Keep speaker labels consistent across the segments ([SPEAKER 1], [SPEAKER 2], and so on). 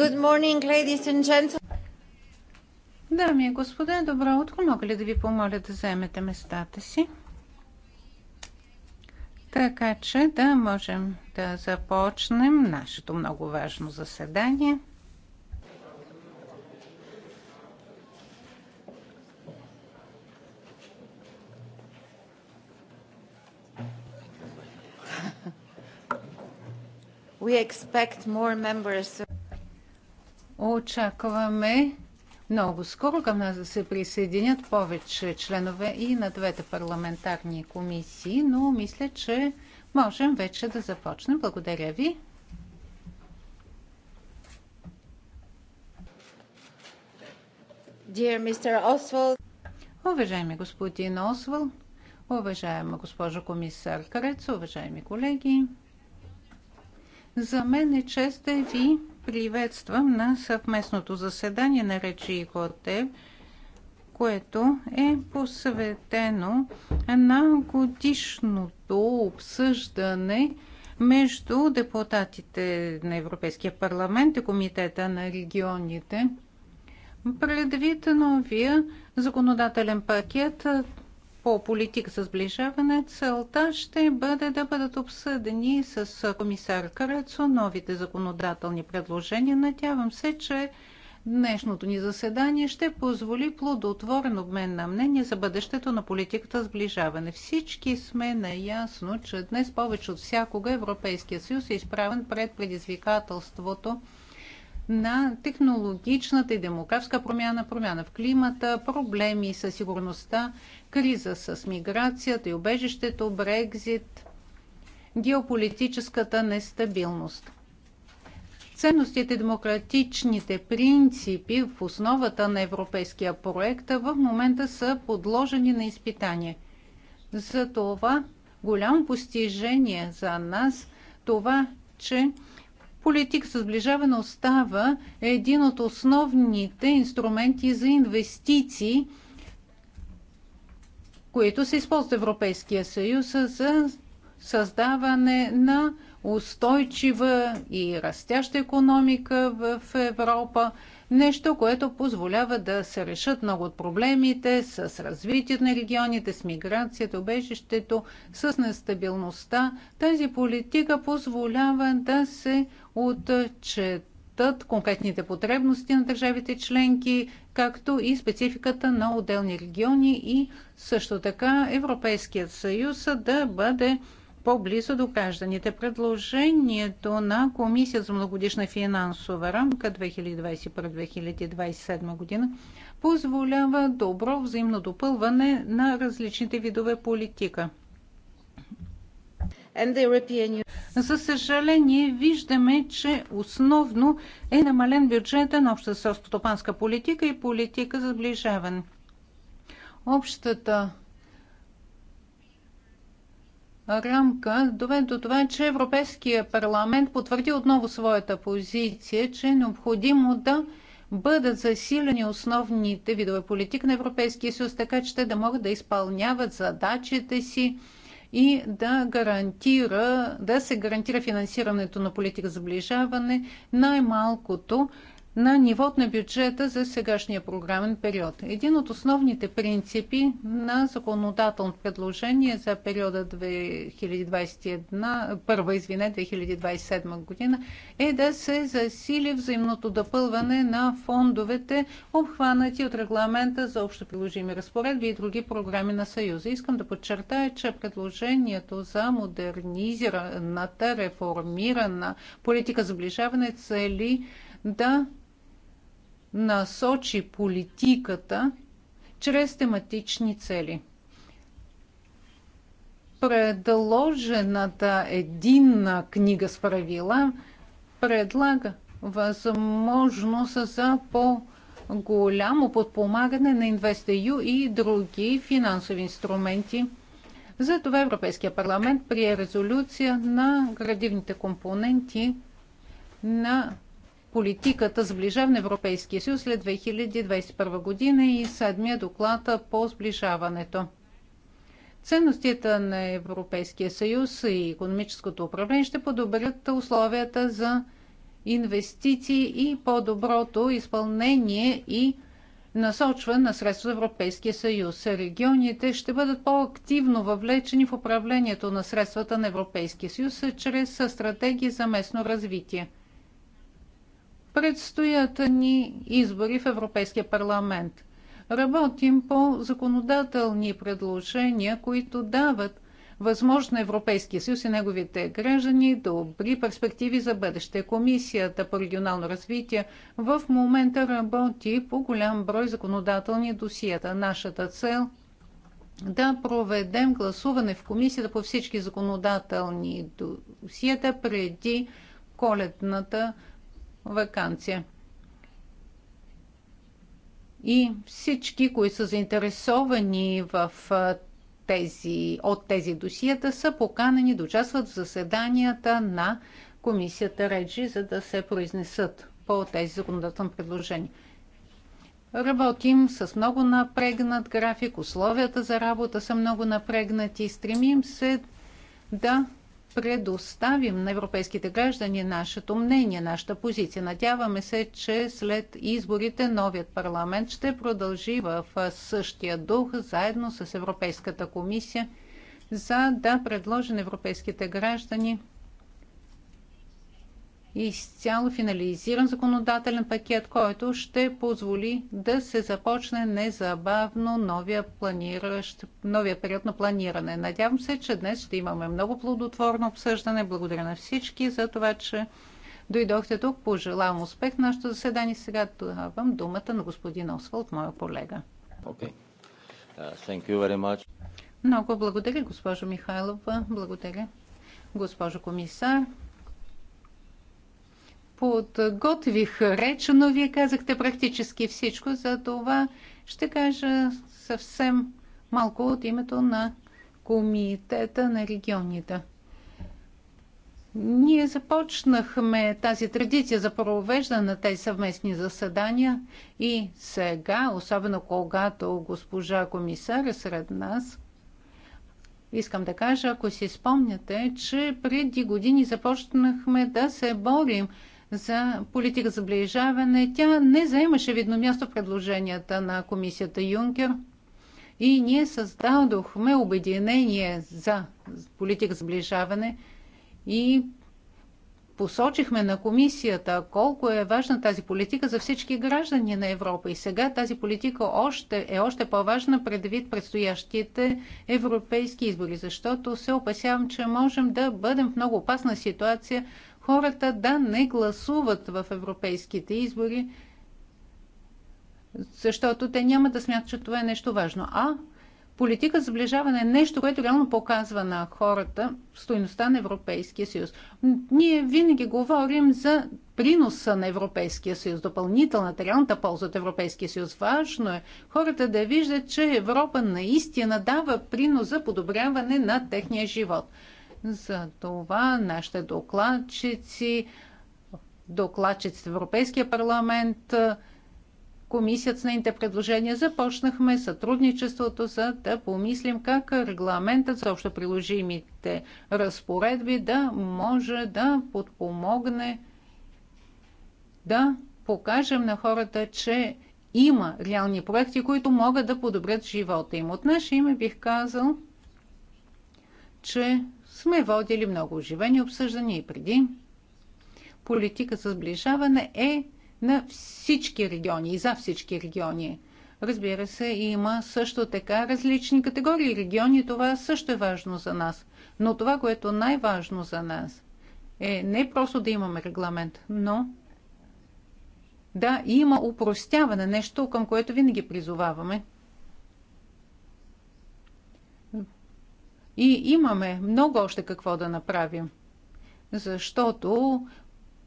[SPEAKER 1] Good morning, ladies and gentlemen. Дами и господа, добро утро. Мога ли да ви помоля да заемете местата си? Така че да можем да започнем нашето много важно заседание. We expect more members. of Очакваме много скоро към нас да се присъединят повече членове и на двете парламентарни комисии, но мисля, че можем вече да започнем. Благодаря ви. Уважаеми господин Освал, уважаема госпожо комисар Карец, уважаеми колеги, за мен е чест да ви приветствам на съвместното заседание на Речи и Котев, което е посветено на годишното обсъждане между депутатите на Европейския парламент и Комитета на регионите. Предвид новия законодателен пакет, по политика за сближаване, целта ще бъде да бъдат обсъдени с комисар Карецо новите законодателни предложения. Надявам се, че днешното ни заседание ще позволи плодотворен обмен на мнение за бъдещето на политиката сближаване. Всички сме наясно, че днес повече от всякога Европейския съюз е изправен пред предизвикателството на технологичната и демографска промяна, промяна в климата, проблеми със сигурността, криза с миграцията и убежището, Брекзит, геополитическата нестабилност. Ценностите, демократичните принципи в основата на европейския проект в момента са подложени на изпитание. За това голямо постижение за нас това, че Политик за сближаване остава един от основните инструменти за инвестиции, които се използват в Европейския съюз за създаване на устойчива и растяща економика в Европа. Нещо, което позволява да се решат много от проблемите с развитието на регионите, с миграцията, обежището, с нестабилността. Тази политика позволява да се отчетат е, конкретните потребности на държавите членки, както и спецификата на отделни региони и също така Европейският съюз да бъде по-близо до гражданите. Предложението на Комисия за многогодишна финансова рамка 2021-2027 година позволява добро взаимно допълване на различните видове политика. За съжаление, виждаме, че основно е намален бюджета на общата селско-стопанска политика и политика за сближаване. Общата рамка доведе до това, че Европейския парламент потвърди отново своята позиция, че е необходимо да бъдат засилени основните видове политики на Европейския съюз, така че те да могат да изпълняват задачите си и да гарантира, да се гарантира финансирането на политика за сближаване най-малкото на нивото на бюджета за сегашния програмен период. Един от основните принципи на законодателното предложение за периода 2021, първа, извине, 2027 година е да се засили взаимното допълване на фондовете, обхванати от регламента за общо приложими разпоредби и други програми на Съюза. Искам да подчертая, че предложението за модернизираната, реформирана политика за ближаване цели да насочи политиката чрез тематични цели. Предложената единна книга с правила предлага възможност за по-голямо подпомагане на InvestEU и други финансови инструменти. Затова Европейския парламент прие резолюция на градивните компоненти на политиката сближаване Европейския съюз след 2021 година и седмия доклад по сближаването. Ценностите на Европейския съюз и економическото управление ще подобрят условията за инвестиции и по-доброто изпълнение и насочване на средства Европейския съюз. Регионите ще бъдат по-активно въвлечени в управлението на средствата на Европейския съюз чрез стратегии за местно развитие. Предстоят ни избори в Европейския парламент. Работим по законодателни предложения, които дават възможно Европейския съюз и неговите граждани добри перспективи за бъдеще. Комисията по регионално развитие в момента работи по голям брой законодателни досиета. Нашата цел да проведем гласуване в комисията по всички законодателни досиета преди коледната вакансия. И всички, които са заинтересовани в тези, от тези досията, са поканени да участват в заседанията на комисията Реджи, за да се произнесат по тези законодателни предложения. Работим с много напрегнат график, условията за работа са много напрегнати и стремим се да предоставим на европейските граждани нашето мнение, нашата позиция. Надяваме се, че след изборите новият парламент ще продължи в същия дух, заедно с Европейската комисия, за да предложи на европейските граждани изцяло финализиран законодателен пакет, който ще позволи да се започне незабавно новия, планиращ, новия период на планиране. Надявам се, че днес ще имаме много плодотворно обсъждане. Благодаря на всички за това, че дойдохте тук. Пожелавам успех на нашето заседание. Сега давам думата на господин Освалд, моя колега.
[SPEAKER 2] Okay. Uh, thank you very much.
[SPEAKER 1] Много благодаря, госпожо Михайлова. Благодаря, госпожо комисар подготвих реч, но вие казахте практически всичко, за това ще кажа съвсем малко от името на Комитета на регионите. Ние започнахме тази традиция за провеждане на тези съвместни заседания и сега, особено когато госпожа комисар е сред нас, искам да кажа, ако си спомняте, че преди години започнахме да се борим – за политика за ближаване, тя не заемаше видно място в предложенията на комисията Юнкер и ние създадохме обединение за политика за ближаване и посочихме на комисията колко е важна тази политика за всички граждани на Европа. И сега тази политика още, е още по-важна предвид предстоящите европейски избори, защото се опасявам, че можем да бъдем в много опасна ситуация, хората да не гласуват в европейските избори, защото те няма да смятат, че това е нещо важно. А политика за сближаване е нещо, което реално показва на хората стоеността на Европейския съюз. Ние винаги говорим за приноса на Европейския съюз, допълнителната, реалната полза от Европейския съюз. Важно е хората да виждат, че Европа наистина дава принос за подобряване на техния живот. За това нашите докладчици, докладчиците в Европейския парламент, Комисията с нейните предложения започнахме сътрудничеството, за да помислим как регламентът за общо приложимите разпоредби да може да подпомогне да покажем на хората, че има реални проекти, които могат да подобрят живота им. От наше име бих казал, че сме водили много оживени обсъждания и преди. Политика за сближаване е на всички региони и за всички региони. Разбира се, има също така различни категории региони. Това също е важно за нас. Но това, което е най-важно за нас, е не просто да имаме регламент, но да има упростяване, нещо към което винаги призоваваме. И имаме много още какво да направим, защото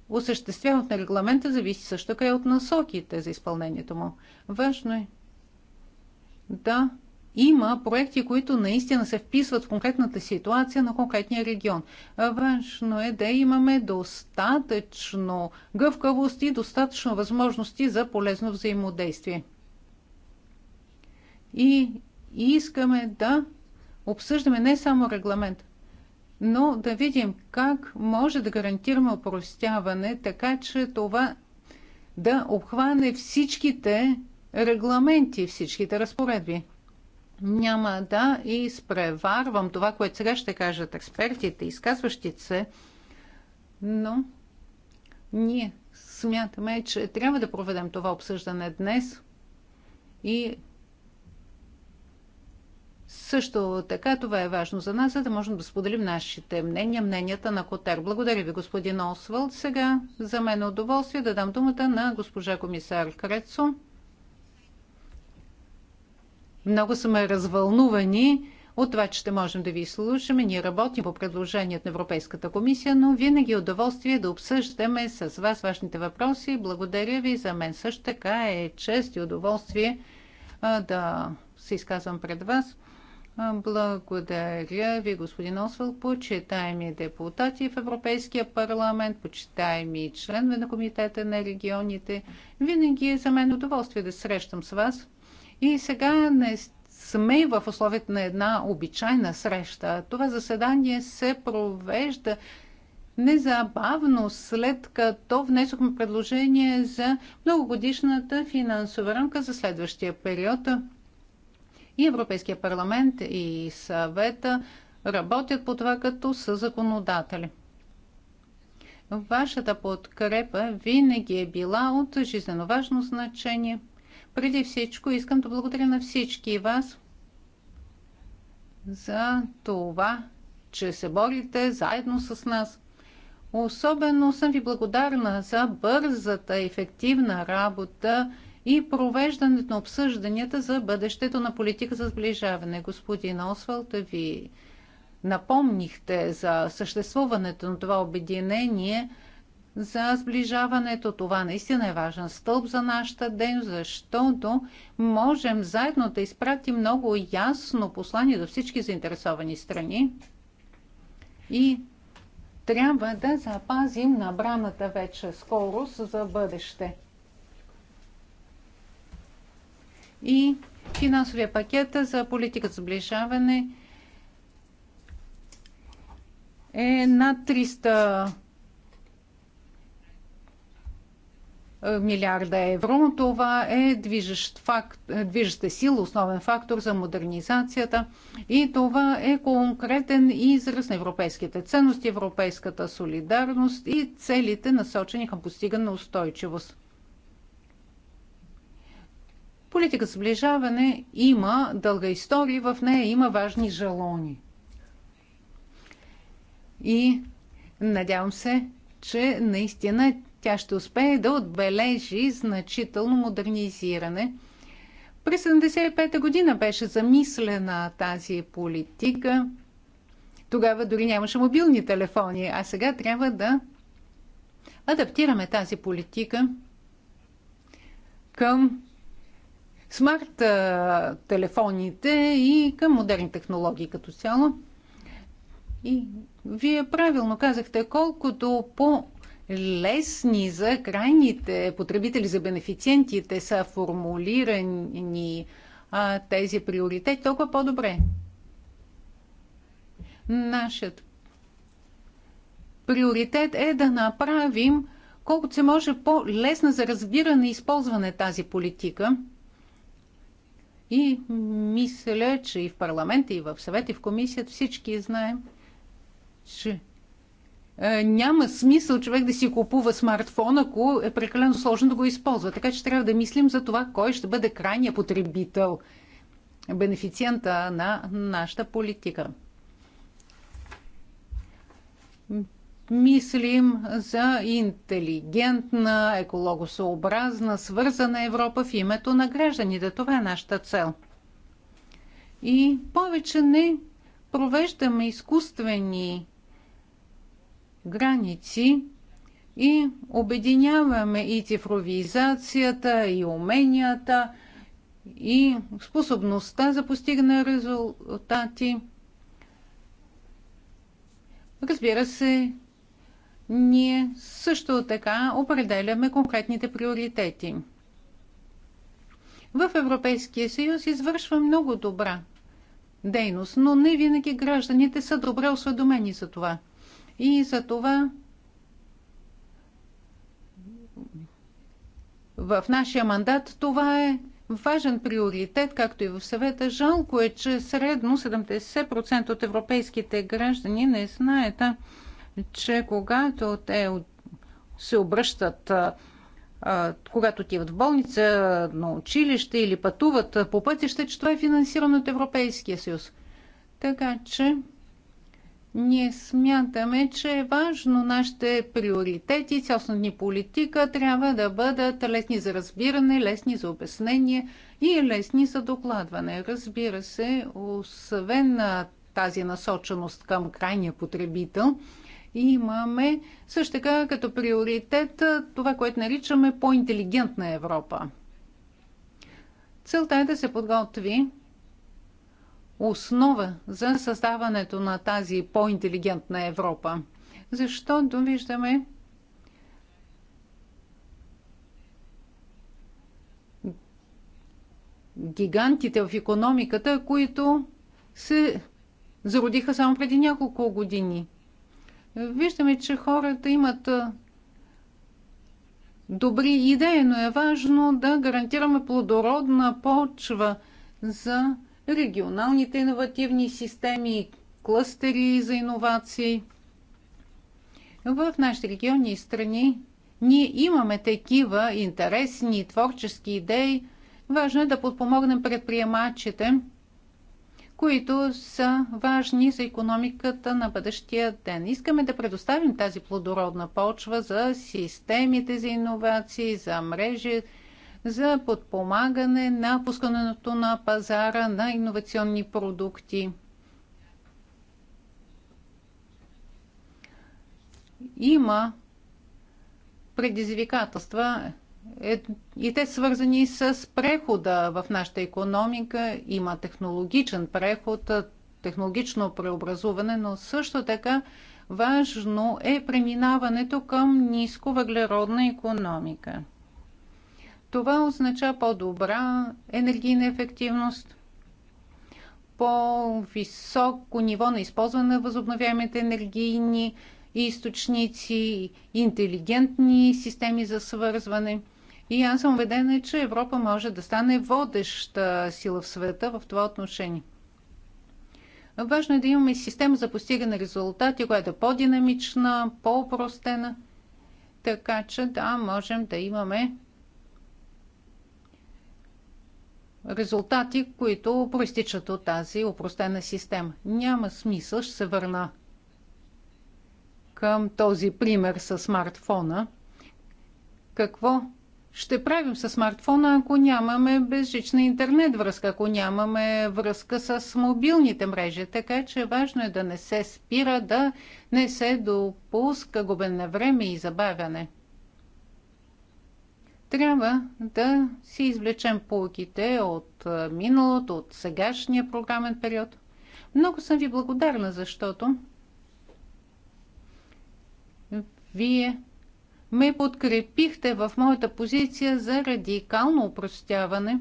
[SPEAKER 1] осъществяването на регламента зависи също така и от насоките за изпълнението му. Важно е да има проекти, които наистина се вписват в конкретната ситуация на конкретния регион. Важно е да имаме достатъчно гъвкавост и достатъчно възможности за полезно взаимодействие. И искаме да обсъждаме не само регламент, но да видим как може да гарантираме опростяване, така че това да обхване всичките регламенти, всичките разпоредби. Няма да изпреварвам това, което сега ще кажат експертите, изказващите се, но ние смятаме, че трябва да проведем това обсъждане днес и също така това е важно за нас, за да можем да споделим нашите мнения, мненията на Котер. Благодаря ви, господин Освалд. Сега за мен е удоволствие да дам думата на госпожа комисар Крецо. Много сме развълнувани от това, че ще можем да ви слушаме. Ние работим по предложението на Европейската комисия, но винаги е удоволствие да обсъждаме с вас вашите въпроси. Благодаря ви. За мен също така е чест и удоволствие да се изказвам пред вас. Благодаря ви, господин Освал, почитаеми депутати в Европейския парламент, почитаеми членове на Комитета на регионите. Винаги е за мен удоволствие да срещам с вас. И сега не сме в условията на една обичайна среща. Това заседание се провежда незабавно след като внесохме предложение за многогодишната финансова рамка за следващия период – и Европейския парламент и съвета работят по това като са законодатели. Вашата подкрепа винаги е била от жизненно важно значение. Преди всичко искам да благодаря на всички вас за това, че се борите заедно с нас. Особено съм ви благодарна за бързата, ефективна работа и провеждането на обсъжданията за бъдещето на политика за сближаване. Господин Освалд, ви напомнихте за съществуването на това обединение за сближаването. Това наистина е важен стълб за нашата ден, защото можем заедно да изпратим много ясно послание до всички заинтересовани страни и трябва да запазим набраната вече скорост за бъдеще. и финансовия пакет за политика за сближаване е над 300 е, милиарда евро. Това е движещ факт, е, движеща сила, основен фактор за модернизацията и това е конкретен израз на европейските ценности, европейската солидарност и целите насочени към постигане на устойчивост. Политика сближаване има дълга история, в нея има важни жалони. И надявам се, че наистина тя ще успее да отбележи значително модернизиране. През 75-та година беше замислена тази политика. Тогава дори нямаше мобилни телефони, а сега трябва да адаптираме тази политика към смарт телефоните и към модерни технологии като цяло. И вие правилно казахте, колкото по лесни за крайните потребители, за бенефициентите са формулирани а, тези приоритети, толкова по-добре. Нашият приоритет е да направим колкото се може по-лесна за разбиране и използване тази политика – и мисля, че и в парламента, и в съвет, и в комисията всички знаем, че е, няма смисъл човек да си купува смартфон, ако е прекалено сложно да го използва. Така че трябва да мислим за това, кой ще бъде крайния потребител, бенефициента на нашата политика мислим за интелигентна, екологосообразна, свързана Европа в името на гражданите. Това е нашата цел. И повече не провеждаме изкуствени граници и обединяваме и цифровизацията, и уменията, и способността за постигане резултати. Разбира се, ние също така определяме конкретните приоритети. В Европейския съюз извършва много добра дейност, но не винаги гражданите са добре осведомени за това. И за това в нашия мандат това е важен приоритет, както и в съвета. Жалко е, че средно 70% от европейските граждани не знаят че когато те се обръщат когато отиват в болница, на училище или пътуват по пътища, че това е финансирано от Европейския съюз. Така че ние смятаме, че е важно нашите приоритети, цялостна ни политика трябва да бъдат лесни за разбиране, лесни за обяснение и лесни за докладване. Разбира се, освен на тази насоченост към крайния потребител – имаме също така като приоритет това, което наричаме по-интелигентна Европа. Целта е да се подготви основа за създаването на тази по-интелигентна Европа. Защото виждаме гигантите в економиката, които се зародиха само преди няколко години. Виждаме, че хората имат добри идеи, но е важно да гарантираме плодородна почва за регионалните иновативни системи, клъстери за иновации. В нашите региони и страни ние имаме такива интересни творчески идеи. Важно е да подпомогнем предприемачите – които са важни за економиката на бъдещия ден. Искаме да предоставим тази плодородна почва за системите за иновации, за мрежи, за подпомагане на пускането на пазара на иновационни продукти. Има предизвикателства е, и те свързани с прехода в нашата економика. Има технологичен преход, технологично преобразуване, но също така важно е преминаването към ниско въглеродна економика. Това означава по-добра енергийна ефективност, по-високо ниво на използване на възобновяемите енергийни източници, интелигентни системи за свързване – и аз съм убедена, че Европа може да стане водеща сила в света в това отношение. Важно е да имаме система за постигане резултати, която е по-динамична, по-простена, така че да, можем да имаме резултати, които проистичат от тази упростена система. Няма смисъл, ще се върна към този пример с смартфона. Какво ще правим с смартфона, ако нямаме безжична интернет връзка, ако нямаме връзка с мобилните мрежи. Така че важно е да не се спира, да не се допуска губен на време и забавяне. Трябва да си извлечем полуките от миналото, от сегашния програмен период. Много съм ви благодарна, защото вие ме подкрепихте в моята позиция за радикално упростяване,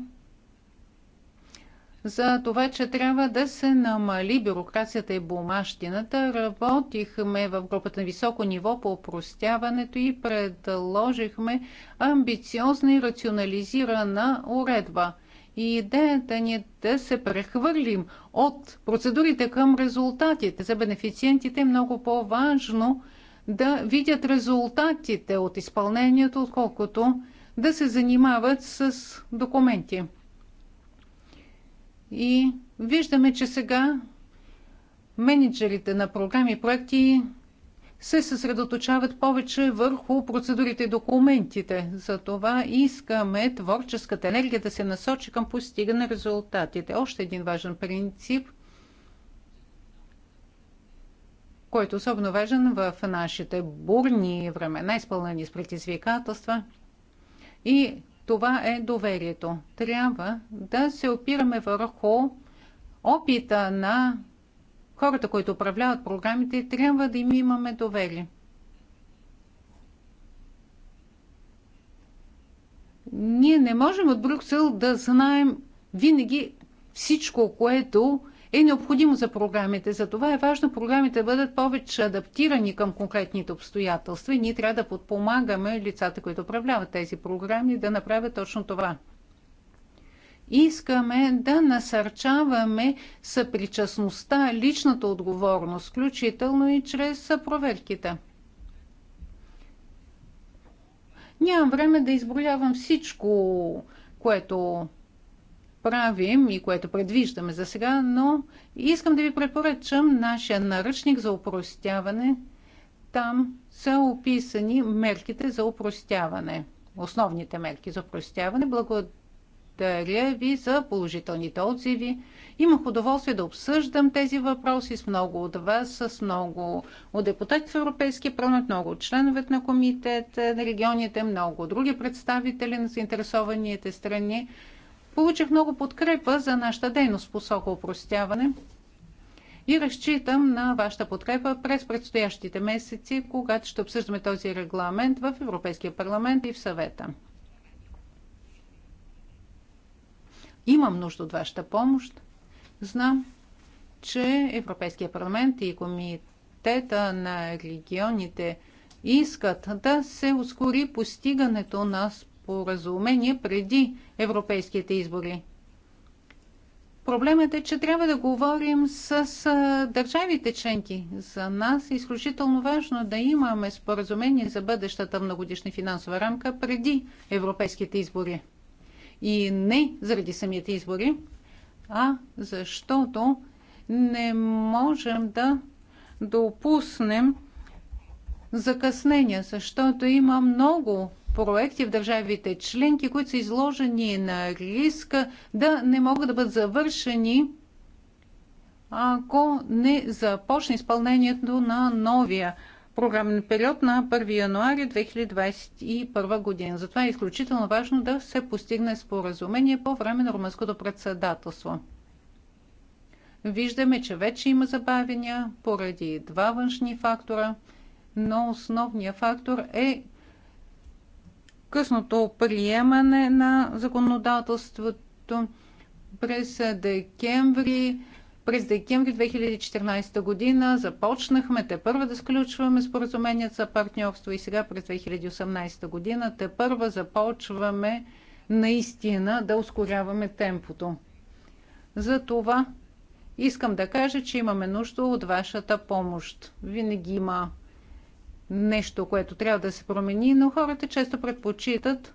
[SPEAKER 1] за това, че трябва да се намали бюрокрацията и бумащината. Работихме в групата на високо ниво по упростяването и предложихме амбициозна и рационализирана уредба. И идеята ни е да се прехвърлим от процедурите към резултатите. За бенефициентите е много по-важно да видят резултатите от изпълнението, отколкото да се занимават с документи. И виждаме, че сега менеджерите на програми и проекти се съсредоточават повече върху процедурите и документите. Затова искаме творческата енергия да се насочи към постигане на резултатите. Още един важен принцип – който е особено важен в нашите бурни времена, изпълнени с предизвикателства. И това е доверието. Трябва да се опираме върху опита на хората, които управляват програмите, трябва да им имаме доверие. Ние не можем от Брюксел да знаем винаги всичко, което е необходимо за програмите. Затова е важно програмите да бъдат повече адаптирани към конкретните обстоятелства и ние трябва да подпомагаме лицата, които управляват тези програми, да направят точно това. Искаме да насърчаваме съпричастността, личната отговорност, включително и чрез проверките. Нямам време да изброявам всичко, което правим и което предвиждаме за сега, но искам да ви препоръчам нашия наръчник за упростяване. Там са описани мерките за упростяване, основните мерки за упростяване. Благодаря ви за положителните отзиви. Имах удоволствие да обсъждам тези въпроси с много от вас, с много от депутати в Европейския парламент, много от членовете на комитет на регионите, много други представители на заинтересованите страни. Получих много подкрепа за нашата дейност по сока упростяване и разчитам на вашата подкрепа през предстоящите месеци, когато ще обсъждаме този регламент в Европейския парламент и в съвета. Имам нужда от вашата помощ. Знам, че Европейския парламент и комитета на регионите искат да се ускори постигането на споразумение преди европейските избори. Проблемът е, че трябва да говорим с, държавите членки. За нас е изключително важно да имаме споразумение за бъдещата многодишна финансова рамка преди европейските избори. И не заради самите избори, а защото не можем да допуснем закъснения, защото има много проекти в държавите членки, които са изложени на риска да не могат да бъдат завършени, ако не започне изпълнението на новия програмен период на 1 януари 2021 година. Затова е изключително важно да се постигне споразумение по време на румънското председателство. Виждаме, че вече има забавения поради два външни фактора, но основният фактор е късното приемане на законодателството през декември през декември 2014 година започнахме те първа да сключваме споразумения за партньорство и сега през 2018 година те първа започваме наистина да ускоряваме темпото. За това искам да кажа, че имаме нужда от вашата помощ. Винаги има нещо, което трябва да се промени, но хората често предпочитат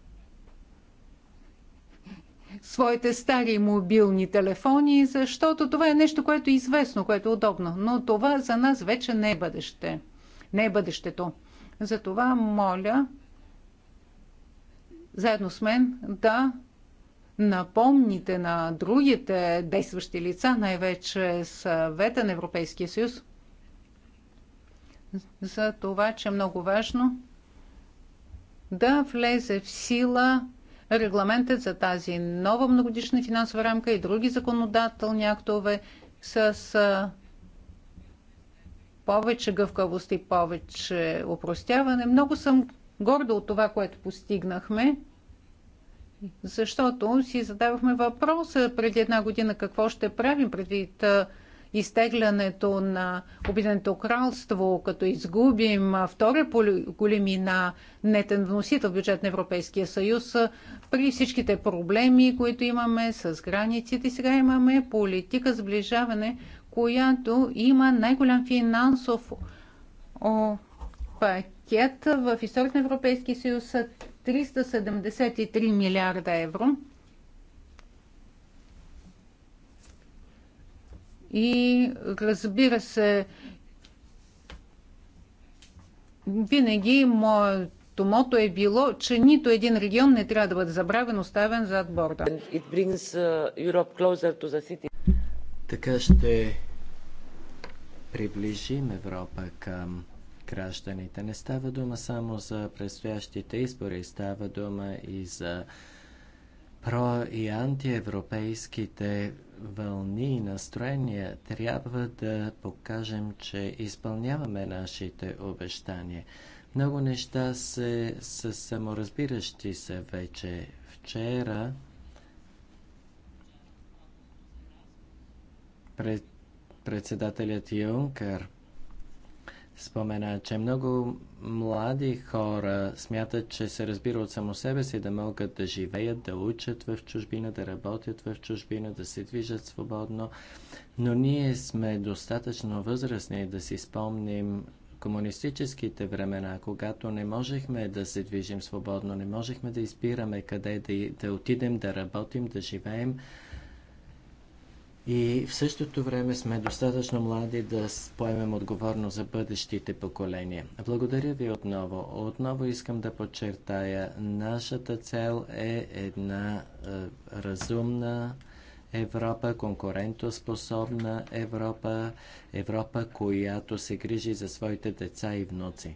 [SPEAKER 1] своите стари мобилни телефони, защото това е нещо, което е известно, което е удобно. Но това за нас вече не е бъдеще. Не е бъдещето. Затова моля заедно с мен да напомните на другите действащи лица, най-вече съвета на Европейския съюз, за това, че е много важно да влезе в сила регламентът за тази нова многодишна финансова рамка и други законодателни актове с повече гъвкавост и повече упростяване. Много съм горда от това, което постигнахме, защото си задавахме въпроса преди една година какво ще правим предвид изтеглянето на Обединеното кралство, като изгубим втора по големина нетен вносител в бюджет на Европейския съюз, при всичките проблеми, които имаме с границите, сега имаме политика сближаване, която има най-голям финансов пакет в историята на Европейския съюз 373 милиарда евро. И разбира се, винаги моето мото е било, че нито един регион не трябва да бъде забравен, оставен зад борда. Uh,
[SPEAKER 2] така ще приближим Европа към гражданите. Не става дума само за предстоящите избори, става дума и за про- и антиевропейските вълни и настроения, трябва да покажем, че изпълняваме нашите обещания. Много неща се, са саморазбиращи се вече. Вчера пред, председателят Юнкър спомена, че много млади хора смятат, че се разбира от само себе си да могат да живеят, да учат в чужбина, да работят в чужбина, да се движат свободно. Но ние сме достатъчно възрастни да си спомним комунистическите времена, когато не можехме да се движим свободно, не можехме да избираме къде да, да отидем, да работим, да живеем и в същото време сме достатъчно млади да поемем отговорност за бъдещите поколения. Благодаря ви отново. Отново искам да подчертая, нашата цел е една е, разумна Европа, конкурентоспособна Европа, Европа, която се грижи за своите деца и внуци.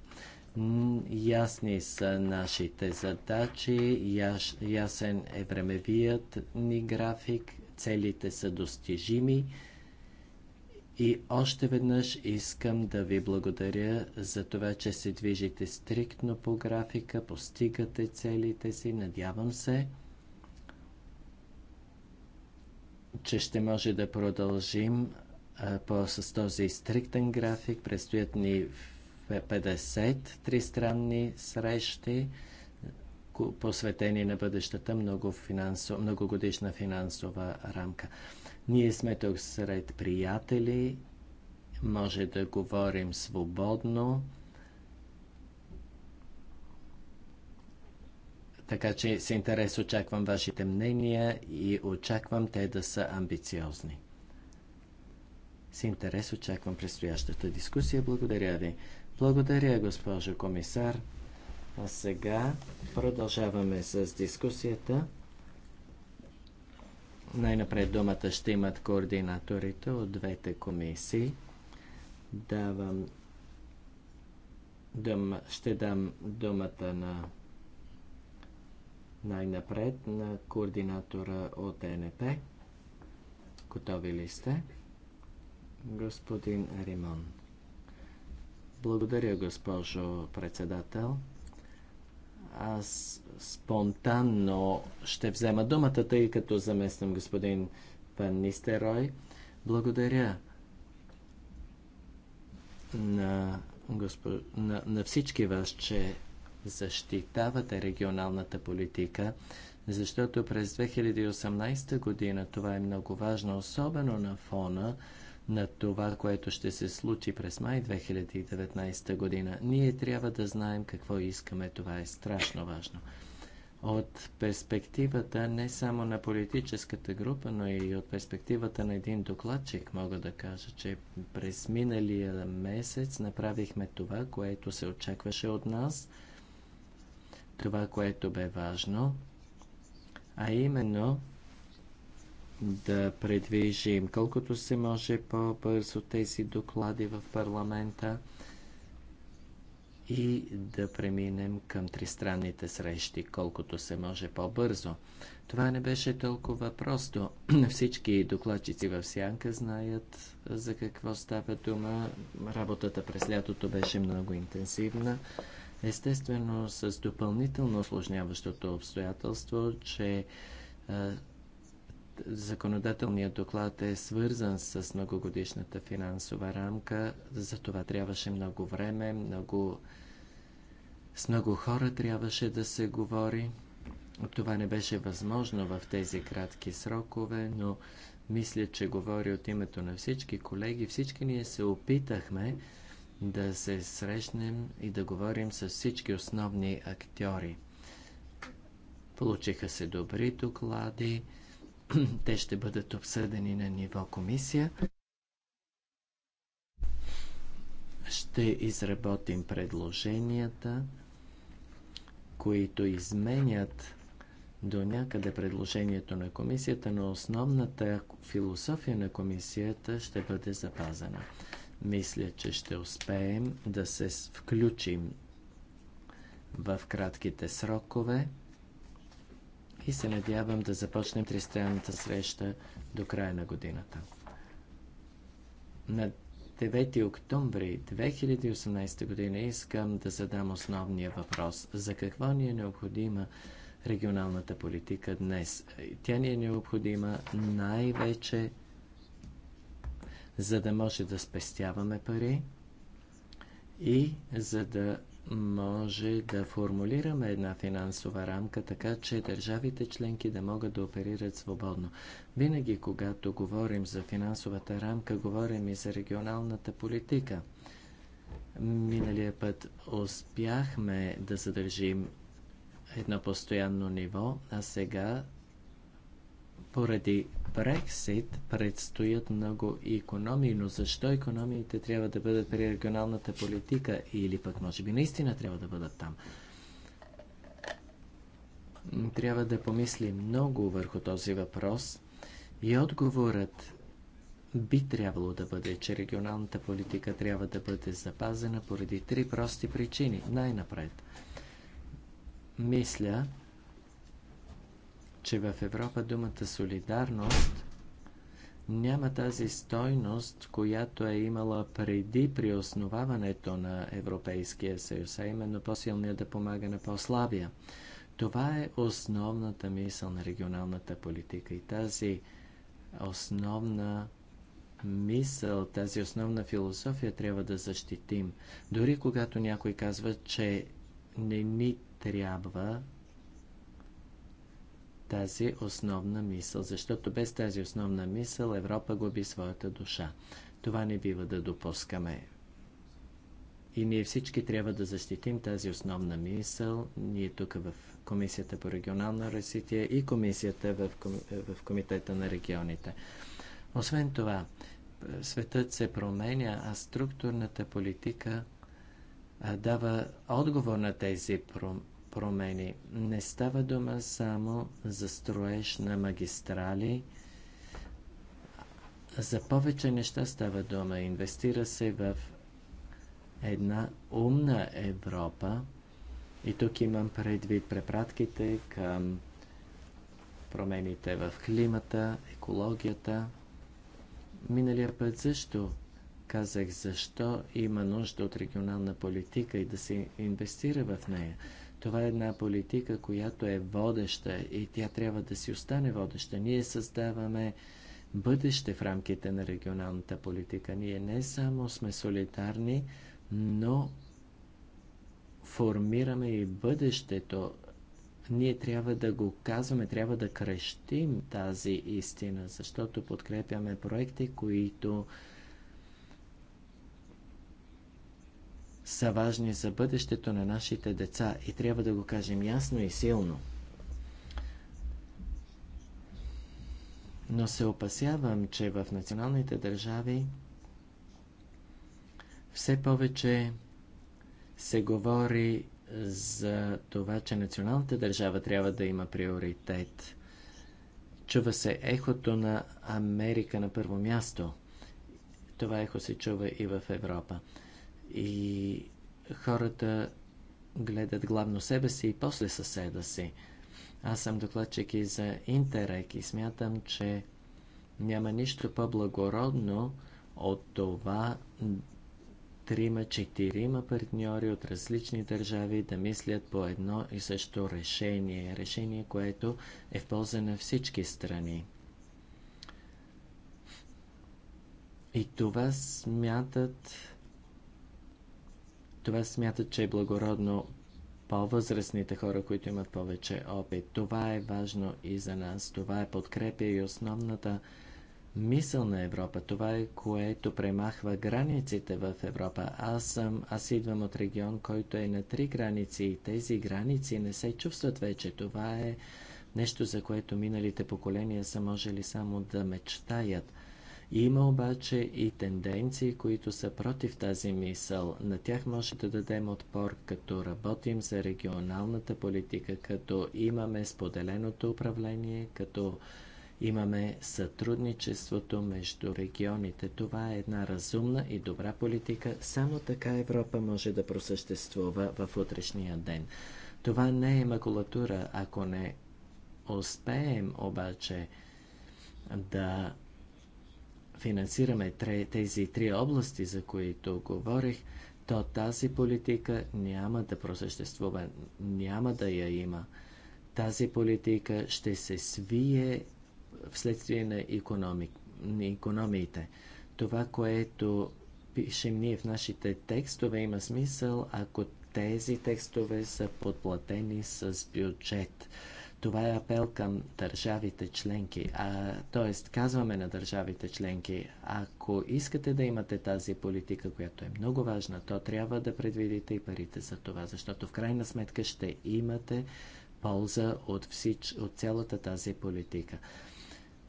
[SPEAKER 2] Ясни са нашите задачи, ясен е времевият ни график целите са достижими. И още веднъж искам да ви благодаря за това, че се движите стриктно по графика, постигате целите си. Надявам се, че ще може да продължим а, по, с този стриктен график. Предстоят ни 50 тристранни срещи посветени на бъдещата много финансо, многогодишна финансова рамка. Ние сме тук сред приятели, може да говорим свободно, така че с интерес очаквам вашите мнения и очаквам те да са амбициозни. С интерес очаквам предстоящата дискусия. Благодаря ви. Благодаря, госпожо комисар. А сега продължаваме с дискусията. Най-напред думата ще имат координаторите от двете комисии. Давам дум, ще дам думата на най-напред на координатора от НП. Готови ли сте? Господин Римон. Благодаря, госпожо председател. Аз спонтанно ще взема думата, тъй като замествам господин Пан Нистерой. Благодаря на, госп... на, на всички вас, че защитавате регионалната политика, защото през 2018 година това е много важно, особено на фона на това, което ще се случи през май 2019 година. Ние трябва да знаем какво искаме. Това е страшно важно. От перспективата не само на политическата група, но и от перспективата на един докладчик мога да кажа, че през миналия месец направихме това, което се очакваше от нас, това, което бе важно, а именно да предвижим колкото се може по-бързо тези доклади в парламента и да преминем към тристранните срещи колкото се може по-бързо. Това не беше толкова просто. Всички докладчици в Сянка знаят за какво става дума. Работата през лятото беше много интенсивна. Естествено, с допълнително осложняващото обстоятелство, че законодателният доклад е свързан с многогодишната финансова рамка. За това трябваше много време, много... с много хора трябваше да се говори. Това не беше възможно в тези кратки срокове, но мисля, че говори от името на всички колеги. Всички ние се опитахме да се срещнем и да говорим с всички основни актьори. Получиха се добри доклади. Те ще бъдат обсъдени на ниво комисия. Ще изработим предложенията, които изменят до някъде предложението на комисията, но основната философия на комисията ще бъде запазена. Мисля, че ще успеем да се включим в кратките срокове и се надявам да започнем тристранната среща до края на годината. На 9 октомври 2018 година искам да задам основния въпрос. За какво ни е необходима регионалната политика днес? Тя ни е необходима най-вече за да може да спестяваме пари и за да може да формулираме една финансова рамка, така че държавите членки да могат да оперират свободно. Винаги, когато говорим за финансовата рамка, говорим и за регионалната политика. Миналия път успяхме да задържим едно постоянно ниво, а сега поради Брексит предстоят много економии, но защо економиите трябва да бъдат при регионалната политика или пък може би наистина трябва да бъдат там? Трябва да помислим много върху този въпрос и отговорът би трябвало да бъде, че регионалната политика трябва да бъде запазена поради три прости причини. Най-напред. Мисля, че в Европа думата солидарност няма тази стойност, която е имала преди при основаването на Европейския съюз, а именно по-силният да помага на по-слабия. Това е основната мисъл на регионалната политика и тази основна мисъл, тази основна философия трябва да защитим. Дори когато някой казва, че не ни трябва тази основна мисъл, защото без тази основна мисъл Европа губи своята душа. Това не бива да допускаме. И ние всички трябва да защитим тази основна мисъл. Ние тук в Комисията по регионално развитие и Комисията в, в Комитета на регионите. Освен това, светът се променя, а структурната политика дава отговор на тези промени. Не става дума само за строеж на магистрали. За повече неща става дума. Инвестира се в една умна Европа. И тук имам предвид препратките към промените в климата, екологията. Миналия път също казах защо има нужда от регионална политика и да се инвестира в нея. Това е една политика, която е водеща и тя трябва да си остане водеща. Ние създаваме бъдеще в рамките на регионалната политика. Ние не само сме солидарни, но формираме и бъдещето. Ние трябва да го казваме, трябва да крещим тази истина, защото подкрепяме проекти, които са важни за бъдещето на нашите деца и трябва да го кажем ясно и силно. Но се опасявам, че в националните държави все повече се говори за това, че националната държава трябва да има приоритет. Чува се ехото на Америка на първо място. Това ехо се чува и в Европа и хората гледат главно себе си и после съседа си. Аз съм докладчик и за Интерек и смятам, че няма нищо по-благородно от това трима-четирима партньори от различни държави да мислят по едно и също решение. Решение, което е в полза на всички страни. И това смятат това смятат, че е благородно по-възрастните хора, които имат повече опит. Това е важно и за нас. Това е подкрепя и основната мисъл на Европа. Това е което премахва границите в Европа. Аз съм, аз идвам от регион, който е на три граници и тези граници не се чувстват вече. Това е нещо, за което миналите поколения са можели само да мечтаят. Има обаче и тенденции, които са против тази мисъл. На тях може да дадем отпор, като работим за регионалната политика, като имаме споделеното управление, като имаме сътрудничеството между регионите. Това е една разумна и добра политика. Само така Европа може да просъществува в утрешния ден. Това не е макулатура, ако не успеем обаче да финансираме тези три области, за които говорих, то тази политика няма да просъществува, няма да я има. Тази политика ще се свие вследствие на, на економиите. Това, което пишем ние в нашите текстове, има смисъл, ако тези текстове са подплатени с бюджет. Това е апел към държавите членки. А, тоест, казваме на държавите членки, ако искате да имате тази политика, която е много важна, то трябва да предвидите и парите за това, защото в крайна сметка ще имате полза от, всич, от цялата тази политика.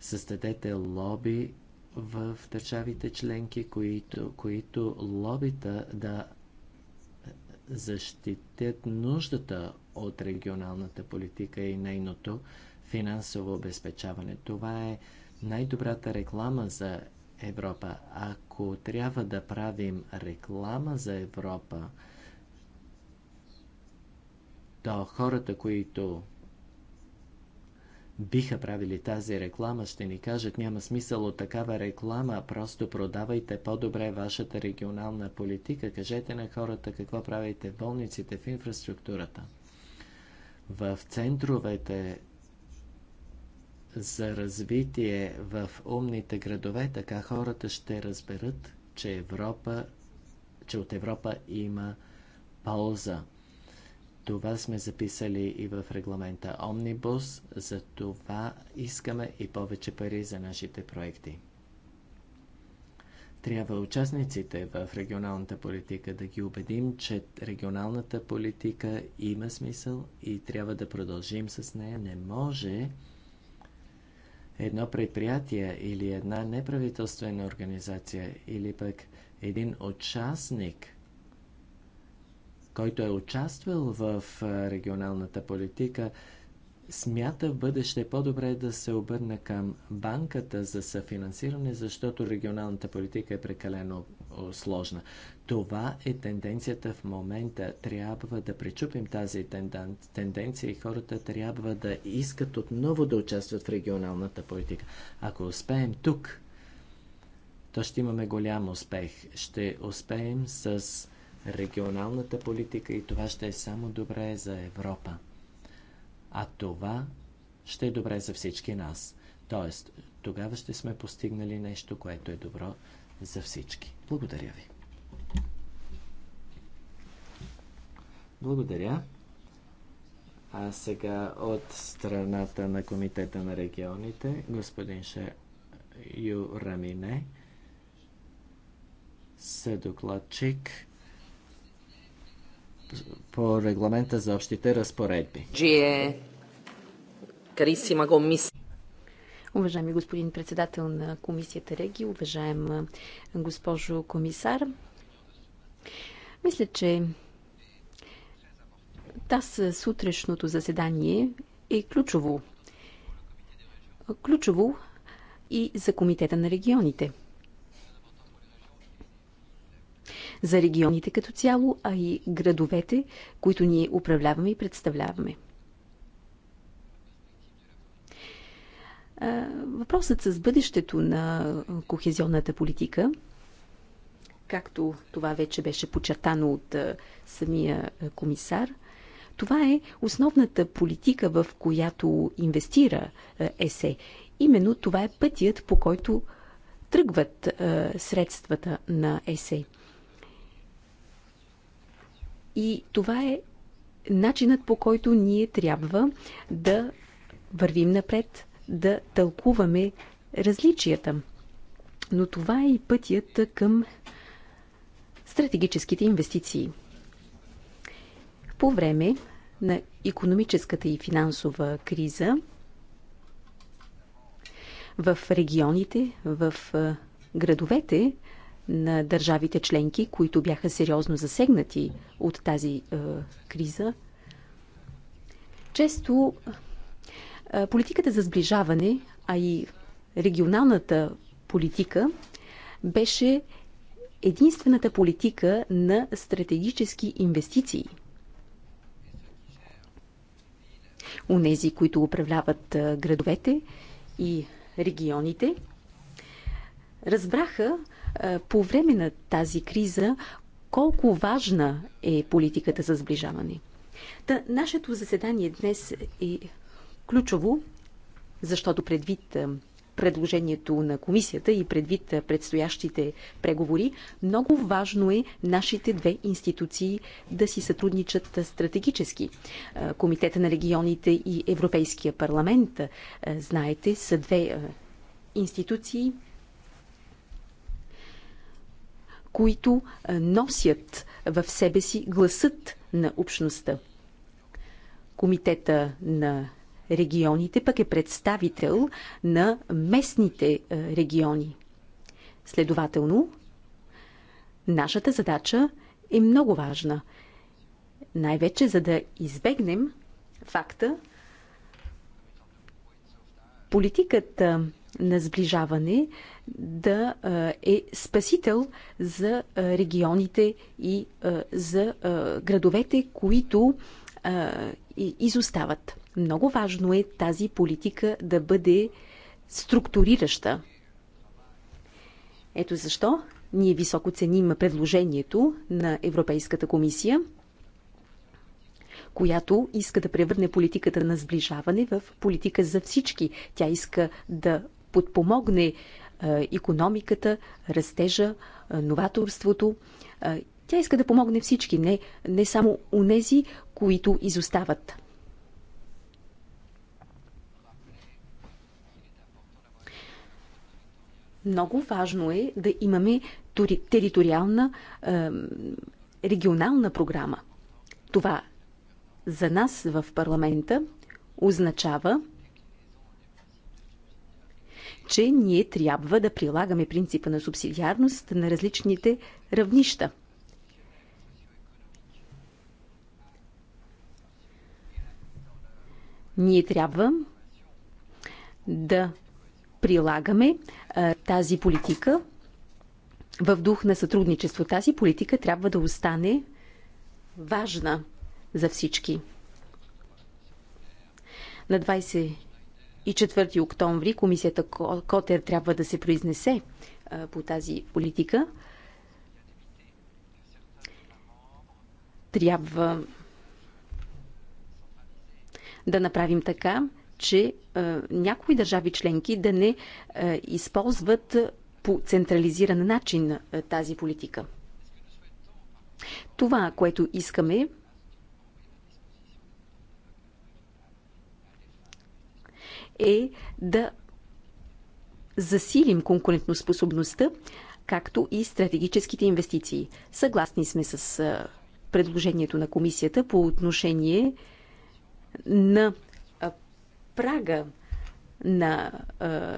[SPEAKER 2] Създадете лоби в държавите членки, които, които лобита да защитят нуждата от регионалната политика и нейното финансово обезпечаване. Това е най-добрата реклама за Европа. Ако трябва да правим реклама за Европа, то хората, които биха правили тази реклама, ще ни кажат няма смисъл от такава реклама, просто продавайте по-добре вашата регионална политика, кажете на хората какво правите в болниците, в инфраструктурата. В центровете за развитие в умните градове, така хората ще разберат, че, Европа, че от Европа има полза. Това сме записали и в регламента Омнибус, за това искаме и повече пари за нашите проекти. Трябва участниците в регионалната политика да ги убедим, че регионалната политика има смисъл и трябва да продължим с нея. Не може едно предприятие или една неправителствена организация или пък един участник който е участвал в регионалната политика, смята в бъдеще по-добре да се обърне към банката за съфинансиране, защото регионалната политика е прекалено сложна. Това е тенденцията в момента. Трябва да пречупим тази тенденция и хората трябва да искат отново да участват в регионалната политика. Ако успеем тук, то ще имаме голям успех. Ще успеем с регионалната политика и това ще е само добре за Европа. А това ще е добре за всички нас. Тоест, тогава ще сме постигнали нещо, което е добро за всички. Благодаря ви. Благодаря. А сега от страната на Комитета на регионите, господин Ше Юрамине, съдокладчик по регламента за общите разпоредби.
[SPEAKER 3] Карисима Уважаеми господин председател на комисията Реги, уважаема госпожо комисар, мисля, че таз сутрешното заседание е ключово. Ключово и за Комитета на регионите – за регионите като цяло, а и градовете, които ние управляваме и представляваме. Въпросът с бъдещето на кохезионната политика, както това вече беше почертано от самия комисар, това е основната политика, в която инвестира ЕСЕ. Именно това е пътят, по който тръгват средствата на ЕСЕ. И това е начинът по който ние трябва да вървим напред, да тълкуваме различията. Но това е и пътят към стратегическите инвестиции. По време на економическата и финансова криза в регионите, в градовете на държавите членки, които бяха сериозно засегнати от тази е, криза. Често е, политиката за сближаване, а и регионалната политика беше единствената политика на стратегически инвестиции. Унези, които управляват е, градовете и регионите, разбраха, е, по време на тази криза колко важна е политиката за сближаване. Та, нашето заседание днес е ключово, защото предвид е, предложението на комисията и предвид е, предстоящите преговори, много важно е нашите две институции да си сътрудничат стратегически. Комитета на регионите и Европейския парламент, знаете, са две институции, които носят в себе си гласът на общността. Комитета на регионите пък е представител на местните региони. Следователно, нашата задача е много важна. Най-вече за да избегнем факта политиката на сближаване да е, е спасител за е, регионите и е, за градовете, които изостават. Много важно е тази политика да бъде структурираща. Ето защо ние високо ценим предложението на Европейската комисия, която иска да превърне политиката на сближаване в политика за всички. Тя иска да подпомогне економиката, растежа, е, новаторството. Е, тя иска да помогне всички, не, не само унези, които изостават. Много важно е да имаме териториална е, регионална програма. Това за нас в парламента означава че ние трябва да прилагаме принципа на субсидиарност на различните равнища. Ние трябва да прилагаме а, тази политика в дух на сътрудничество. Тази политика трябва да остане важна за всички. На и 4 октомври комисията Котер трябва да се произнесе по тази политика. Трябва да направим така, че някои държави членки да не използват по централизиран начин тази политика. Това, което искаме, е да засилим конкурентоспособността, както и стратегическите инвестиции. Съгласни сме с предложението на комисията по отношение на прага на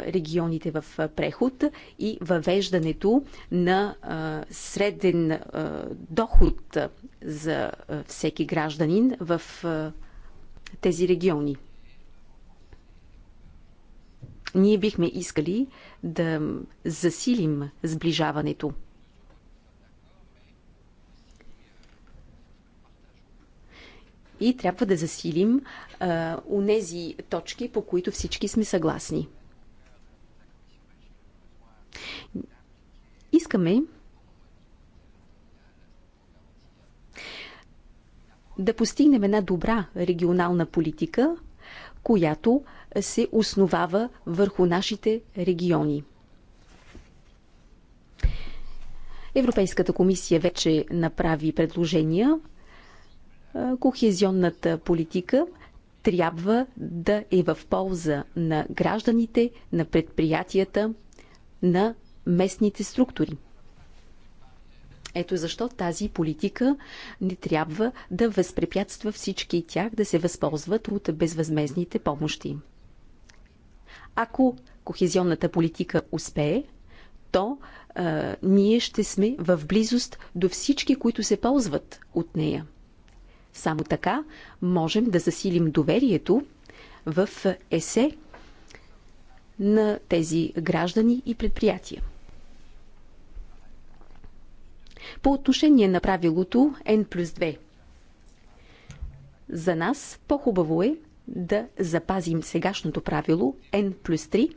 [SPEAKER 3] регионите в преход и въвеждането на среден доход за всеки гражданин в тези региони. Ние бихме искали да засилим сближаването. И трябва да засилим а, унези точки, по които всички сме съгласни. Искаме да постигнем една добра регионална политика, която се основава върху нашите региони. Европейската комисия вече направи предложения. Кохезионната политика трябва да е в полза на гражданите, на предприятията, на местните структури. Ето защо тази политика не трябва да възпрепятства всички тях да се възползват от безвъзмезните помощи. Ако кохезионната политика успее, то а, ние ще сме в близост до всички, които се ползват от нея. Само така можем да засилим доверието в ЕСЕ на тези граждани и предприятия. По отношение на правилото N плюс 2. За нас по-хубаво е да запазим сегашното правило N плюс 3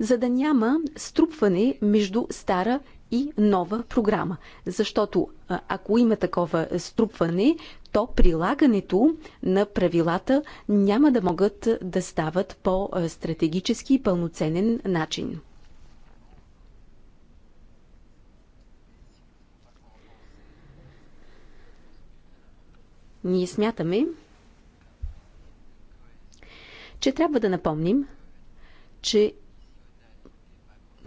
[SPEAKER 3] за да няма струпване между стара и нова програма. Защото ако има такова струпване, то прилагането на правилата няма да могат да стават по стратегически и пълноценен начин. Ние смятаме, че трябва да напомним, че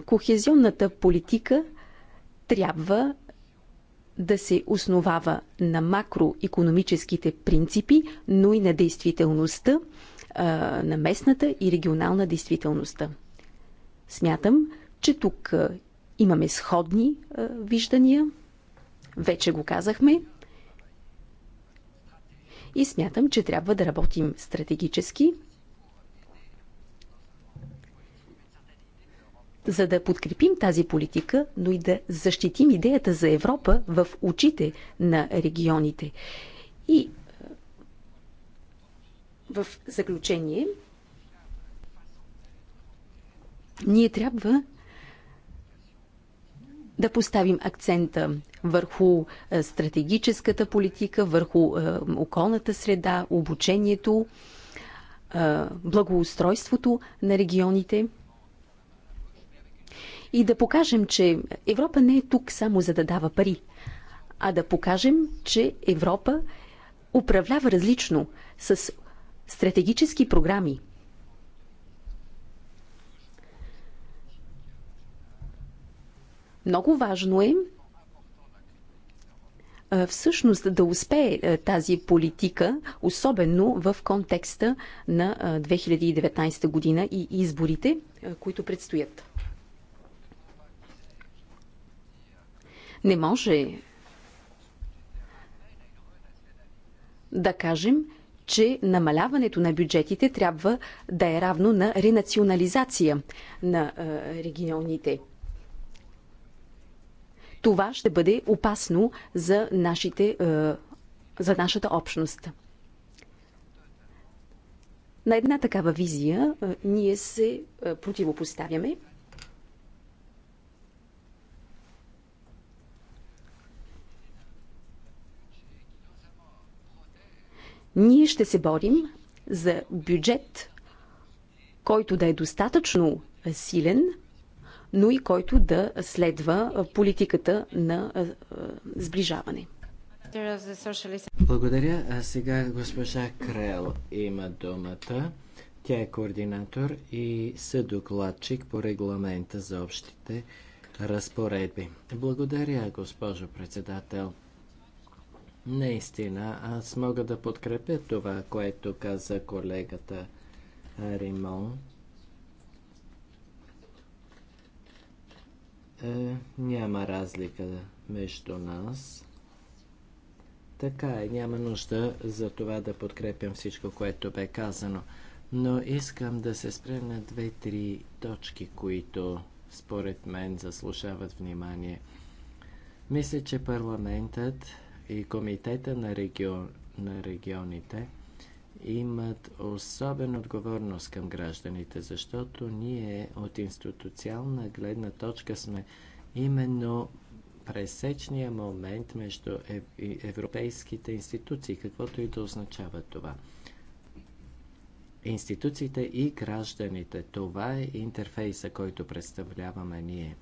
[SPEAKER 3] кохезионната политика трябва да се основава на макроекономическите принципи, но и на действителността, на местната и регионална действителността. Смятам, че тук имаме сходни виждания. Вече го казахме и смятам, че трябва да работим стратегически, за да подкрепим тази политика, но и да защитим идеята за Европа в очите на регионите. И е, в заключение, ние трябва да поставим акцента върху е, стратегическата политика, върху е, околната среда, обучението, е, благоустройството на регионите и да покажем, че Европа не е тук само за да дава пари, а да покажем, че Европа управлява различно с стратегически програми – Много важно е всъщност да успее тази политика, особено в контекста на 2019 година и изборите, които предстоят. Не може да кажем, че намаляването на бюджетите трябва да е равно на ренационализация на регионите това ще бъде опасно за, нашите, е, за нашата общност. На една такава визия е, ние се е, противопоставяме. Ние ще се борим за бюджет, който да е достатъчно силен – но и който да следва политиката на сближаване.
[SPEAKER 2] Благодаря. А сега госпожа Крел има думата. Тя е координатор и съдокладчик по регламента за общите разпоредби. Благодаря, госпожо председател. Наистина, аз мога да подкрепя това, което каза колегата Римон. е, няма разлика между нас. Така е, няма нужда за това да подкрепям всичко, което бе казано. Но искам да се спре на две-три точки, които според мен заслушават внимание. Мисля, че парламентът и комитета на, регион, на регионите – имат особена отговорност към гражданите, защото ние от институционална гледна точка сме именно пресечния момент между европейските институции, каквото и да означава това. Институциите и гражданите, това е интерфейса, който представляваме ние.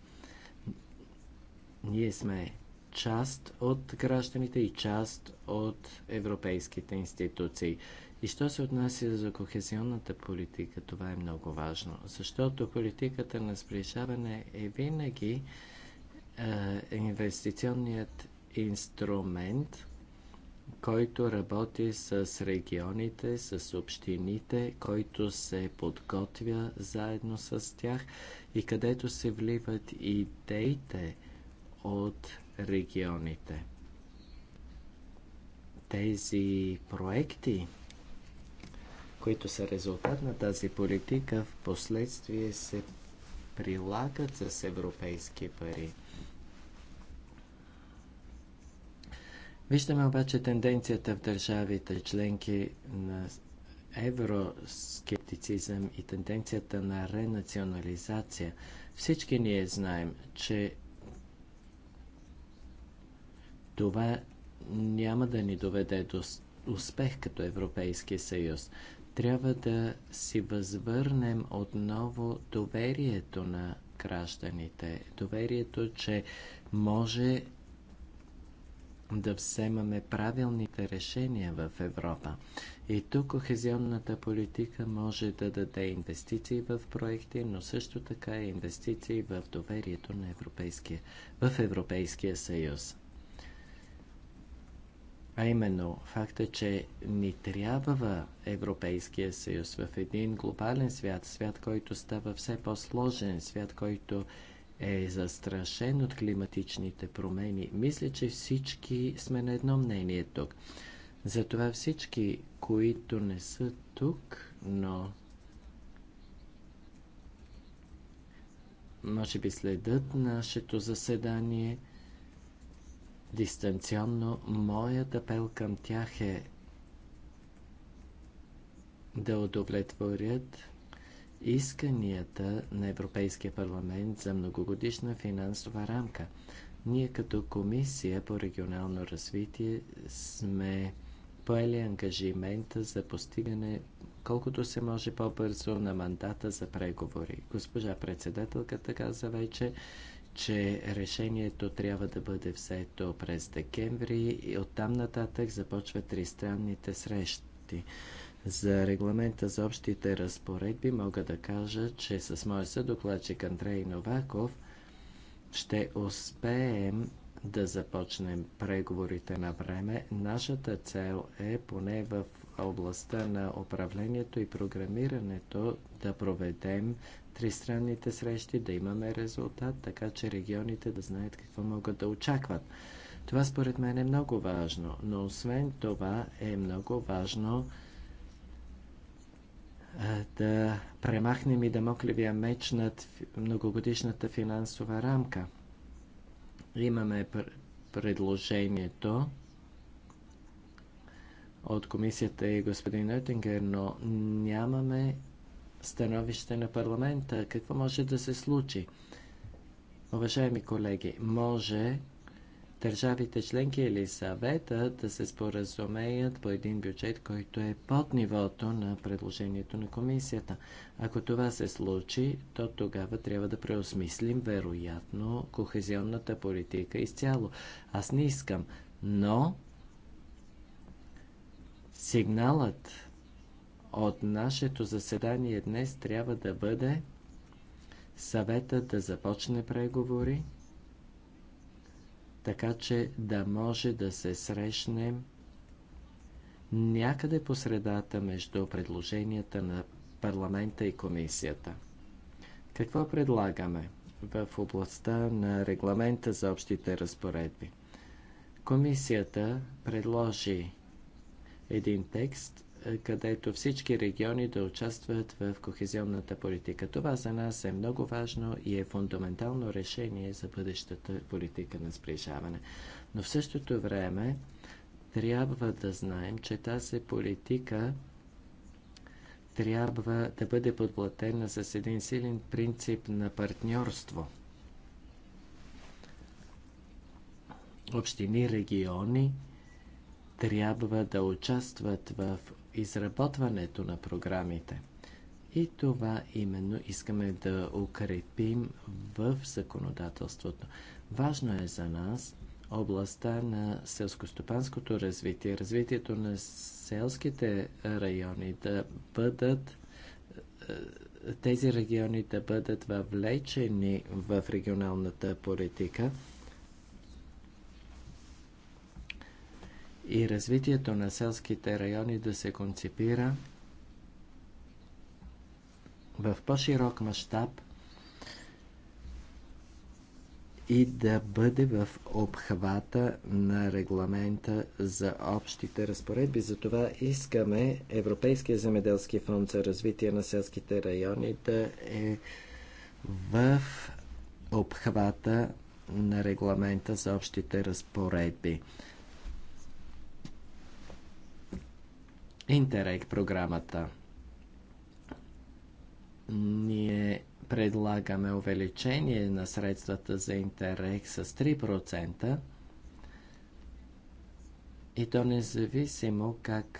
[SPEAKER 2] Ние сме част от гражданите и част от европейските институции. И що се отнася за кохезионната политика, това е много важно, защото политиката на сближаване е винаги е, инвестиционният инструмент, който работи с регионите, с общините, който се подготвя заедно с тях и където се вливат идеите от регионите. Тези проекти които са резултат на тази политика, в последствие се прилагат с европейски пари. Виждаме обаче тенденцията в държавите членки на евроскептицизъм и тенденцията на ренационализация. Всички ние знаем, че това няма да ни доведе до успех като Европейски съюз. Трябва да си възвърнем отново доверието на гражданите. Доверието, че може да вземаме правилните решения в Европа. И тук кохезионната политика може да даде инвестиции в проекти, но също така и инвестиции в доверието на Европейския, в Европейския съюз. А именно, факта, е, че ни трябва Европейския съюз в един глобален свят, свят, който става все по-сложен, свят, който е застрашен от климатичните промени. Мисля, че всички сме на едно мнение тук. Затова всички, които не са тук, но може би следят нашето заседание – дистанционно. Моят апел към тях е да удовлетворят исканията на Европейския парламент за многогодишна финансова рамка. Ние като Комисия по регионално развитие сме поели ангажимента за постигане колкото се може по-бързо на мандата за преговори. Госпожа председателката каза вече, че решението трябва да бъде взето през декември и оттам нататък започват тристранните срещи. За регламента за общите разпоредби мога да кажа, че с моя съдокладчик Андрей Новаков ще успеем да започнем преговорите на време. Нашата цел е поне в областта на управлението и програмирането да проведем тристранните срещи, да имаме резултат, така че регионите да знаят какво могат да очакват. Това според мен е много важно, но освен това е много важно да премахнем и дамокливия меч над многогодишната финансова рамка. Имаме предложението от комисията и господин Ютингер, но нямаме становище на парламента. Какво може да се случи? Уважаеми колеги, може държавите членки или съвета да се споразумеят по един бюджет, който е под нивото на предложението на комисията. Ако това се случи, то тогава трябва да преосмислим, вероятно, кохезионната политика изцяло. Аз не искам, но Сигналът от нашето заседание днес трябва да бъде съвета да започне преговори, така че да може да се срещнем някъде по средата между предложенията на парламента и комисията. Какво предлагаме в областта на регламента за общите разпоредби? Комисията предложи един текст, е, където всички региони да участват в кохезионната политика. Това за нас е много важно и е фундаментално решение за бъдещата политика на сближаване. Но в същото време трябва да знаем, че тази политика трябва да бъде подплатена с един силен принцип на партньорство. Общини, региони, трябва да участват в изработването на програмите. И това именно искаме да укрепим в законодателството. Важно е за нас областта на селскостопанското развитие, развитието на селските райони да бъдат е, тези региони да бъдат въвлечени в регионалната политика и развитието на селските райони да се концепира в по-широк мащаб и да бъде в обхвата на регламента за общите разпоредби. Затова искаме Европейския земеделски фонд за развитие на селските райони да е в обхвата на регламента за общите разпоредби. Интерек програмата. Ние предлагаме увеличение на средствата за Интерек с 3% и то независимо как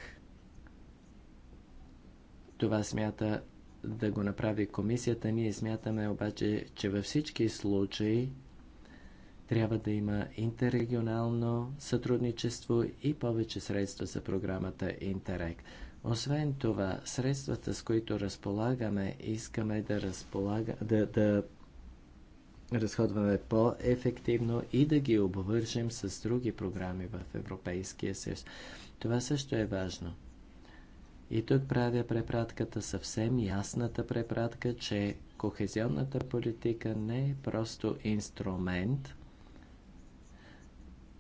[SPEAKER 2] това смята да го направи комисията. Ние смятаме обаче, че във всички случаи трябва да има интеррегионално сътрудничество и повече средства за програмата Интерек. Освен това, средствата, с които разполагаме, искаме да, разполага, да, да разходваме по-ефективно и да ги обвържем с други програми в Европейския съюз. Това също е важно. И тук правя препратката съвсем ясната препратка, че кохезионната политика не е просто инструмент,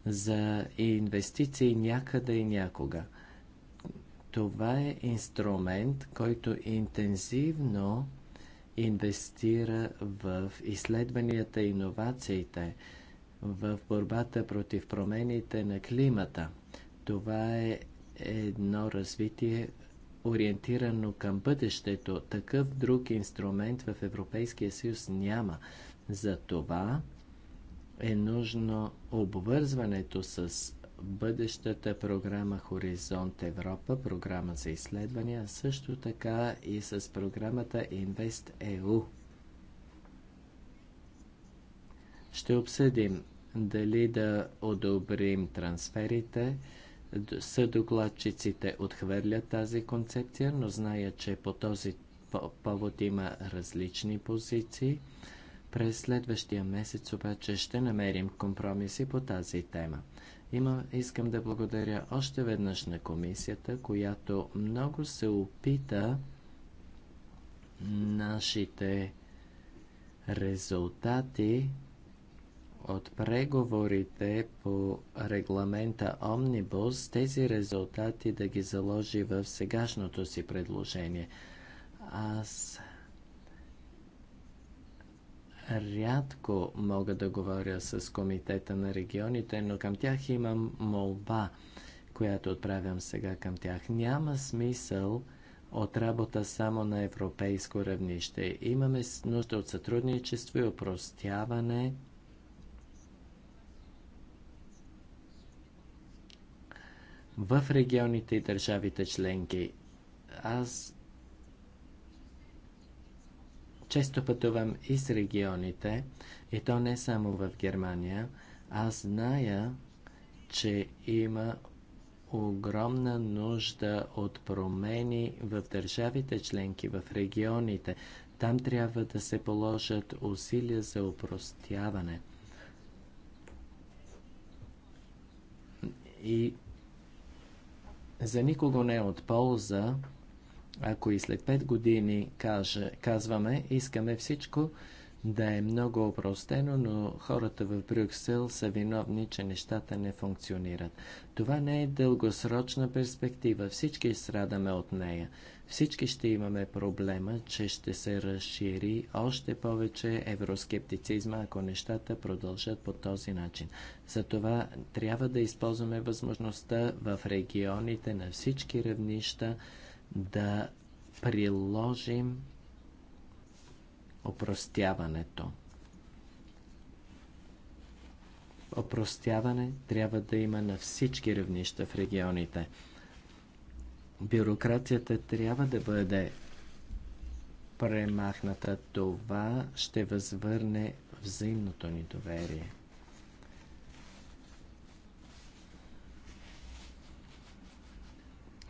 [SPEAKER 2] за инвестиции някъде и някога. Това е инструмент, който интензивно инвестира в изследванията и иновациите, в борбата против промените на климата. Това е едно развитие ориентирано към бъдещето. Такъв друг инструмент в Европейския съюз няма. За това е нужно обвързването с бъдещата програма Хоризонт Европа, програма за изследвания, също така и с програмата ЕУ. Е Ще обсъдим дали да одобрим трансферите. Съдокладчиците отхвърлят тази концепция, но зная, че по този повод има различни позиции. През следващия месец обаче ще намерим компромиси по тази тема. Има, искам да благодаря още веднъж на комисията, която много се опита нашите резултати от преговорите по регламента Омнибус, тези резултати да ги заложи в сегашното си предложение. Аз рядко мога да говоря с Комитета на регионите, но към тях имам молба, която отправям сега към тях. Няма смисъл от работа само на европейско равнище. Имаме нужда от сътрудничество и опростяване. в регионите и държавите членки. Аз често пътувам из регионите, и то не само в Германия. Аз зная, че има огромна нужда от промени в държавите членки, в регионите. Там трябва да се положат усилия за упростяване. И за никого не е от полза ако и след 5 години каже, казваме, искаме всичко да е много опростено, но хората в Брюксел са виновни, че нещата не функционират. Това не е дългосрочна перспектива. Всички страдаме от нея. Всички ще имаме проблема, че ще се разшири още повече евроскептицизма, ако нещата продължат по този начин. Затова трябва да използваме възможността в регионите на всички равнища да приложим опростяването. Опростяване трябва да има на всички равнища в регионите. Бюрокрацията трябва да бъде премахната. Това ще възвърне взаимното ни доверие.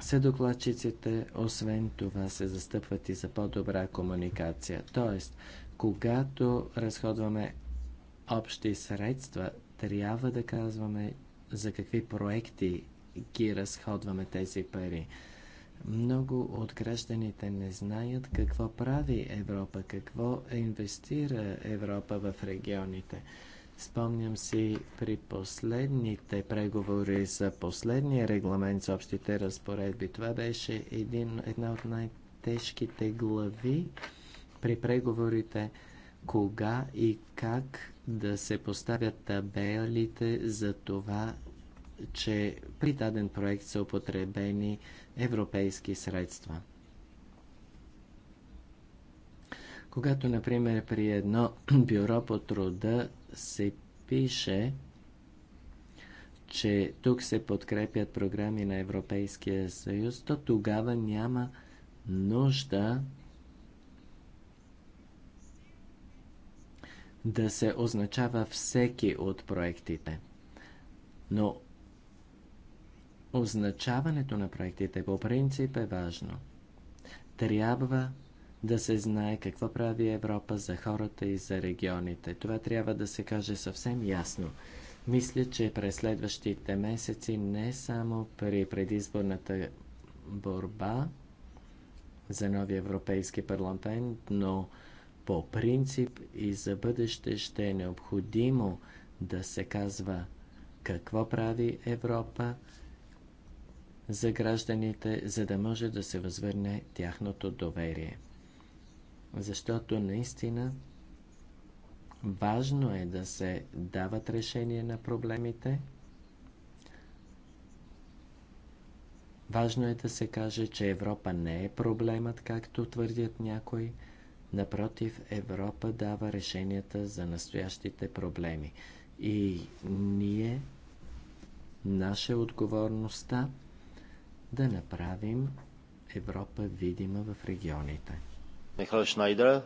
[SPEAKER 2] Съдокладчиците, освен това, се застъпват и за по-добра комуникация. Тоест, когато разходваме общи средства, трябва да казваме за какви проекти ги разходваме тези пари. Много от гражданите не знаят какво прави Европа, какво инвестира Европа в регионите. Спомням си при последните преговори за последния регламент за общите разпоредби. Това беше един, една от най-тежките глави при преговорите кога и как да се поставят табелите за това, че при даден проект са употребени европейски средства. Когато, например, при едно бюро по труда се пише, че тук се подкрепят програми на Европейския съюз, то тогава няма нужда да се означава всеки от проектите. Но означаването на проектите по принцип е важно. Трябва да се знае какво прави Европа за хората и за регионите. Това трябва да се каже съвсем ясно. Мисля, че през следващите месеци не само при предизборната борба за нови Европейски парламент, но по принцип и за бъдеще ще е необходимо да се казва какво прави Европа за гражданите, за да може да се възвърне тяхното доверие защото наистина важно е да се дават решения на проблемите. Важно е да се каже, че Европа не е проблемът, както твърдят някои. Напротив, Европа дава решенията за настоящите проблеми. И ние, наша отговорността да направим Европа видима в регионите. Михаил Шнайдер.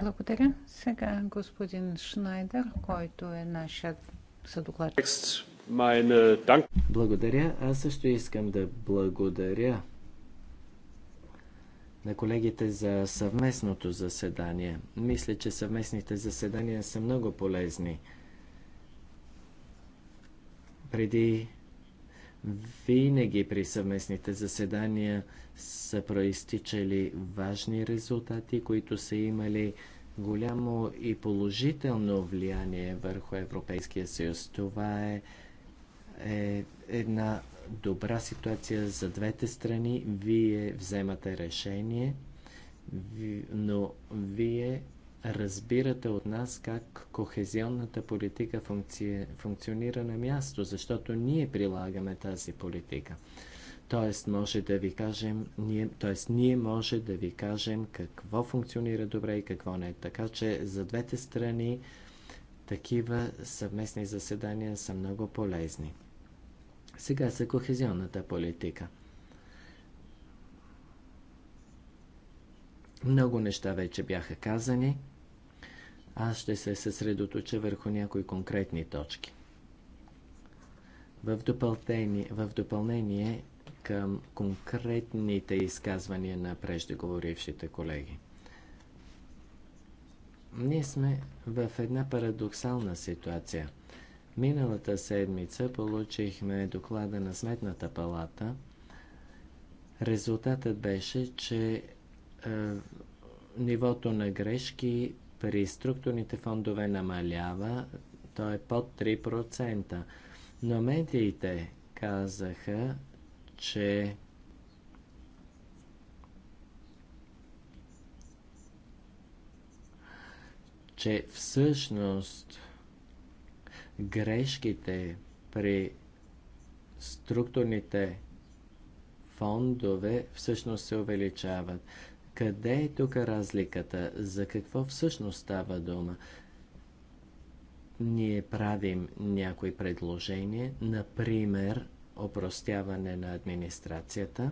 [SPEAKER 1] Благодаря. Сега господин Шнайдер, който е нашият съдокладчик.
[SPEAKER 2] Е, благодаря. Аз също искам да благодаря на колегите за съвместното заседание. Мисля, че съвместните заседания са много полезни. Преди винаги при съвместните заседания са проистичали важни резултати, които са имали голямо и положително влияние върху Европейския съюз. Това е, е една добра ситуация за двете страни. Вие вземате решение, но вие разбирате от нас как кохезионната политика функци... функционира на място, защото ние прилагаме тази политика. Тоест, може да ви кажем, ние, тоест, ние може да ви кажем какво функционира добре и какво не. Така че за двете страни такива съвместни заседания са много полезни. Сега за кохезионната политика. Много неща вече бяха казани. Аз ще се съсредоточа върху някои конкретни точки. В допълнение, в допълнение към конкретните изказвания на преждеговорившите колеги. Ние сме в една парадоксална ситуация. Миналата седмица получихме доклада на Сметната палата. Резултатът беше, че е, нивото на грешки при структурните фондове намалява, то е под 3%. Но медиите казаха, че че всъщност грешките при структурните фондове всъщност се увеличават. Къде е тук разликата? За какво всъщност става дума? Ние правим някои предложения, например, опростяване на администрацията.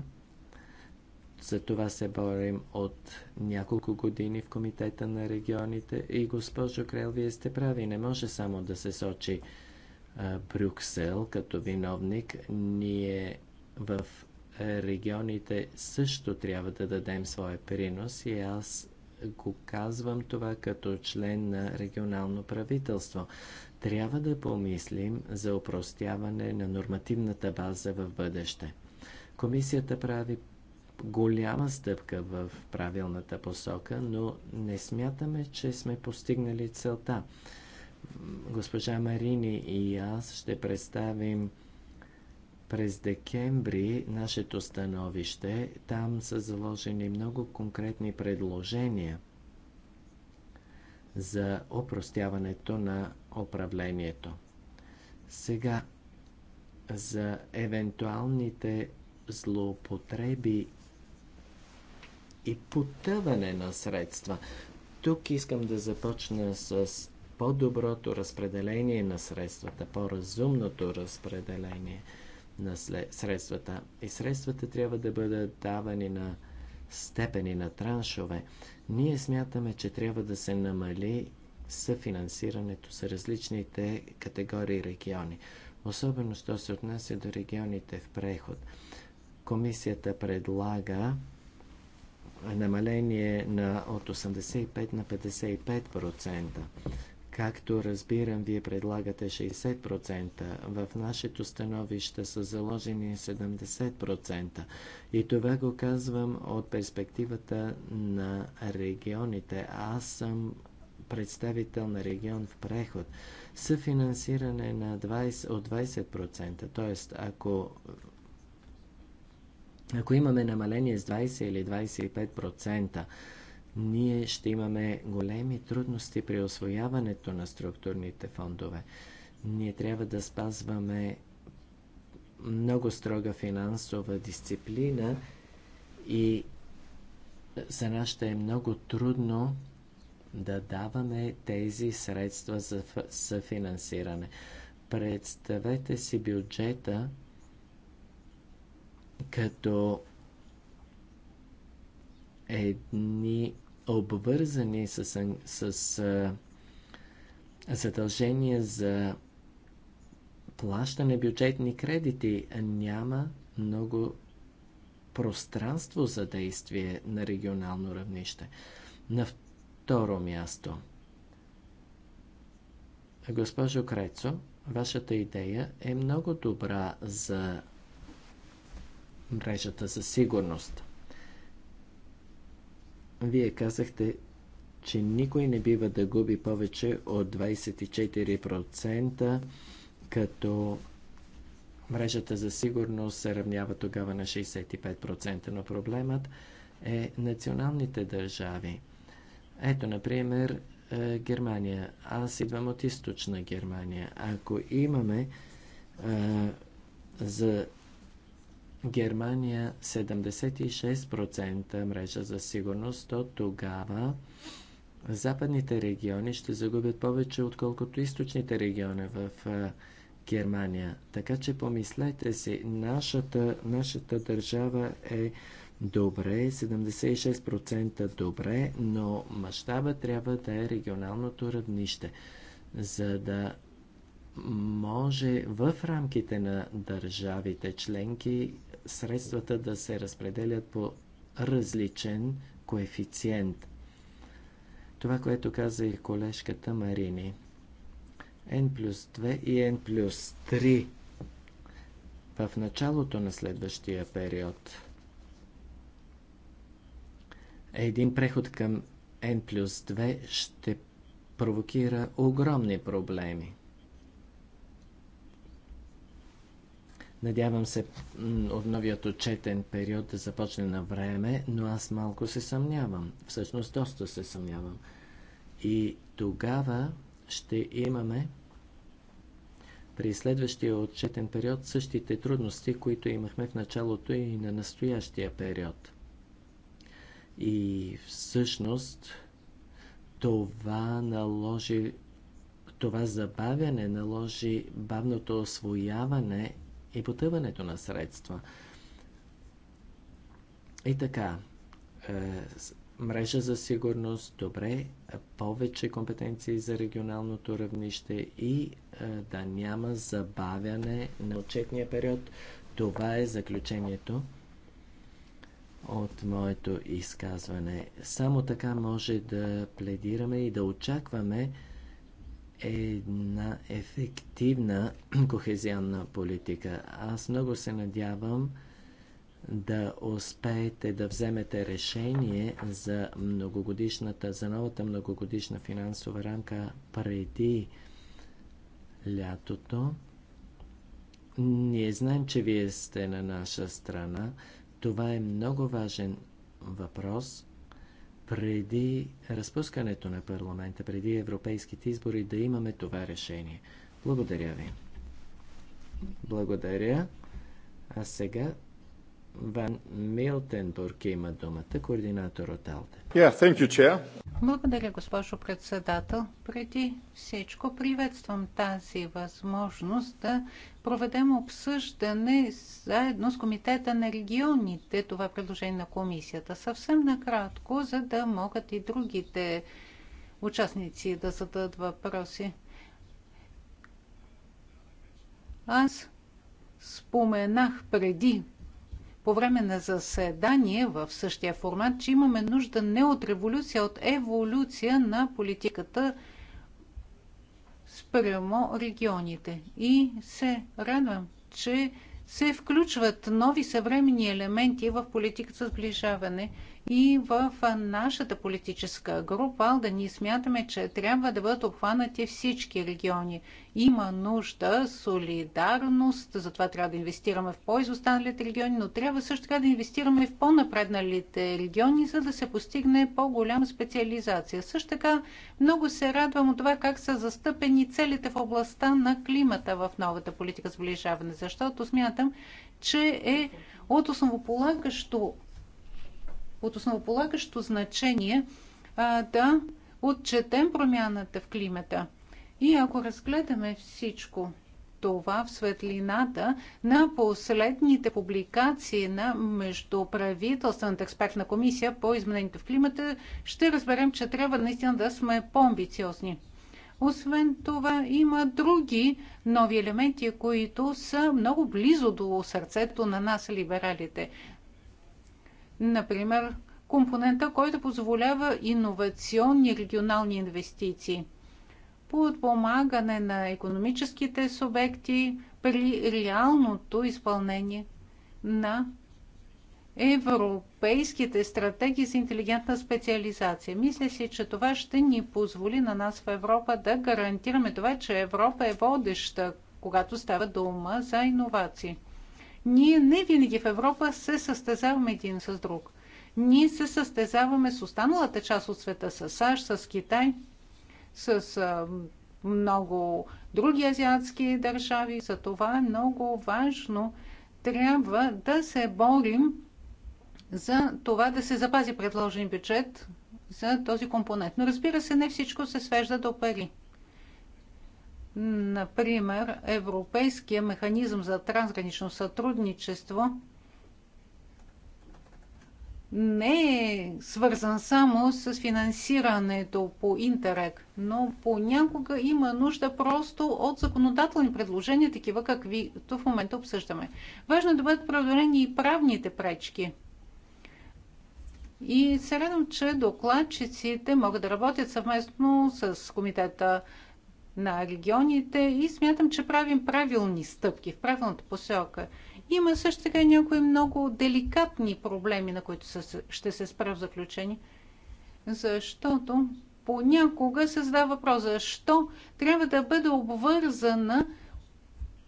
[SPEAKER 2] За това се борим от няколко години в Комитета на регионите. И госпожо Крел, вие сте прави. Не може само да се сочи а, Брюксел като виновник. Ние в регионите също трябва да дадем своя принос и аз го казвам това като член на регионално правителство. Трябва да помислим за упростяване на нормативната база в бъдеще. Комисията прави голяма стъпка в правилната посока, но не смятаме, че сме постигнали целта. Госпожа Марини и аз ще представим през декември нашето становище, там са заложени много конкретни предложения за опростяването на управлението. Сега, за евентуалните злоупотреби и потъване на средства. Тук искам да започна с по-доброто разпределение на средствата, по-разумното разпределение – на средствата. И средствата трябва да бъдат давани на степени, на траншове. Ние смятаме, че трябва да се намали съфинансирането с различните категории региони, особено що се отнася до регионите в преход. Комисията предлага намаление на от 85 на 55%. Както разбирам, вие предлагате 60%. В нашето становище са заложени 70%. И това го казвам от перспективата на регионите. Аз съм представител на регион в преход. Съфинансиране на 20, от 20%. т.е. ако ако имаме намаление с 20 или 25%, ние ще имаме големи трудности при освояването на структурните фондове. Ние трябва да спазваме много строга финансова дисциплина и за нас ще е много трудно да даваме тези средства за съфинансиране. Представете си бюджета като едни обвързани с, с, с за плащане бюджетни кредити, няма много пространство за действие на регионално равнище. На второ място. Госпожо Крецо, вашата идея е много добра за мрежата за сигурност. Вие казахте, че никой не бива да губи повече от 24% като мрежата за сигурност се равнява тогава на 65%, но проблемът е националните държави. Ето, например, е, Германия. Аз идвам от източна Германия. Ако имаме а, е, за Германия 76% мрежа за сигурност, то тогава западните региони ще загубят повече, отколкото източните региони в Германия. Така че помислете си, нашата, нашата държава е добре, 76% добре, но мащаба трябва да е регионалното равнище, за да може в рамките на държавите членки средствата да се разпределят по различен коефициент. Това, което каза и колежката Марини. N плюс 2 и N плюс 3 в началото на следващия период един преход към N плюс 2 ще провокира огромни проблеми. Надявам се от новият отчетен период да започне на време, но аз малко се съмнявам. Всъщност доста се съмнявам. И тогава ще имаме при следващия отчетен период същите трудности, които имахме в началото и на настоящия период. И всъщност това наложи това забавяне наложи бавното освояване и потъването на средства. И така, е, мрежа за сигурност, добре, е, повече компетенции за регионалното равнище и е, да няма забавяне на отчетния период. Това е заключението от моето изказване. Само така може да пледираме и да очакваме една ефективна кохезионна политика. Аз много се надявам да успеете да вземете решение за многогодишната, за новата многогодишна финансова рамка преди лятото. Ние знаем, че вие сте на наша страна. Това е много важен въпрос – преди разпускането на парламента, преди европейските избори, да имаме това решение. Благодаря ви. Благодаря. А сега Ван Милтенбург има думата, координатор от АЛДЕ. Yeah,
[SPEAKER 1] thank you, chair. Благодаря, госпожо председател. Преди всичко приветствам тази възможност да проведем обсъждане заедно с Комитета на регионите, това предложение на комисията. Съвсем накратко, за да могат и другите участници да зададат въпроси. Аз споменах преди по време на заседание в същия формат, че имаме нужда не от революция, а от еволюция на политиката спрямо регионите. И се радвам, че се включват нови съвременни елементи в политиката за сближаване – и в нашата политическа група Алда ние смятаме, че трябва да бъдат обхванати всички региони. Има нужда солидарност, затова трябва да инвестираме в по-изостаналите региони, но трябва също така да инвестираме в по-напредналите региони, за да се постигне по-голяма специализация. Също така много се радвам от това как са застъпени целите в областта на климата в новата политика сближаване, защото смятам, че е от основополагащо от основополагащо значение а, да отчетем промяната в климата. И ако разгледаме всичко това в светлината на последните публикации на Междуправителствената експертна комисия по изменението в климата, ще разберем, че трябва наистина да сме по-амбициозни. Освен това, има други нови елементи, които са много близо до сърцето на нас, либералите. Например, компонента, който позволява иновационни регионални инвестиции, подпомагане на економическите субекти при реалното изпълнение на европейските стратегии за интелигентна специализация. Мисля си, че това ще ни позволи на нас в Европа да гарантираме това, че Европа е водеща, когато става дума за иновации. Ние не винаги в Европа се състезаваме един с друг. Ние се състезаваме с останалата част от света, с САЩ, с Китай, с а, много други азиатски държави. За това е много важно. Трябва да се борим за това да се запази предложен бюджет за този компонент. Но разбира се, не всичко се свежда до пари. Например, Европейския механизъм за трансгранично сътрудничество не е свързан само с финансирането по Интерек, но понякога има нужда просто от законодателни предложения, такива каквито в момента обсъждаме. Важно е да бъдат преодолени и правните пречки. И се радвам, че докладчиците могат да работят съвместно с комитета на регионите и смятам, че правим правилни стъпки в правилната посока. Има също така някои много деликатни проблеми, на които ще се спра в заключение, защото понякога се задава въпрос, защо трябва да бъде обвързана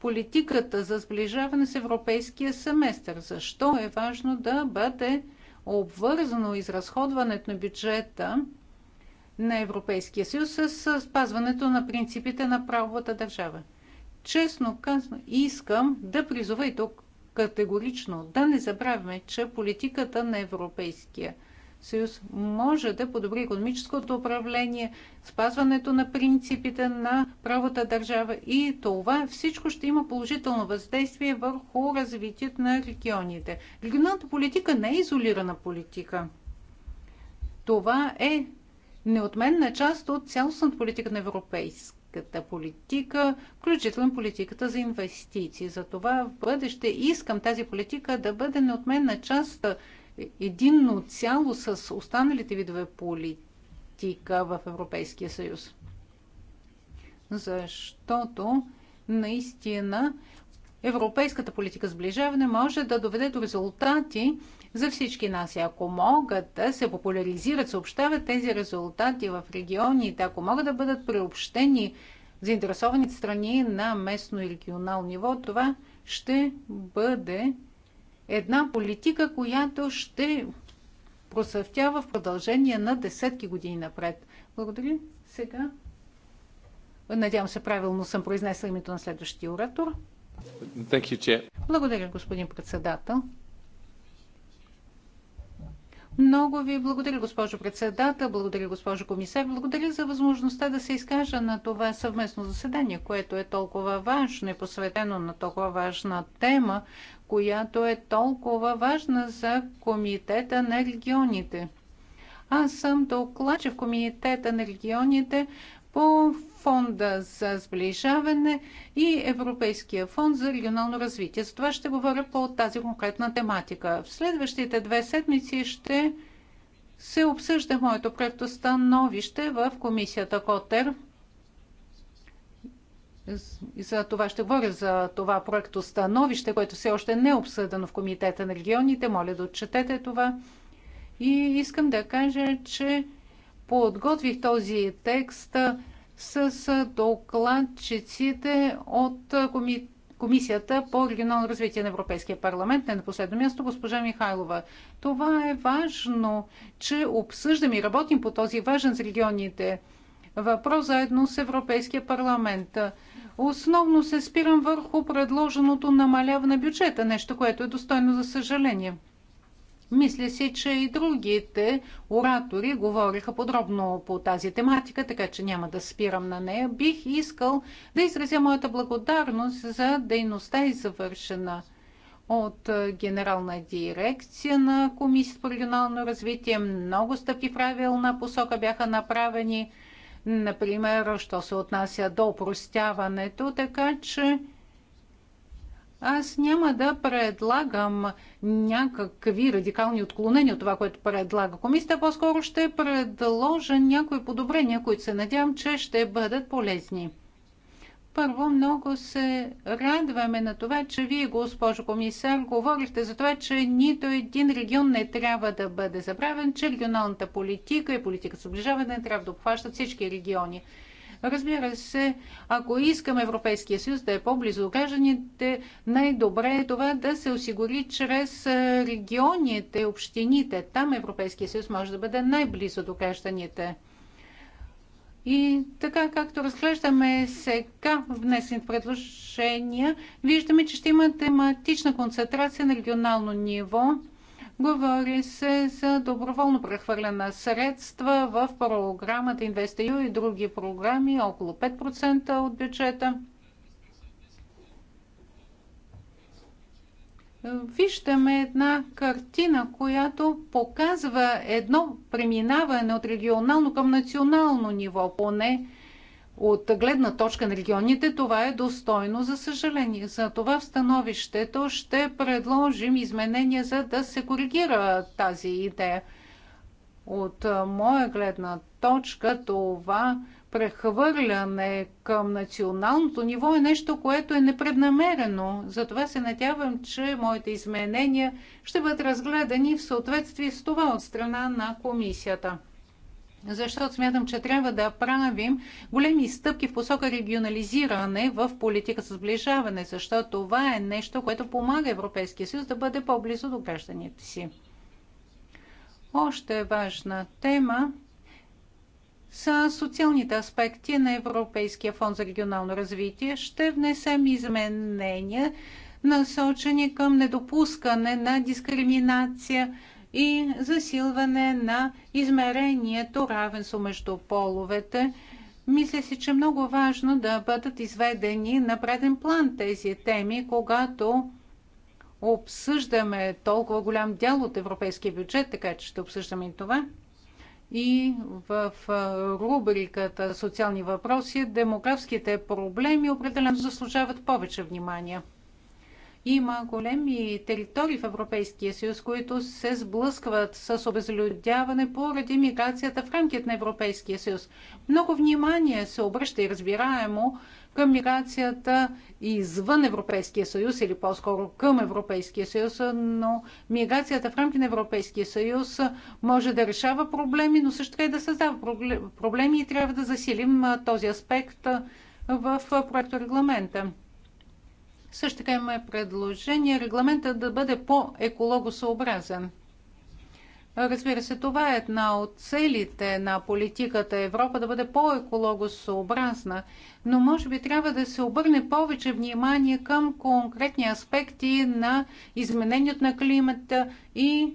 [SPEAKER 1] политиката за сближаване с европейския семестър. Защо е важно да бъде обвързано изразходването на бюджета на Европейския съюз с спазването на принципите на правовата държава. Честно казано, искам да призова и тук категорично да не забравяме, че политиката на Европейския съюз може да подобри економическото управление, спазването на принципите на правата държава и това всичко ще има положително въздействие върху развитието на регионите. Регионалната политика не е изолирана политика. Това е неотменна част от цялостната политика на европейската политика, включително политиката за инвестиции. Затова в бъдеще искам тази политика да бъде неотменна част единно цяло с останалите видове политика в Европейския съюз. Защото наистина европейската политика сближаване може да доведе до резултати, за всички нас. И ако могат да се популяризират, съобщават тези резултати в регионите, ако могат да бъдат приобщени заинтересованите страни на местно и регионално ниво, това ще бъде една политика, която ще процъфтява в продължение на десетки години напред. Благодаря. Сега. Надявам се, правилно съм произнесла името на следващия оратор. Благодаря, господин председател. Много ви благодаря, госпожо председател, благодаря, госпожо комисар, благодаря за възможността да се изкажа на това съвместно заседание, което е толкова важно и посветено на толкова важна тема, която е толкова важна за Комитета на регионите. Аз съм докладчик в Комитета на регионите по фонда за сближаване и Европейския фонд за регионално развитие. За това ще говоря по тази конкретна тематика. В следващите две седмици ще се обсъжда моето проекто становище в комисията Котер. За това ще говоря за това проекто становище, което все още не е обсъдено в Комитета на регионите. Моля да отчетете това. И искам да кажа, че подготвих този текст с докладчиците от Комисията по регионално развитие на Европейския парламент, не на последно място, госпожа Михайлова. Това е важно, че обсъждаме и работим по този важен за регионите въпрос заедно с Европейския парламент. Основно се спирам върху предложеното намаляване на бюджета, нещо, което е достойно за съжаление. Мисля си, че и другите оратори говориха подробно по тази тематика, така че няма да спирам на нея. Бих искал да изразя моята благодарност за дейността и завършена от Генерална дирекция на Комисията по регионално развитие. Много стъпки в правилна посока бяха направени, например, що се отнася до упростяването, така че аз няма да предлагам някакви радикални отклонения от това, което предлага комисията, по-скоро ще предложа някои подобрения, които се надявам, че ще бъдат полезни. Първо, много се радваме на това, че вие, госпожо комисар, говорихте за това, че нито един регион не трябва да бъде забравен, че регионалната политика и политика с оближаване трябва да обхващат всички региони. Разбира се, ако искаме Европейския съюз да е по-близо до гражданите, най-добре е това да се осигури чрез е, регионите, общините. Там Европейския съюз може да бъде най-близо до гражданите. И така, както разглеждаме сега внесен предложения, виждаме, че ще има тематична концентрация на регионално ниво – Говори се за доброволно прехвърляне на средства в програмата InvestEU и други програми, около 5% от бюджета. виждаме една картина, която показва едно преминаване от регионално към национално ниво, поне от гледна точка на регионите това е достойно, за съжаление. За това в становището ще предложим изменения, за да се коригира тази идея. От моя гледна точка това прехвърляне към националното ниво е нещо, което е непреднамерено. Затова се надявам, че моите изменения ще бъдат разгледани в съответствие с това от страна на комисията защото смятам, че трябва да правим големи стъпки в посока регионализиране в политика с сближаване, защото това е нещо, което помага Европейския съюз да бъде по-близо до гражданите си. Още важна тема са социалните аспекти на Европейския фонд за регионално развитие. Ще внесем изменения, насочени към недопускане на дискриминация и засилване на измерението равенство между половете. Мисля си, че е много важно да бъдат изведени на преден план тези теми, когато обсъждаме толкова голям дял от европейския бюджет, така че ще обсъждаме и това. И в рубриката Социални въпроси демографските проблеми определено заслужават повече внимание. Има големи територии в Европейския съюз, които се сблъскват с обезлюдяване поради миграцията в рамките на Европейския съюз. Много внимание се обръща и разбираемо към миграцията извън Европейския съюз или по-скоро към Европейския съюз, но миграцията в рамките на Европейския съюз може да решава проблеми, но също така и да създава проблеми и трябва да засилим този аспект в проекторегламента. регламента. Също така има предложение регламента да бъде по-екологосъобразен. Разбира се, това е една от целите на политиката Европа да бъде по-екологосъобразна, но може би трябва да се обърне повече внимание към конкретни аспекти на изменението на климата и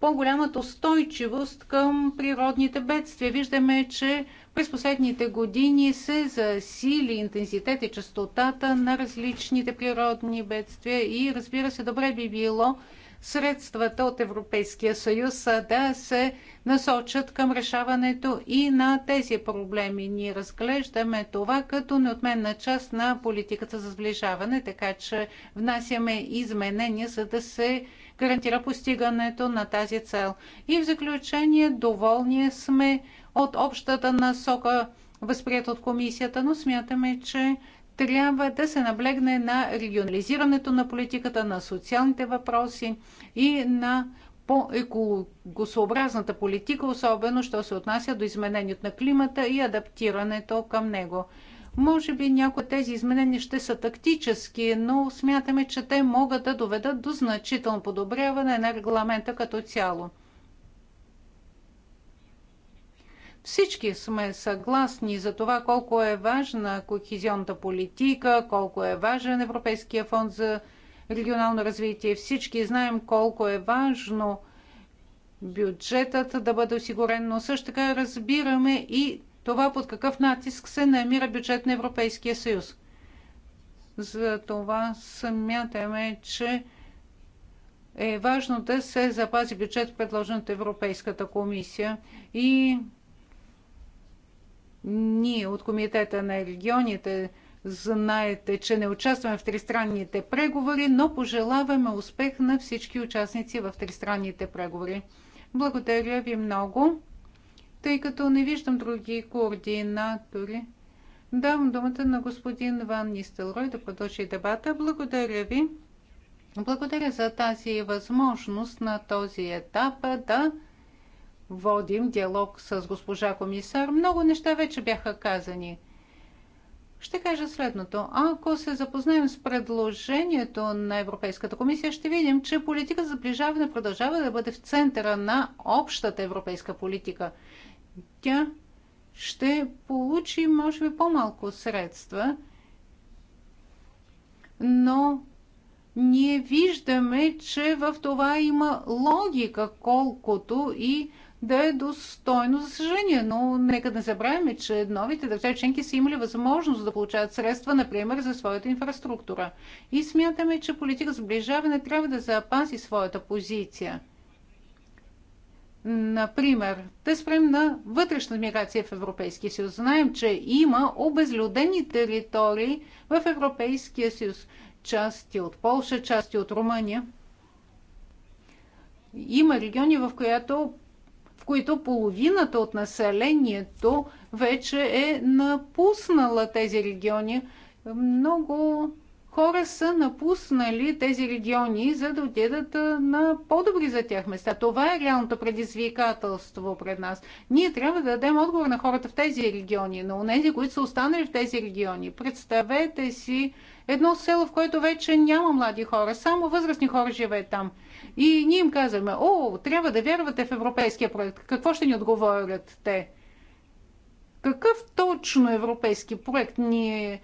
[SPEAKER 1] по-голямата устойчивост към природните бедствия. Виждаме, че през последните години се засили интензитет и частотата на различните природни бедствия и разбира се, добре би било средствата от Европейския съюз да се насочат към решаването и на тези проблеми. Ние разглеждаме това като неотменна част на политиката за сближаване, така че внасяме изменения, за да се гарантира постигането на тази цел. И в заключение доволни сме от общата насока, възприят от комисията, но смятаме, че трябва да се наблегне на регионализирането на политиката, на социалните въпроси и на по-екологосообразната политика, особено що се отнася до изменението на климата и адаптирането към него. Може би някои от тези изменения ще са тактически, но смятаме, че те могат да доведат до значително подобряване на регламента като цяло. Всички сме съгласни за това колко е важна кохезионната политика, колко е важен Европейския фонд за регионално развитие. Всички знаем колко е важно бюджетът да бъде осигурен, но също така разбираме и това под какъв натиск се намира бюджет на Европейския съюз. За това смятаме, че е важно да се запази бюджет, предложен от Европейската комисия и ние от Комитета на регионите знаете, че не участваме в тристранните преговори, но пожелаваме успех на всички участници в тристранните преговори. Благодаря ви много. Тъй като не виждам други координатори, давам думата на господин Ван Нистелрой да продължи дебата. Благодаря ви. Благодаря за тази възможност на този етап да водим диалог с госпожа комисар. Много неща вече бяха казани. Ще кажа следното. Ако се запознаем с предложението на Европейската комисия, ще видим, че политика за сближаване продължава да бъде в центъра на общата европейска политика. Тя ще получи, може би, по-малко средства, но ние виждаме, че в това има логика, колкото и да е достойно, за съжаление. Но нека да забравяме, че новите държави членки са имали възможност да получават средства, например, за своята инфраструктура. И смятаме, че политика сближаване трябва да запази своята позиция. Например, да спрем на вътрешна миграция в Европейския съюз. Знаем, че има обезлюдени територии в Европейския съюз. Части от Полша, части от Румъния. Има региони, в която които половината от населението вече е напуснала тези региони. Много хора са напуснали тези региони, за да отидат на по-добри за тях места. Това е реалното предизвикателство пред нас. Ние трябва да дадем отговор на хората в тези региони, на онези, които са останали в тези региони. Представете си едно село, в което вече няма млади хора, само възрастни хора живеят там. И ние им казваме, о, трябва да вярвате в европейския проект. Какво ще ни отговорят те? Какъв точно европейски проект ние,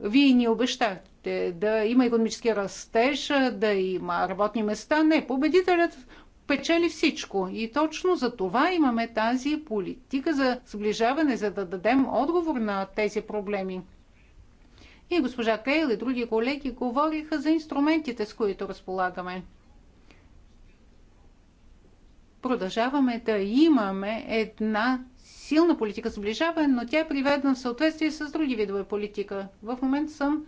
[SPEAKER 1] вие ни обещахте? Да има економически растеж, да има работни места? Не, победителят печели всичко. И точно за това имаме тази политика за сближаване, за да дадем отговор на тези проблеми. И госпожа Кейл и други колеги говориха за инструментите, с които разполагаме продължаваме да имаме една силна политика сближаване, но тя е приведена в съответствие с други видове политика. В момента съм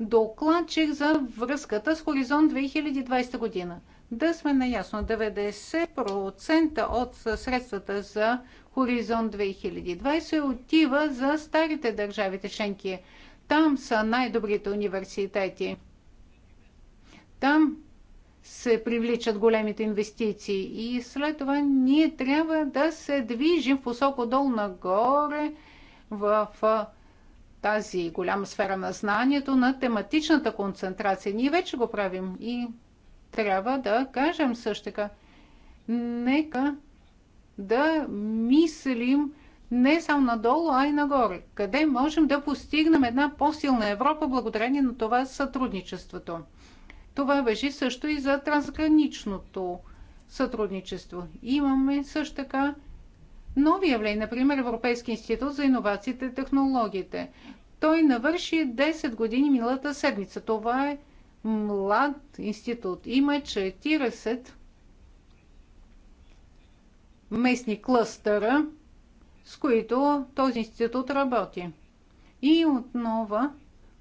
[SPEAKER 1] докладчик за връзката с Хоризонт 2020 година. Да сме наясно, 90% от средствата за Хоризонт 2020 отива за старите държавите членки. Там са най-добрите университети. Там се привличат големите инвестиции. И след това ние трябва да се движим в посока долу нагоре в тази голяма сфера на знанието, на тематичната концентрация. Ние вече го правим и трябва да кажем също така. Нека да мислим не само надолу, а и нагоре. Къде можем да постигнем една по-силна Европа благодарение на това сътрудничеството. Това въжи също и за трансграничното сътрудничество. Имаме също така нови явления, например Европейски институт за иновациите и технологиите. Той навърши 10 години миналата седмица. Това е млад институт. Има 40 местни клъстъра, с които този институт работи. И отново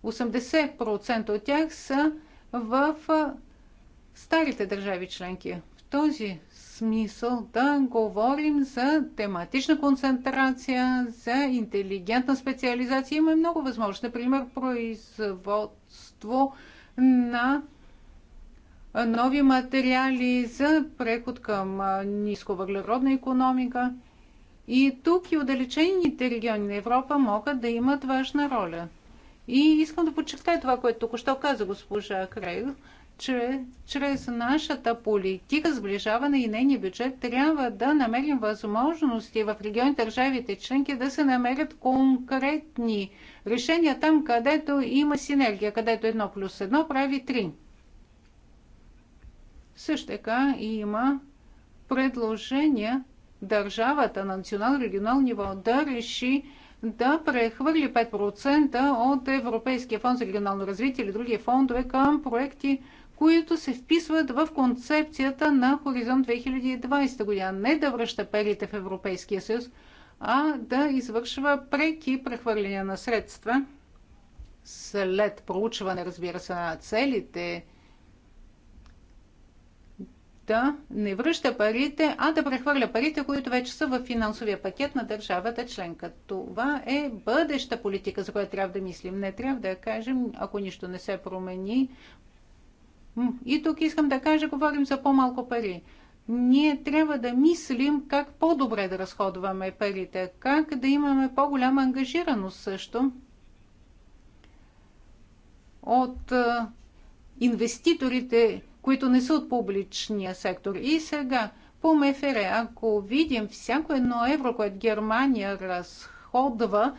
[SPEAKER 1] 80% от тях са в старите държави членки. В този смисъл да говорим за тематична концентрация, за интелигентна специализация. Има много възможности. Например, производство на нови материали за преход към нисковъглеродна економика. И тук и отдалечените региони на Европа могат да имат важна роля – и искам да подчертая това, което тук що каза госпожа Крейл, че чрез нашата политика сближаване и нейния бюджет трябва да намерим възможности в регионите държавите членки да се намерят конкретни решения там, където има синергия, където едно плюс едно прави три. Също така има предложения държавата на национално-регионално ниво да реши да прехвърли 5% от Европейския фонд за регионално развитие или други фондове към проекти, които се вписват в концепцията на Хоризонт 2020 година. Не да връща перите в Европейския съюз, а да извършва преки прехвърления на средства след проучване, разбира се, на целите да не връща парите, а да прехвърля парите, които вече са в финансовия пакет на държавата членка. Това е бъдеща политика, за която трябва да мислим. Не трябва да я кажем, ако нищо не се промени. И тук искам да кажа, говорим за по-малко пари. Ние трябва да мислим как по-добре да разходваме парите, как да имаме по-голяма ангажираност също от инвеститорите които не са от публичния сектор. И сега по МФР, ако видим всяко едно евро, което Германия разходва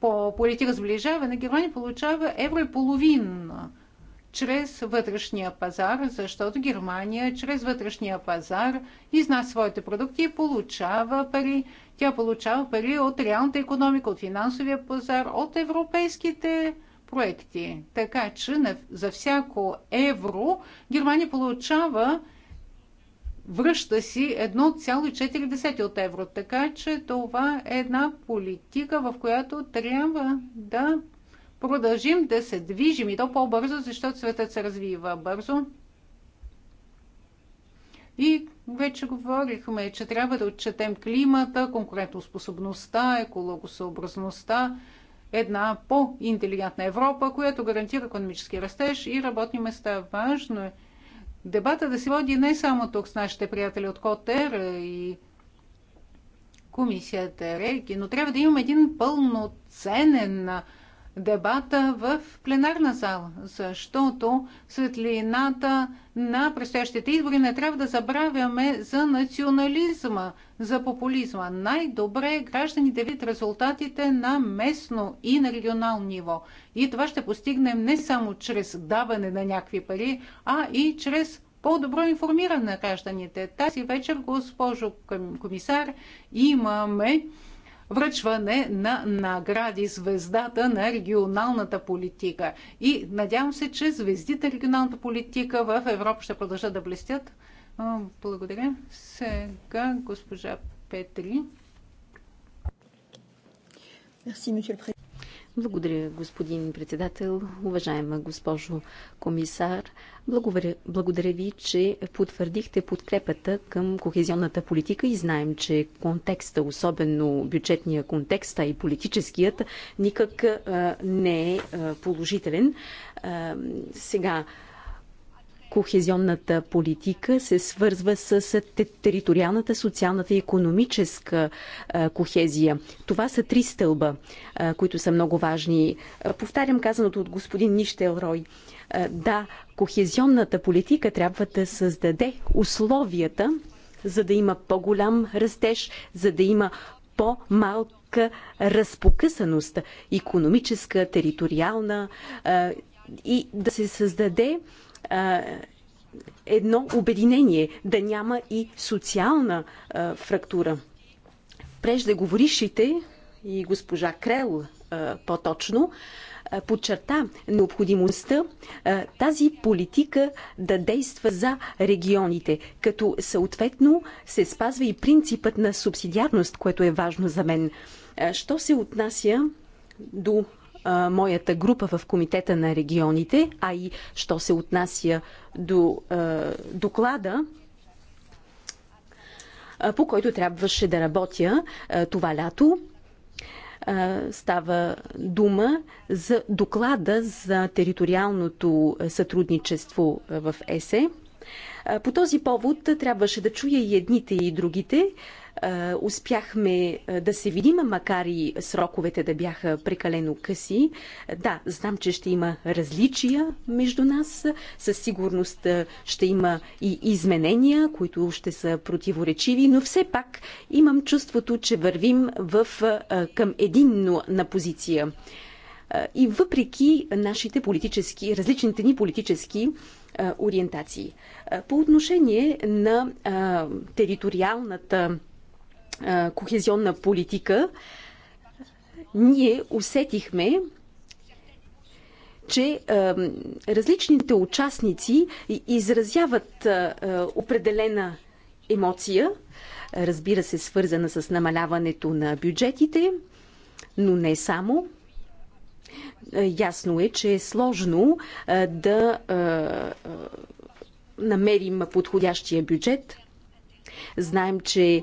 [SPEAKER 1] по политика сближаване, Германия получава евро и половина чрез вътрешния пазар, защото Германия чрез вътрешния пазар изнася своите продукти и получава пари. Тя получава пари от реалната економика, от финансовия пазар, от европейските проекти. Така че за всяко евро Германия получава връща си 1,4 от евро. Така че това е една политика, в която трябва да продължим да се движим и то по-бързо, защото светът се развива бързо. И вече говорихме, че трябва да отчетем климата, конкурентоспособността, екологосъобразността, една по-интелигентна Европа, която гарантира економически растеж и работни места. Важно е дебата да се води не само тук с нашите приятели от Котер и комисията Рейки, но трябва да имаме един пълноценен дебата в пленарна зала, защото светлината на предстоящите избори не трябва да забравяме за национализма, за популизма. Най-добре е гражданите видят резултатите на местно и на регионално ниво. И това ще постигнем не само чрез даване на някакви пари, а и чрез по-добро информиране на гражданите. Тази вечер, госпожо комисар, имаме връчване на награди звездата на регионалната политика. И надявам се, че звездите регионалната политика в Европа ще продължат да блестят. Благодаря. Сега госпожа Петри.
[SPEAKER 3] Merci, благодаря, господин председател, уважаема госпожо комисар. Благодаря, благодаря ви, че потвърдихте подкрепата към кохезионната политика и знаем, че контекста, особено бюджетния контекст, а и политическият, никак а, не е а, положителен. А, сега, а, кохезионната политика се свързва с териториалната, социалната и економическа кохезия. Това са три стълба, които са много важни. Повтарям казаното от господин Нищелрой. Да, кохезионната политика трябва да създаде условията, за да има по-голям растеж, за да има по-малка разпокъсаност, економическа, териториална и да се създаде едно обединение, да няма и социална фрактура. Преждеговорившите и госпожа Крел по-точно подчерта необходимостта тази политика да действа за регионите, като съответно се спазва и принципът на субсидиарност, което е важно за мен. Що се отнася до а, моята група в Комитета на регионите, а и що се отнася до а, доклада, а, по който трябваше да работя а, това лято. А, става дума за доклада за териториалното сътрудничество в ЕСЕ. По този повод трябваше да чуя и едните и другите, е, успяхме е, да се видим, макар и сроковете да бяха прекалено къси. Е, да, знам, че ще има различия между нас. Със сигурност ще има и изменения, които ще са противоречиви, но все пак имам чувството, че вървим в, към на позиция. И въпреки нашите политически, различните ни политически ориентации. По отношение на териториалната кохезионна политика, ние усетихме, че е, различните участници изразяват е, определена емоция, разбира се, свързана с намаляването на бюджетите, но не само. Ясно е, че е сложно е, да намерим подходящия бюджет Знаем, че е,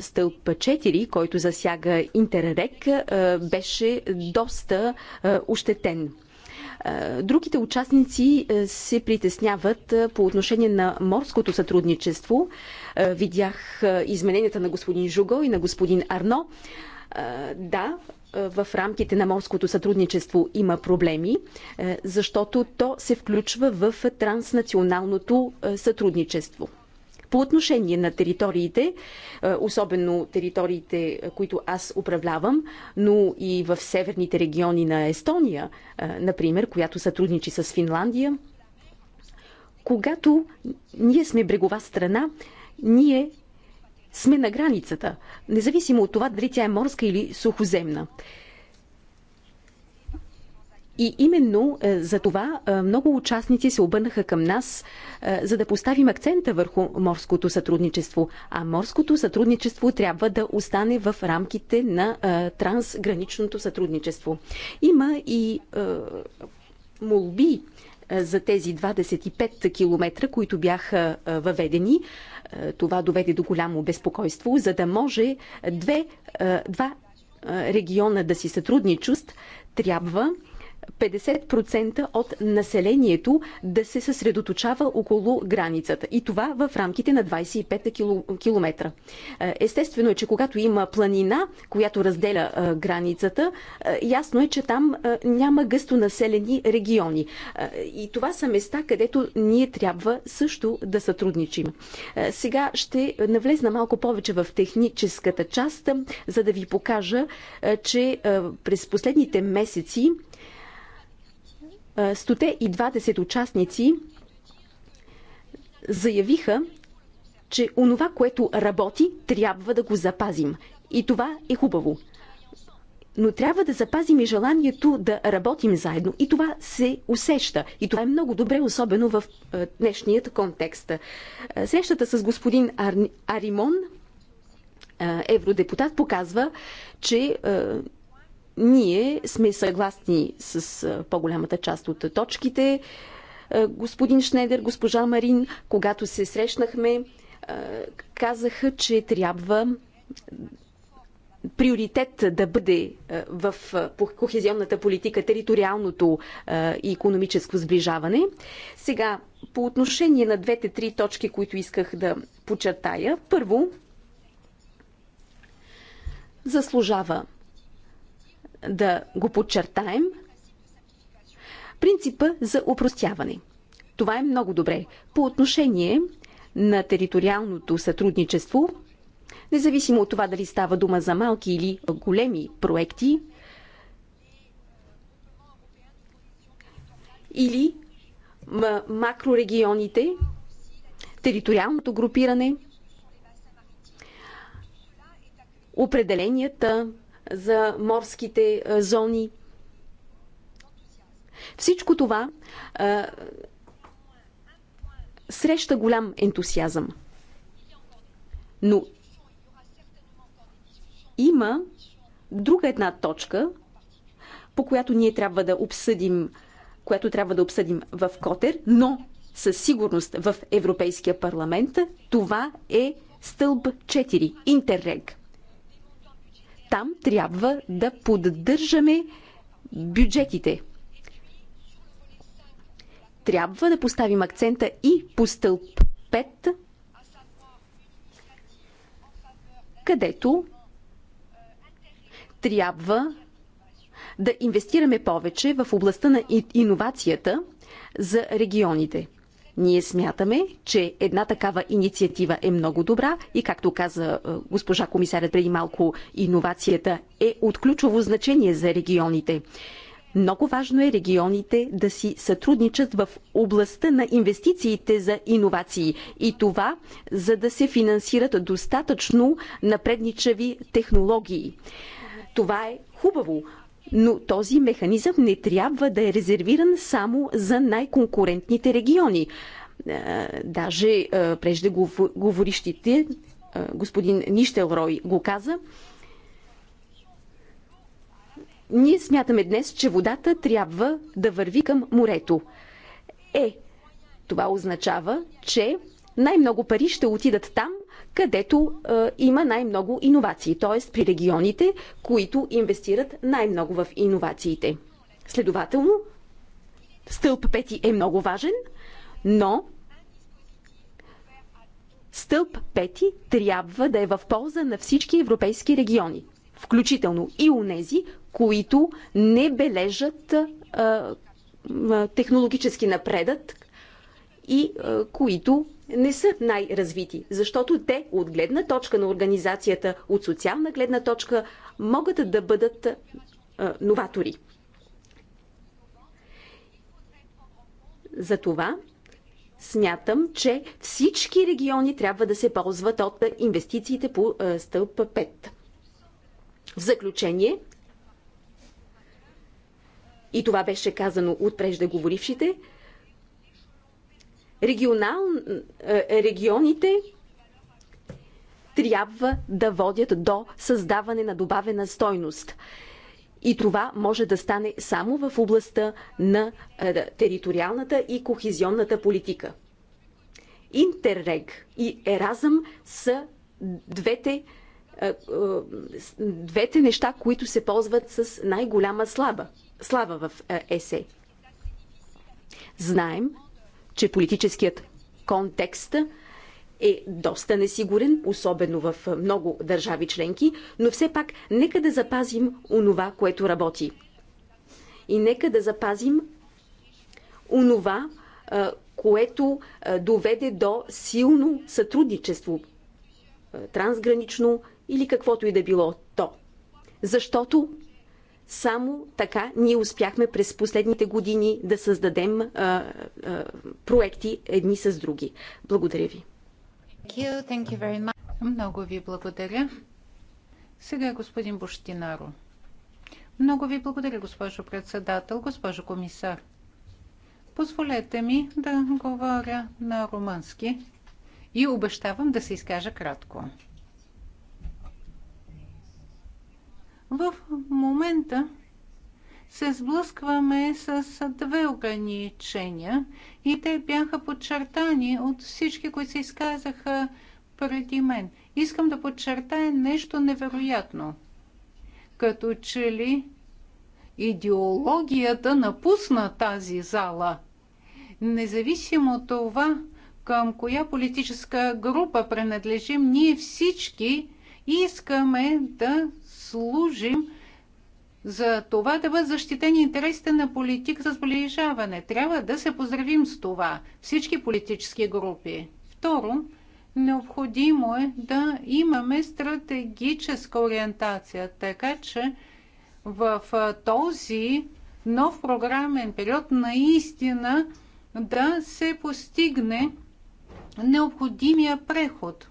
[SPEAKER 3] стълб 4, който засяга Интеррек, е, беше доста е, ощетен. Е, другите участници е, се притесняват е, по отношение на морското сътрудничество. Видях измененията на господин Жуго и на господин Арно. Да, в рамките на морското сътрудничество има проблеми, защото то се включва в транснационалното сътрудничество. По отношение на териториите, е, особено териториите, е, които аз управлявам, но и в северните региони на Естония, е, например, която сътрудничи с Финландия, когато ние сме брегова страна, ние сме на границата, независимо от това дали тя е морска или сухоземна. И именно е, за това е, много участници се обърнаха към нас, е, за да поставим акцента върху морското сътрудничество. А морското сътрудничество трябва да остане в рамките на трансграничното сътрудничество. Има и молби за тези 25 километра, които бяха въведени. Това доведе до голямо безпокойство, за да може две, два региона да си сътрудничат, трябва 50% от населението да се съсредоточава около границата. И това в рамките на 25 километра. Е, естествено е, че когато има планина, която разделя е, границата, е, ясно е, че там няма гъсто населени региони. И това са места, където ние трябва също да сътрудничим. Сега ще навлезна малко повече в техническата част, за да ви покажа, че през последните месеци 120 участници заявиха, че онова, което работи, трябва да го запазим. И това е хубаво. Но трябва да запазим и желанието да работим заедно. И това се усеща. И това е много добре, особено в е, днешният контекст. Е, срещата с господин Ар... Аримон е, евродепутат показва, че ние сме съгласни с по-голямата част от точките. Господин Шнедер, госпожа Марин, когато се срещнахме, казаха, че трябва приоритет да бъде в кохезионната политика териториалното и економическо сближаване. Сега, по отношение на двете-три точки, които исках да подчертая. Първо, заслужава да го подчертаем принципа за упростяване. Това е много добре. По отношение на териториалното сътрудничество, независимо от това дали става дума за малки или големи проекти, или макрорегионите, териториалното групиране, определенията, за морските зони. Всичко това а, среща голям ентусиазъм. Но има друга една точка, по която ние трябва да обсъдим, която трябва да обсъдим в Котер, но със сигурност в Европейския парламент това е стълб 4 Интеррег. Там трябва да поддържаме бюджетите. Трябва да поставим акцента и по стълб 5, където трябва да инвестираме повече в областта на иновацията за регионите. Ние смятаме, че една такава инициатива е много добра и, както каза е, госпожа комисарят преди малко, иновацията е от ключово значение за регионите. Много важно е регионите да си сътрудничат в областта на инвестициите за иновации и това, за да се финансират достатъчно напредничави технологии. Това е хубаво, но този механизъм не трябва да е резервиран само за най-конкурентните региони. Е, даже е, преждеговорищите, е, господин Нищелрой го каза, ние смятаме днес, че водата трябва да върви към морето. Е, това означава, че най-много пари ще отидат там, където а, има най-много иновации, т.е. при регионите, които инвестират най-много в иновациите. Следователно, стълб пети е много важен, но стълб пети трябва да е в полза на всички европейски региони, включително и унези, които не бележат а, технологически напредък и а, които не са най-развити, защото те от гледна точка на организацията, от социална гледна точка, могат да бъдат а, новатори. Затова смятам, че всички региони трябва да се ползват от инвестициите по стълб 5. В заключение, и това беше казано от преждеговорившите, говорившите, регионал, е, е, регионите трябва да водят до създаване на добавена стойност. И това може да стане само в областта на е, териториалната и кохезионната политика. Интеррег и Еразъм са двете, двете неща, които се ползват с най-голяма слава в ЕСЕ. Знаем, че политическият контекст е доста несигурен, особено в много държави членки, но все пак нека да запазим онова, което работи. И нека да запазим онова, което доведе до силно сътрудничество, трансгранично или каквото и да било то. Защото само така ние успяхме през последните години да създадем а, а, проекти едни с други. Благодаря ви.
[SPEAKER 1] Thank you. Thank you very much. Много ви благодаря. Сега господин Буштинаро. Много ви благодаря, госпожо председател, госпожо комисар. Позволете ми да говоря на румънски и обещавам да се изкажа кратко. В момента се сблъскваме с две ограничения и те бяха подчертани от всички, които се изказаха преди мен. Искам да подчертая нещо невероятно. Като че ли идеологията напусна тази зала. Независимо от това, към коя политическа група принадлежим, ние всички искаме да служим за това да бъдат защитени интересите на политик за сближаване. Трябва да се поздравим с това всички политически групи. Второ, необходимо е да имаме стратегическа ориентация, така че в този нов програмен период наистина да се постигне необходимия преход.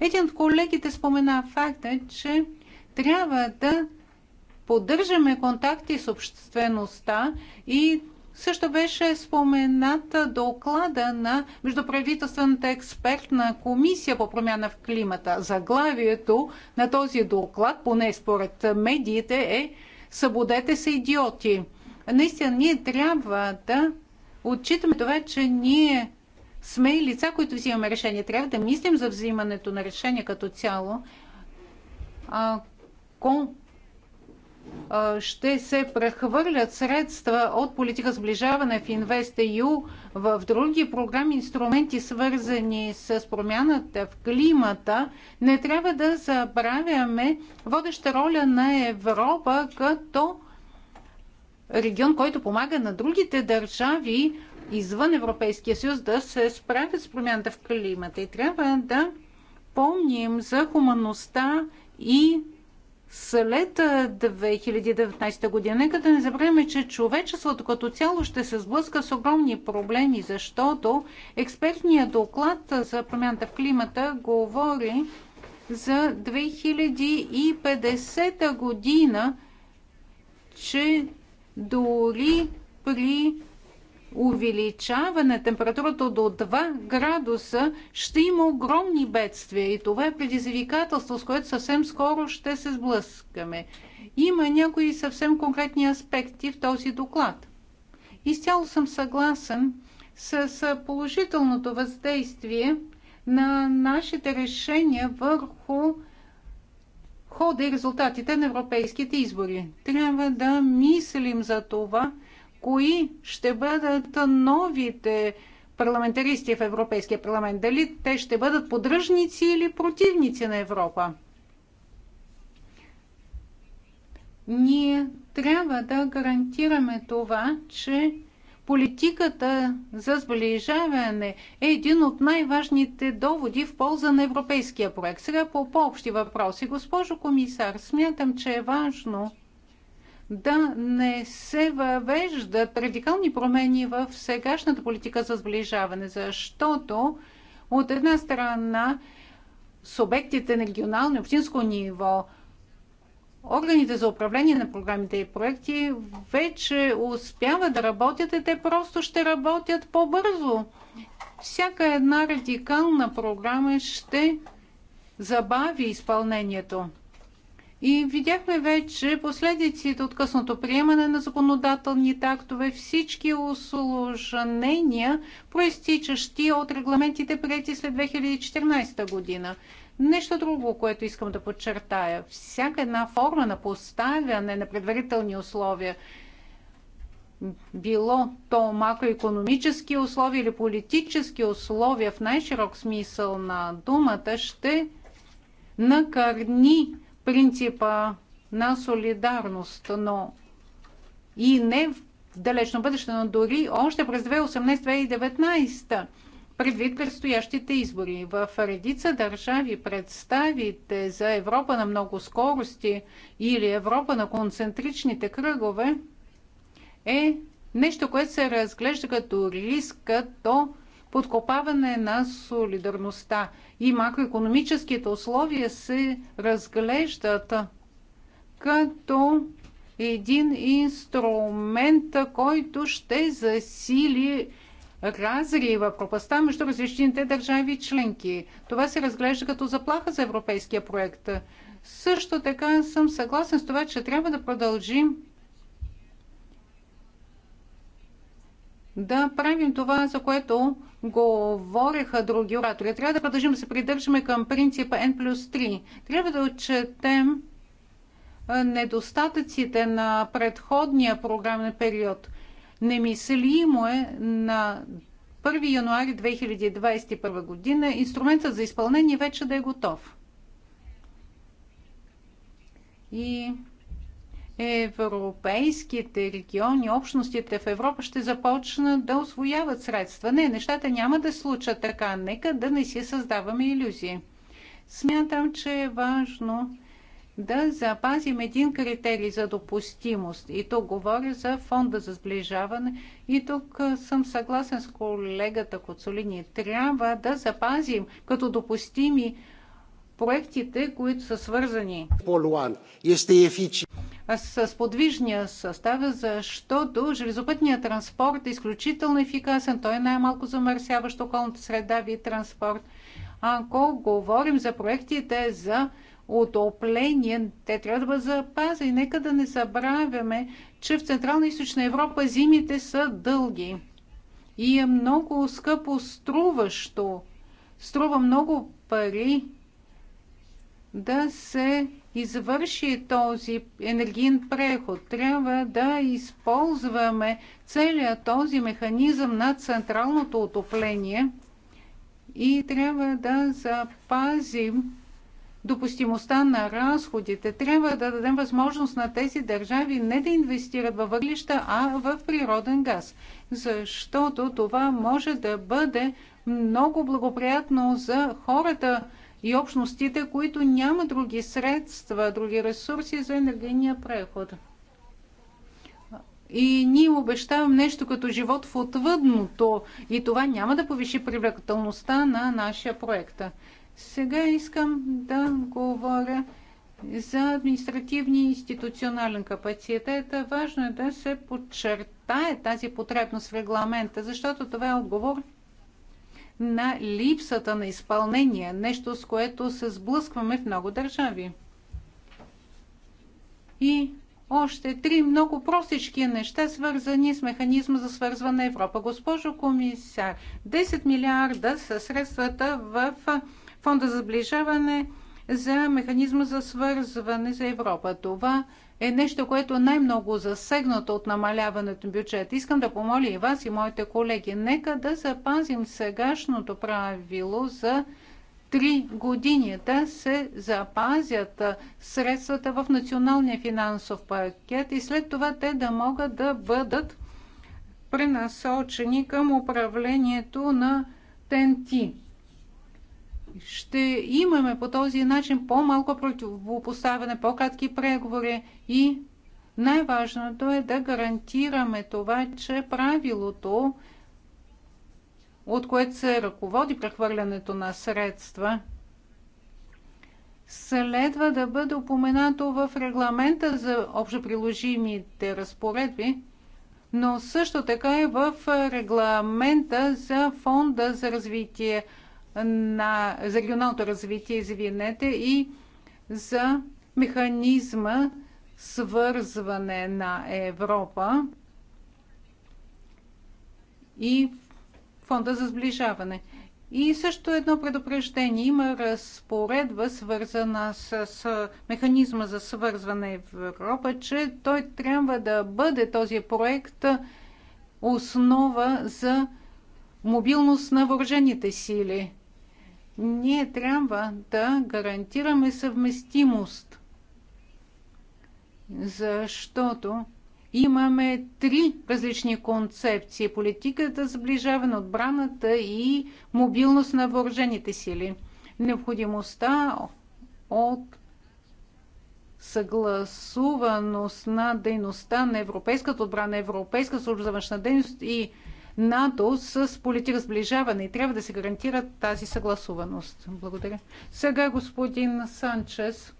[SPEAKER 1] Един от колегите спомена факта, че трябва да поддържаме контакти с обществеността и също беше спомената доклада на Междуправителствената експертна комисия по промяна в климата. Заглавието на този доклад, поне според медиите, е Събудете се, идиоти! Наистина, ние трябва да отчитаме това, че ние сме и лица, които взимаме решения. Трябва да мислим за взимането на решения като цяло. Ако ще се прехвърлят средства от политика сближаване в InvestEU в други програми, инструменти свързани с промяната в климата, не трябва да забравяме водеща роля на Европа като регион, който помага на другите държави извън Европейския съюз да се справят с промяната в климата. И трябва да помним за хуманността и след 2019 година. Нека да не забравяме, че човечеството като цяло ще се сблъска с огромни проблеми, защото експертният доклад за промяната в климата говори за 2050 година, че дори при увеличаване температурата до 2 градуса, ще има огромни бедствия. И това е предизвикателство, с което съвсем скоро ще се сблъскаме. Има някои съвсем конкретни аспекти в този доклад. Изцяло съм съгласен с положителното въздействие на нашите решения върху хода и резултатите на европейските избори. Трябва да мислим за това, кои ще бъдат новите парламентаристи в Европейския парламент. Дали те ще бъдат поддръжници или противници на Европа. Ние трябва да гарантираме това, че политиката за сближаване е един от най-важните доводи в полза на европейския проект. Сега по по-общи въпроси. Госпожо комисар, смятам, че е важно да не се въвеждат радикални промени в сегашната политика за сближаване, защото от една страна субектите на регионално и общинско ниво, органите за управление на програмите и проекти вече успяват да работят и те просто ще работят по-бързо. Всяка една радикална програма ще забави изпълнението. И видяхме вече последиците от късното приемане на законодателните тактове, всички осложнения, проистичащи от регламентите прети след 2014 година. Нещо друго, което искам да подчертая. Всяка една форма на поставяне на предварителни условия, било то макроекономически условия или политически условия в най-широк смисъл на думата, ще накърни принципа на солидарност, но и не в далечно бъдеще, но дори още през 2018-2019 предвид предстоящите избори. В редица държави представите за Европа на много скорости или Европа на концентричните кръгове е нещо, което се разглежда като риск, като подкопаване на солидарността и макроекономическите условия се разглеждат като един инструмент, който ще засили разрива, пропаста между различните държави и членки. Това се разглежда като заплаха за европейския проект. Също така съм съгласен с това, че трябва да продължим да правим това, за което говориха други оратори. Трябва да продължим да се придържаме към принципа N плюс 3. Трябва да отчетем недостатъците на предходния програмен период. Немислимо е на 1 януари 2021 година инструментът за изпълнение вече да е готов. И европейските региони, общностите в Европа ще започнат да освояват средства. Не, нещата няма да случат така. Нека да не си създаваме иллюзии. Смятам, че е важно да запазим един критерий за допустимост. И тук говоря за фонда за сближаване. И тук съм съгласен с колегата Коцолини. Трябва да запазим като допустими проектите, които са свързани с подвижния състав, защото железопътният транспорт е изключително ефикасен. Той е най-малко замърсяващ околната среда вид транспорт. Ако говорим за проектите за отопление, те трябва да бъдат запазени. Нека да не забравяме, че в Централна и Източна Европа зимите са дълги и е много скъпо струващо. Струва много пари да се извърши този енергиен преход. Трябва да използваме целият този механизъм на централното отопление и трябва да запазим допустимостта на разходите. Трябва да дадем възможност на тези държави не да инвестират във въглища, а в природен газ, защото това може да бъде много благоприятно за хората, и общностите, които няма други средства, други ресурси за енергийния преход. И ние обещавам нещо като живот в отвъдното и това няма да повиши привлекателността на нашия проект. Сега искам да говоря за административния и институционален капацитет. Важно е да се подчертае тази потребност в регламента, защото това е отговор на липсата на изпълнение, нещо с което се сблъскваме в много държави. И още три много простички неща, свързани с механизма за свързване на Европа. Госпожо комисар, 10 милиарда са средствата в фонда за сближаване за механизма за свързване за Европа. Това е нещо, което е най-много засегнато от намаляването на бюджет. Искам да помоля и вас и моите колеги, нека да запазим сегашното правило за три години да се запазят средствата в националния финансов пакет и след това те да могат да бъдат пренасочени към управлението на ТНТ ще имаме по този начин по-малко противопоставяне, по-кратки преговори и най-важното е да гарантираме това, че правилото, от което се ръководи прехвърлянето на средства, следва да бъде упоменато в регламента за общоприложимите разпоредби, но също така и в регламента за фонда за развитие на, за регионалното развитие, извинете, и за механизма свързване на Европа и фонда за сближаване. И също едно предупреждение. Има разпоредба, свързана с, с механизма за свързване Европа, че той трябва да бъде този проект основа за мобилност на въоръжените сили. Ние трябва да гарантираме съвместимост, защото имаме три различни концепции. Политиката, сближаване, отбраната и мобилност на въоръжените сили. Необходимостта от съгласуваност на дейността на Европейската отбрана, Европейска служба за външна дейност и НАТО с политика сближаване и трябва да се гарантира тази съгласуваност. Благодаря. Сега господин Санчес.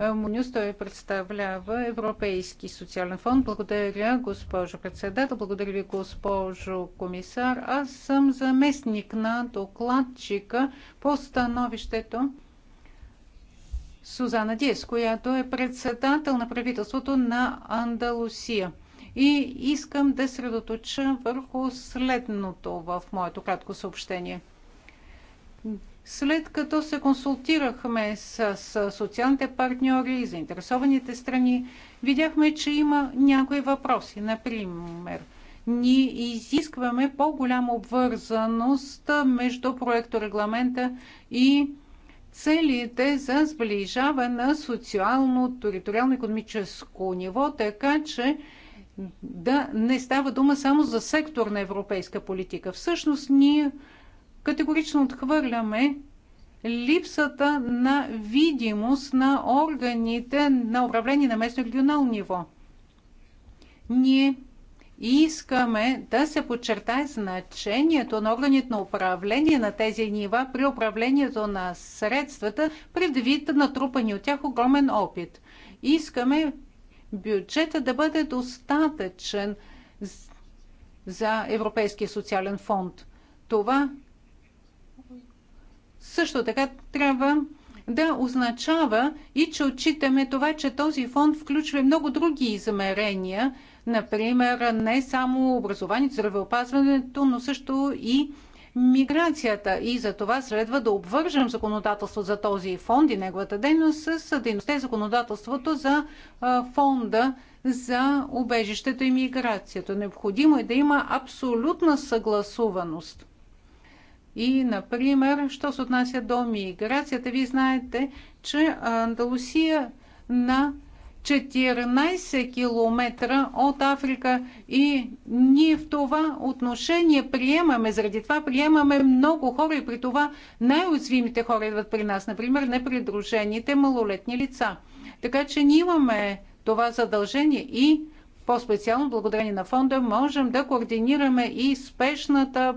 [SPEAKER 1] Е, Мунюс, той представлява Европейски социален фонд. Благодаря, госпожо председател. Благодаря ви, госпожо комисар. Аз съм заместник на докладчика по становището Сузана Диес, която е председател на правителството на Андалусия. И искам да средоточа върху следното в моето кратко съобщение. След като се консултирахме с, с социалните партньори и заинтересованите страни, видяхме, че има някои въпроси. Например, ние изискваме по-голяма обвързаност между проекторегламента и целите за сближаване на социално, териториално, економическо ниво, така че да не става дума само за сектор на европейска политика. Всъщност ние категорично отхвърляме липсата на видимост на органите на управление на местно регионално ниво. Ние искаме да се подчертае значението на органите на управление на тези нива при управлението на средствата, предвид натрупани от тях огромен опит. Искаме бюджета да бъде достатъчен за Европейския социален фонд. Това също така трябва да означава и че отчитаме това, че този фонд включва много други измерения, например не само образованието, здравеопазването, но също и миграцията и за това следва да обвържем законодателство за този фонд и неговата дейност с дейността и законодателството за фонда за убежището и миграцията. Необходимо е да има абсолютна съгласуваност. И, например, що се отнася до миграцията, вие знаете, че Андалусия на 14 км от Африка и ние в това отношение приемаме, заради това приемаме много хора и при това най-уязвимите хора идват при нас, например непридружените малолетни лица. Така че ние имаме това задължение и по-специално благодарение на фонда можем да координираме и спешната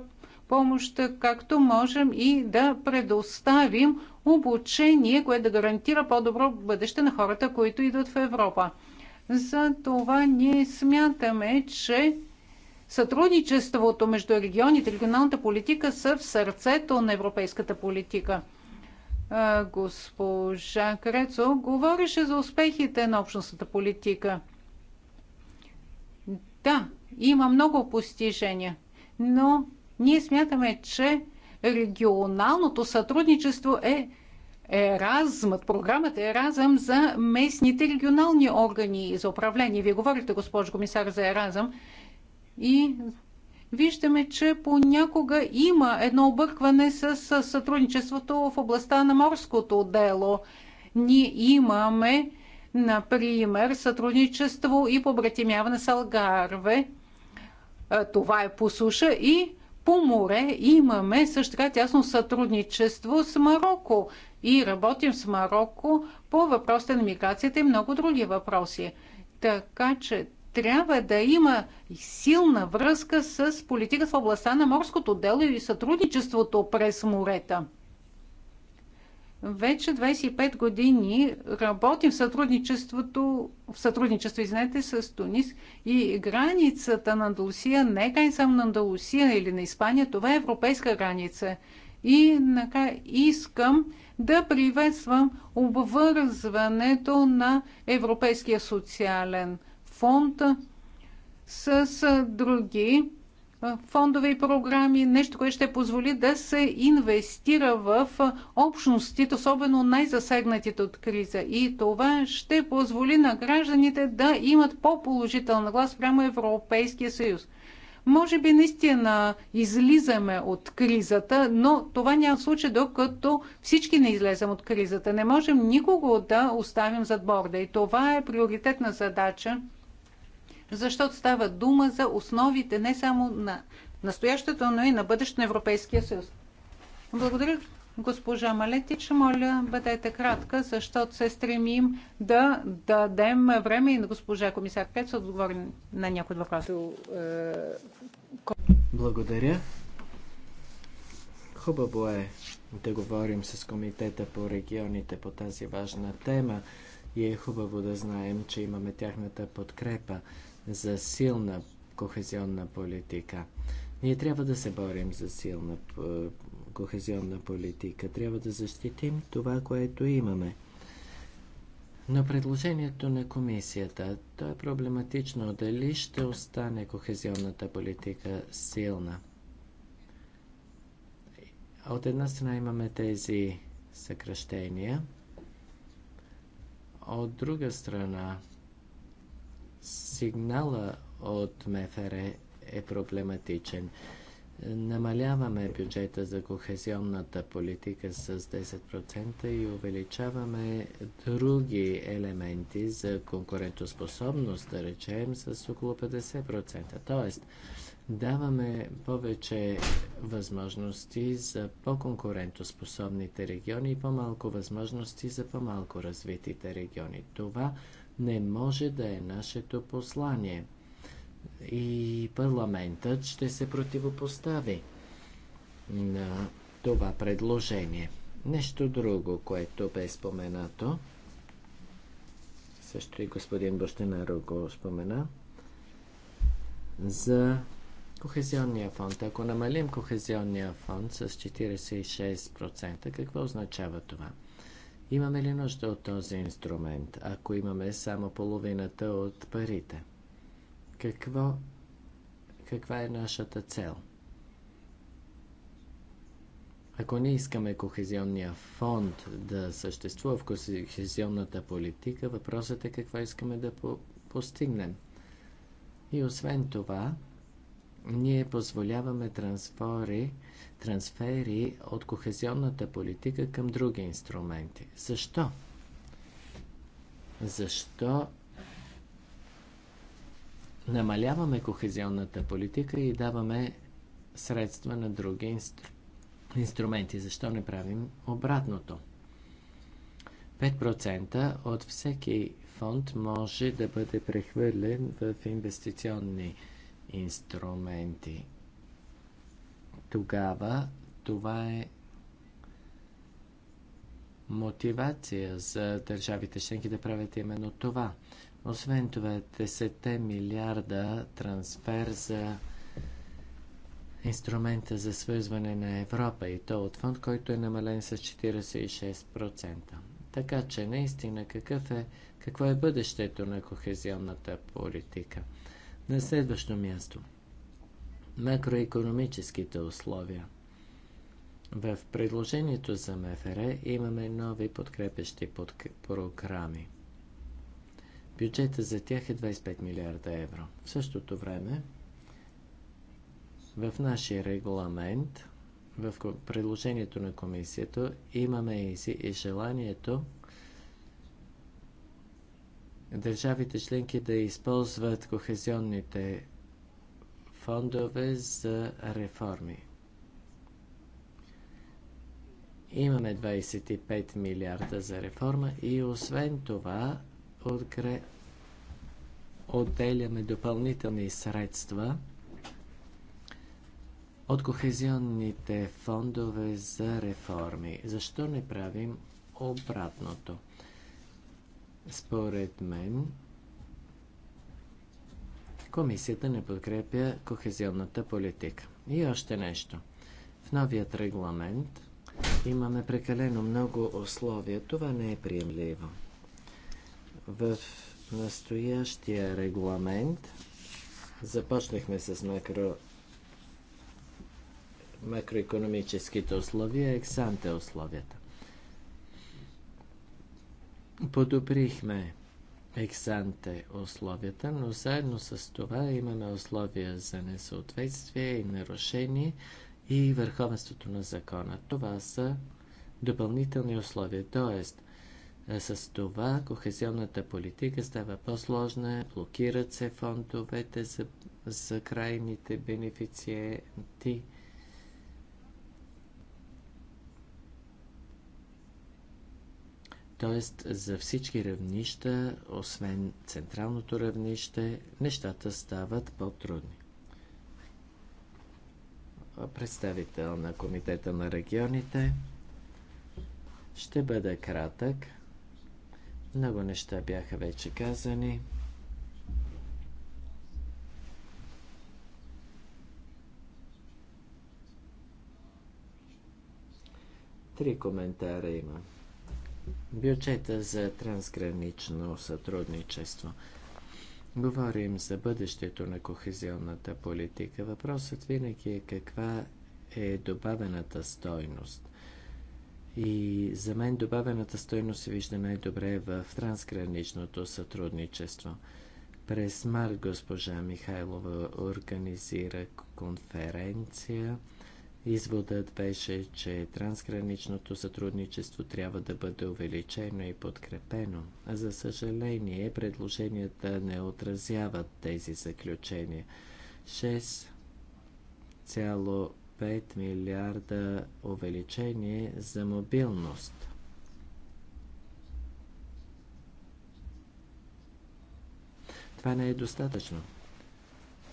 [SPEAKER 1] помощ, както можем и да предоставим обучение, което да гарантира по-добро бъдеще на хората, които идват в Европа. За това ние смятаме, че сътрудничеството между регионите и регионалната политика са в сърцето на европейската политика. Госпожа Крецо говореше за успехите на общностната политика. Да, има много постижения, но ние смятаме, че регионалното сътрудничество е Еразмът, програмата Еразъм за местните регионални органи за управление. Вие говорите, госпожо комисар, за Еразъм. И виждаме, че понякога има едно объркване с сътрудничеството в областта на морското дело. Ние имаме, например, сътрудничество и побратимяване с Алгарве. Това е по суша и по море имаме също така тясно сътрудничество с Марокко и работим с Марокко по въпросите на миграцията и много други въпроси. Така че трябва да има силна връзка с политиката в областта на морското дело и сътрудничеството през морета. Вече 25 години работим в сътрудничеството, в сътрудничество, извинете, с Тунис и границата на Андалусия не е граница на Андалусия или на Испания, това е европейска граница. И нака, искам да приветствам обвързването на Европейския социален фонд с други фондове и програми, нещо, което ще позволи да се инвестира в общностите, особено най-засегнатите от криза. И това ще позволи на гражданите да имат по-положителна глас прямо Европейския съюз. Може би наистина излизаме от кризата, но това няма случай, докато всички не излезем от кризата. Не можем никого да оставим зад борда. И това е приоритетна задача защото става дума за основите не само на настоящето, но и на бъдещето на Европейския съюз. Благодаря, госпожа Малетич. Моля, бъдете кратка, защото се стремим да дадем време и на госпожа комисар Пец да отговори на някои от въпроси.
[SPEAKER 2] Благодаря. Хубаво е да говорим с Комитета по регионите по тази важна тема и е хубаво да знаем, че имаме тяхната подкрепа за силна кохезионна политика. Ние трябва да се борим за силна е, кохезионна политика. Трябва да защитим това, което имаме. Но предложението на комисията, то е проблематично. Дали ще остане кохезионната политика силна? От една страна имаме тези съкръщения, от друга страна Сигнала от МФР е, е проблематичен. Намаляваме бюджета за кохезионната политика с 10% и увеличаваме други елементи за конкурентоспособност, да речем, с около 50%. Тоест, даваме повече възможности за по-конкурентоспособните региони и по-малко възможности за по-малко развитите региони. Това е не може да е нашето послание. И парламентът ще се противопостави на това предложение. Нещо друго, което бе споменато, също и господин Бощенаро го спомена, за Кохезионния фонд. Ако намалим кохезионния фонд с 46%, какво означава това? Имаме ли нужда от този инструмент, ако имаме само половината от парите? Какво, каква е нашата цел? Ако не искаме кохезионния фонд да съществува в кохезионната политика, въпросът е какво искаме да по- постигнем. И освен това, ние позволяваме трансфери, трансфери от кохезионната политика към други инструменти. Защо? Защо намаляваме кохезионната политика и даваме средства на други инструменти? инструменти? Защо не правим обратното? 5% от всеки фонд може да бъде прехвърлен в инвестиционни инструменти, тогава това е мотивация за държавите членки да правят именно това. Освен това, 10 милиарда трансфер за инструмента за свързване на Европа и то от фонд, който е намален с 46%. Така че наистина какъв е, какво е бъдещето на кохезионната политика? На следващо място. Макроекономическите условия. В предложението за МФР имаме нови подкрепещи под... програми. Бюджета за тях е 25 милиарда евро. В същото време, в нашия регламент, в предложението на комисията, имаме и желанието държавите членки да използват кохезионните фондове за реформи. Имаме 25 милиарда за реформа и освен това откре... отделяме допълнителни средства от кохезионните фондове за реформи. Защо не правим обратното? Според мен, комисията не подкрепя кохезионната политика. И още нещо. В новият регламент имаме прекалено много условия. Това не е приемливо. В настоящия регламент започнахме с макро макроекономическите условия, ексанте условията подобрихме ексанте условията, но заедно с това имаме условия за несъответствие и нарушение и върховенството на закона. Това са допълнителни условия, т.е. с това кохезионната политика става по-сложна, блокират се фондовете за, за крайните бенефициенти – Тоест за всички равнища, освен централното равнище, нещата стават по-трудни. Представител на Комитета на регионите. Ще бъде кратък. Много неща бяха вече казани. Три коментара има. Бюджета за трансгранично сътрудничество. Говорим за бъдещето на кохезионната политика. Въпросът винаги е каква е добавената стойност. И за мен добавената стойност се вижда най-добре в трансграничното сътрудничество. През март госпожа Михайлова организира конференция – Изводът беше, че трансграничното сътрудничество трябва да бъде увеличено и подкрепено. За съжаление, предложенията не отразяват тези заключения. 6,5 милиарда увеличение за мобилност. Това не е достатъчно.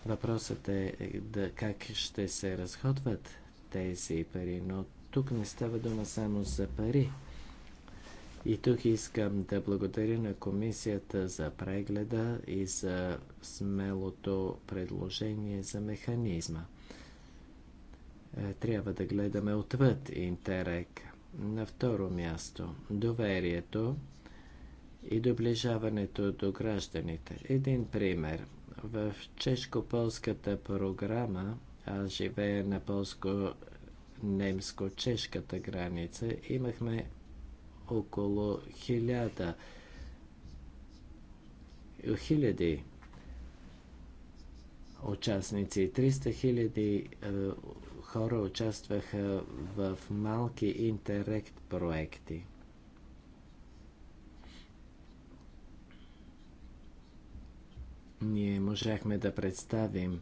[SPEAKER 2] Въпросът е, е да как ще се разходват тези пари, но тук не става дума само за пари. И тук искам да благодаря на комисията за прегледа и за смелото предложение за механизма. Е, трябва да гледаме отвъд Интерек. На второ място доверието и доближаването до гражданите. Един пример. В чешко-полската програма, аз живея на полско немско-чешката граница имахме около хиляда хиляди участници. 300 хиляди е, хора участваха в малки интерект проекти. Ние можахме да представим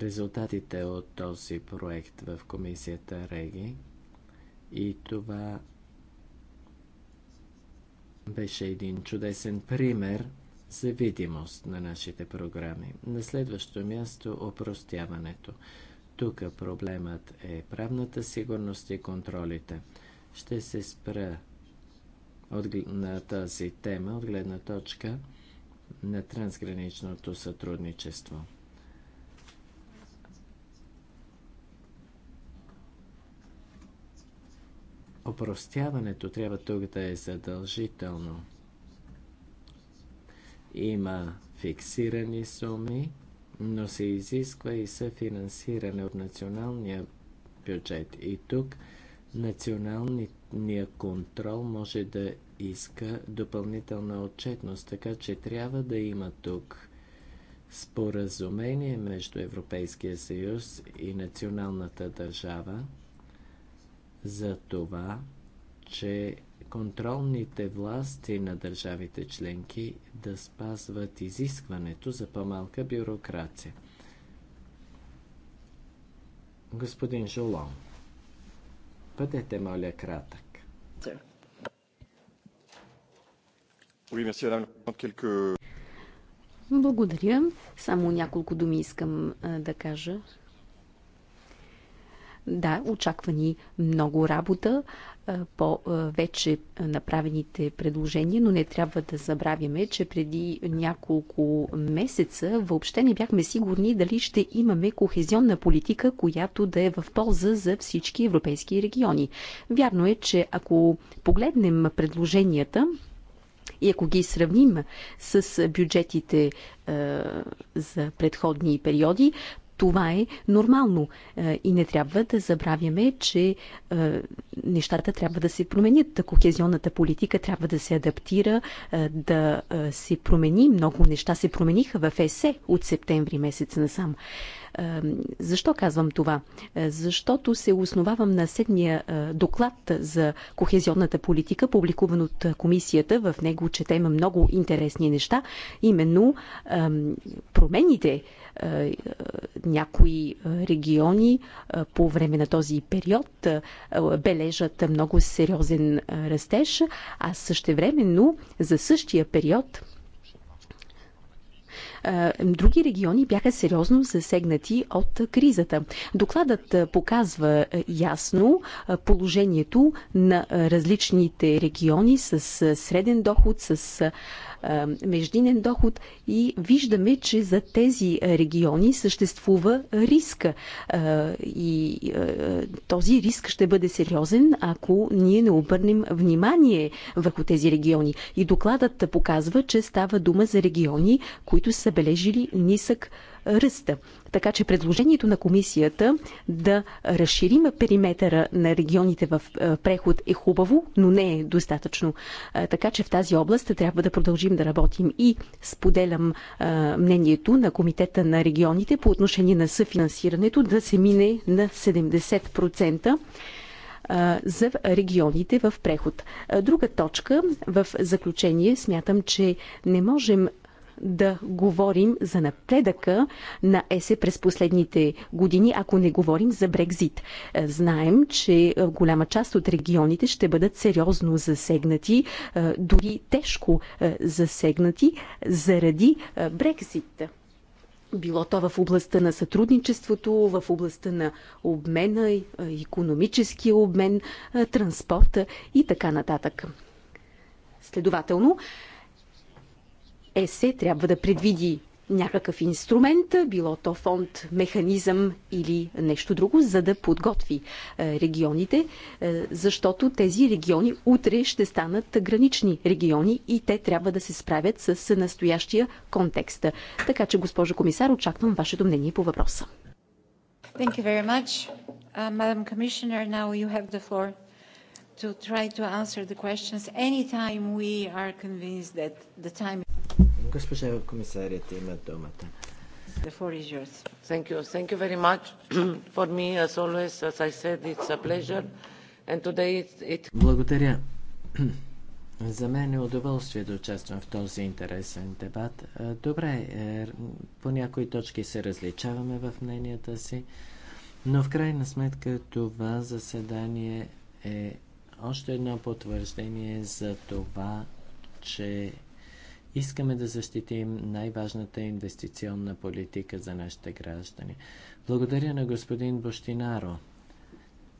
[SPEAKER 2] резултатите от този проект в комисията Реги и това беше един чудесен пример за видимост на нашите програми. На следващо място опростяването. Тук проблемът е правната сигурност и контролите. Ще се спра от, на тази тема от гледна точка на трансграничното сътрудничество. Опростяването трябва тук да е задължително. Има фиксирани суми, но се изисква и съфинансиране от националния бюджет. И тук националният контрол може да иска допълнителна отчетност, така че трябва да има тук споразумение между Европейския съюз и националната държава за това, че контролните власти на държавите членки да спазват изискването за по-малка бюрокрация. Господин Жолон, бъдете, моля, кратък.
[SPEAKER 3] Благодаря. Само няколко думи искам да кажа да, очаква ни много работа по вече направените предложения, но не трябва да забравяме, че преди няколко месеца въобще не бяхме сигурни дали ще имаме кохезионна политика, която да е в полза за всички европейски региони. Вярно е, че ако погледнем предложенията, и ако ги сравним с бюджетите е, за предходни периоди, това е нормално. Е, и не трябва да забравяме, че е, нещата трябва да се променят. Кохезионната политика трябва да се адаптира, е, да се промени. Много неща се промениха в ЕСЕ от септември месец насам. Защо казвам това? Е, защото се основавам на седмия е, доклад за кохезионната политика, публикуван от е, комисията. В него четем много интересни неща. Именно промените някои региони по време на този период бележат много сериозен растеж, а същевременно за същия период е, други региони бяха сериозно засегнати от кризата. Докладът е, показва е, ясно положението на различните региони с среден доход, с междинен доход и виждаме, че за тези региони съществува риск. И този риск ще бъде сериозен, ако ние не обърнем внимание върху тези региони. И докладът показва, че става дума за региони, които са бележили нисък ръста. Така че предложението на комисията да разширим периметъра на регионите в е, преход е хубаво, но не е достатъчно. Е, така че в тази област трябва да продължим да работим и споделям е, мнението на Комитета на регионите по отношение на съфинансирането да се мине на 70% за регионите в преход. Друга точка в заключение смятам, че не можем да говорим за напредъка на ЕСЕ през последните години, ако не говорим за Брекзит. Е, знаем, че е, голяма част от регионите ще бъдат сериозно засегнати, е, дори тежко засегнати заради Брекзит било то в областта на сътрудничеството, в областта на обмена, економическия обмен, транспорта и така нататък. Следователно, ЕСЕ трябва да предвиди някакъв инструмент, било то фонд, механизъм или нещо друго, за да подготви е, регионите, е, защото тези региони утре ще станат гранични региони и те трябва да се справят с настоящия контекст. Така че, госпожо комисар, очаквам вашето мнение по въпроса.
[SPEAKER 4] Thank you very much. Uh, Madam Commissioner, now you have the floor to try to answer the questions anytime we are convinced that the time
[SPEAKER 2] Госпожа комисарят има думата.
[SPEAKER 4] The floor is yours. Thank you. Thank you very much. For me, as always, as I said, it's a pleasure. And today it... it...
[SPEAKER 2] Благодаря. За мен е удоволствие да участвам в този интересен дебат. Добре, е, по някои точки се различаваме в мненията си, но в крайна сметка това заседание е още едно потвърждение за това, че Искаме да защитим най-важната инвестиционна политика за нашите граждани. Благодаря на господин Бощинаро.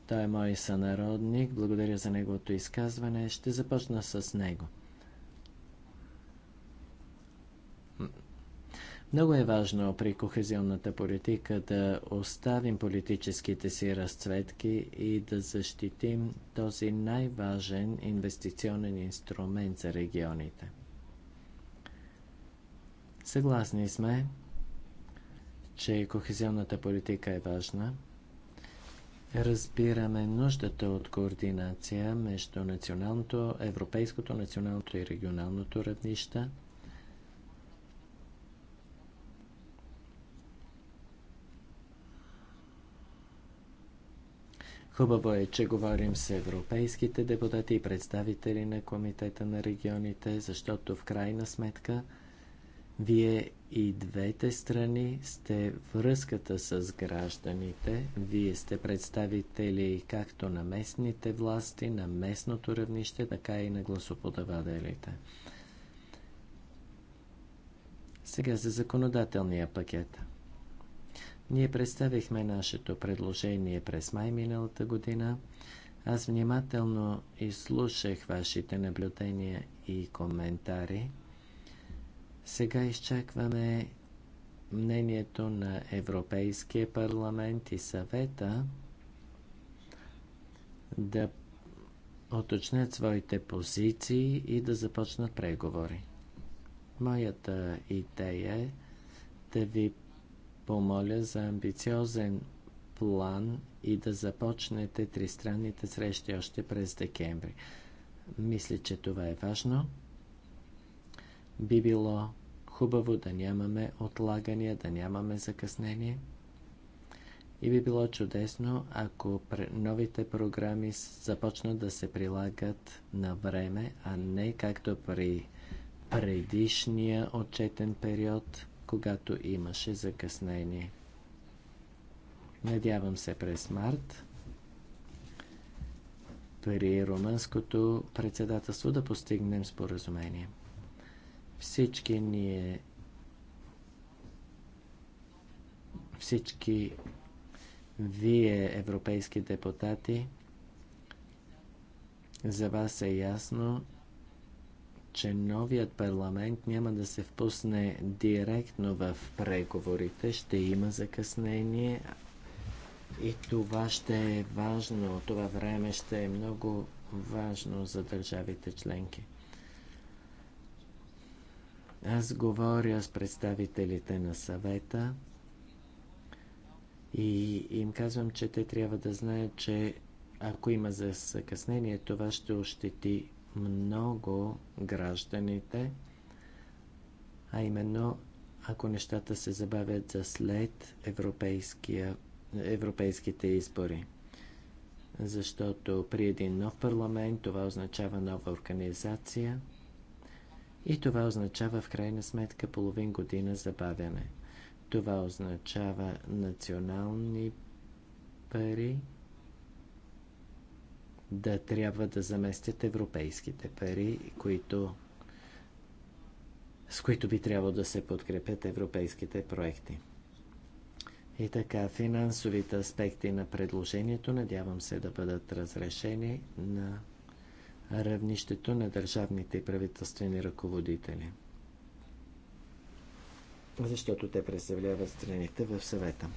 [SPEAKER 2] Той е мой сънародник. Благодаря за неговото изказване. Ще започна с него. Много е важно при кохезионната политика да оставим политическите си разцветки и да защитим този най-важен инвестиционен инструмент за регионите. Съгласни сме, че кохезионната политика е важна. Разбираме нуждата от координация между националното, европейското, националното и регионалното равнища. Хубаво е, че говорим с европейските депутати и представители на Комитета на регионите, защото в крайна сметка – вие и двете страни сте връзката с гражданите. Вие сте представители както на местните власти, на местното равнище, така и на гласоподавателите. Сега за законодателния пакет. Ние представихме нашето предложение през май миналата година. Аз внимателно изслушах вашите наблюдения и коментари. Сега изчакваме мнението на Европейския парламент и съвета да оточнят своите позиции и да започнат преговори. Моята идея е да ви помоля за амбициозен план и да започнете тристранните срещи още през декември. Мисля, че това е важно би било хубаво да нямаме отлагания, да нямаме закъснение. И би било чудесно, ако новите програми започнат да се прилагат на време, а не както при предишния отчетен период, когато имаше закъснение. Надявам се през март при румънското председателство да постигнем споразумение. Всички ние всички вие, европейски депутати, за вас е ясно, че новият парламент няма да се впусне директно в преговорите, ще има закъснение и това ще е важно, това време ще е много важно за държавите членки. Аз говоря с представителите на съвета и им казвам, че те трябва да знаят, че ако има за закъснение, това ще ощети много гражданите, а именно ако нещата се забавят за след европейските избори. Защото при един нов парламент това означава нова организация – и това означава в крайна сметка половин година забавяне. Това означава национални пари да трябва да заместят европейските пари, които, с които би трябвало да се подкрепят европейските проекти. И така, финансовите аспекти на предложението надявам се да бъдат разрешени на равнището на държавните и правителствени ръководители. Защото те представляват страните в съвета.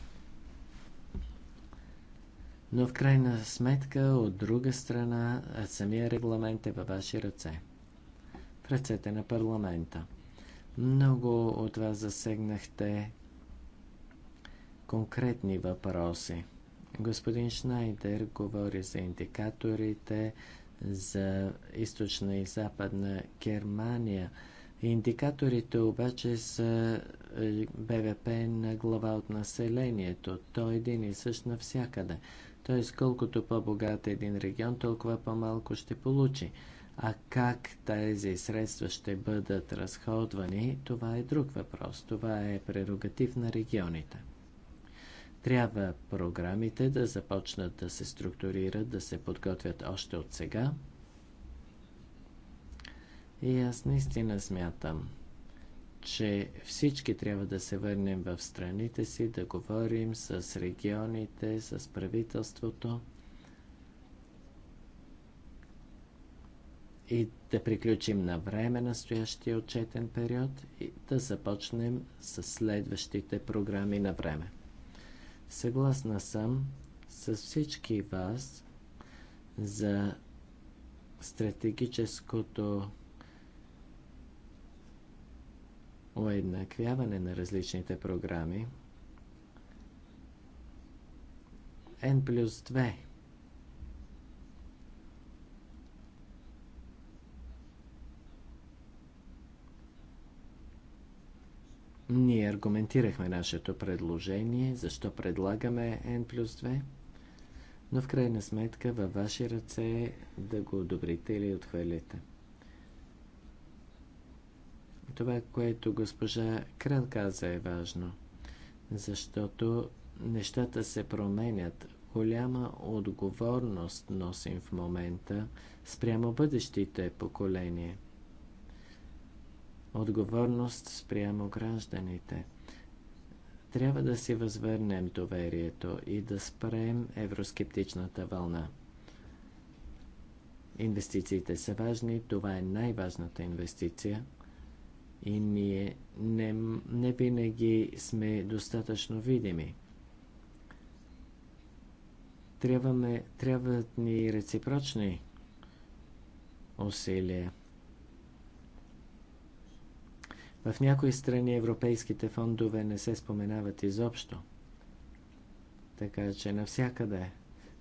[SPEAKER 2] Но в крайна сметка, от друга страна, самия регламент е във ваши ръце. В ръцете на парламента. Много от вас засегнахте конкретни въпроси. Господин Шнайдер говори за индикаторите, за източна и западна Германия. Индикаторите обаче са е, БВП на глава от населението. Той е един и същ навсякъде. Тоест, колкото по-богат е един регион, толкова по-малко ще получи. А как тези средства ще бъдат разходвани, това е друг въпрос. Това е прерогатив на регионите. Трябва програмите да започнат да се структурират, да се подготвят още от сега. И аз наистина смятам, че всички трябва да се върнем в страните си, да говорим с регионите, с правителството и да приключим на време настоящия отчетен период и да започнем с следващите програми на време. Съгласна съм с всички вас за стратегическото уеднаквяване на различните програми. N плюс 2 Ние аргументирахме нашето предложение, защо предлагаме N плюс 2, но в крайна сметка във ваши ръце е да го одобрите или отхвърлите. Това, което госпожа Кран каза е важно, защото нещата се променят. Голяма отговорност носим в момента спрямо бъдещите поколения отговорност спрямо гражданите. Трябва да си възвърнем доверието и да спрем евроскептичната вълна. Инвестициите са важни, това е най-важната инвестиция и ние не, не винаги сме достатъчно видими. Трябваме, трябват ни реципрочни усилия. В някои страни европейските фондове не се споменават изобщо. Така че навсякъде,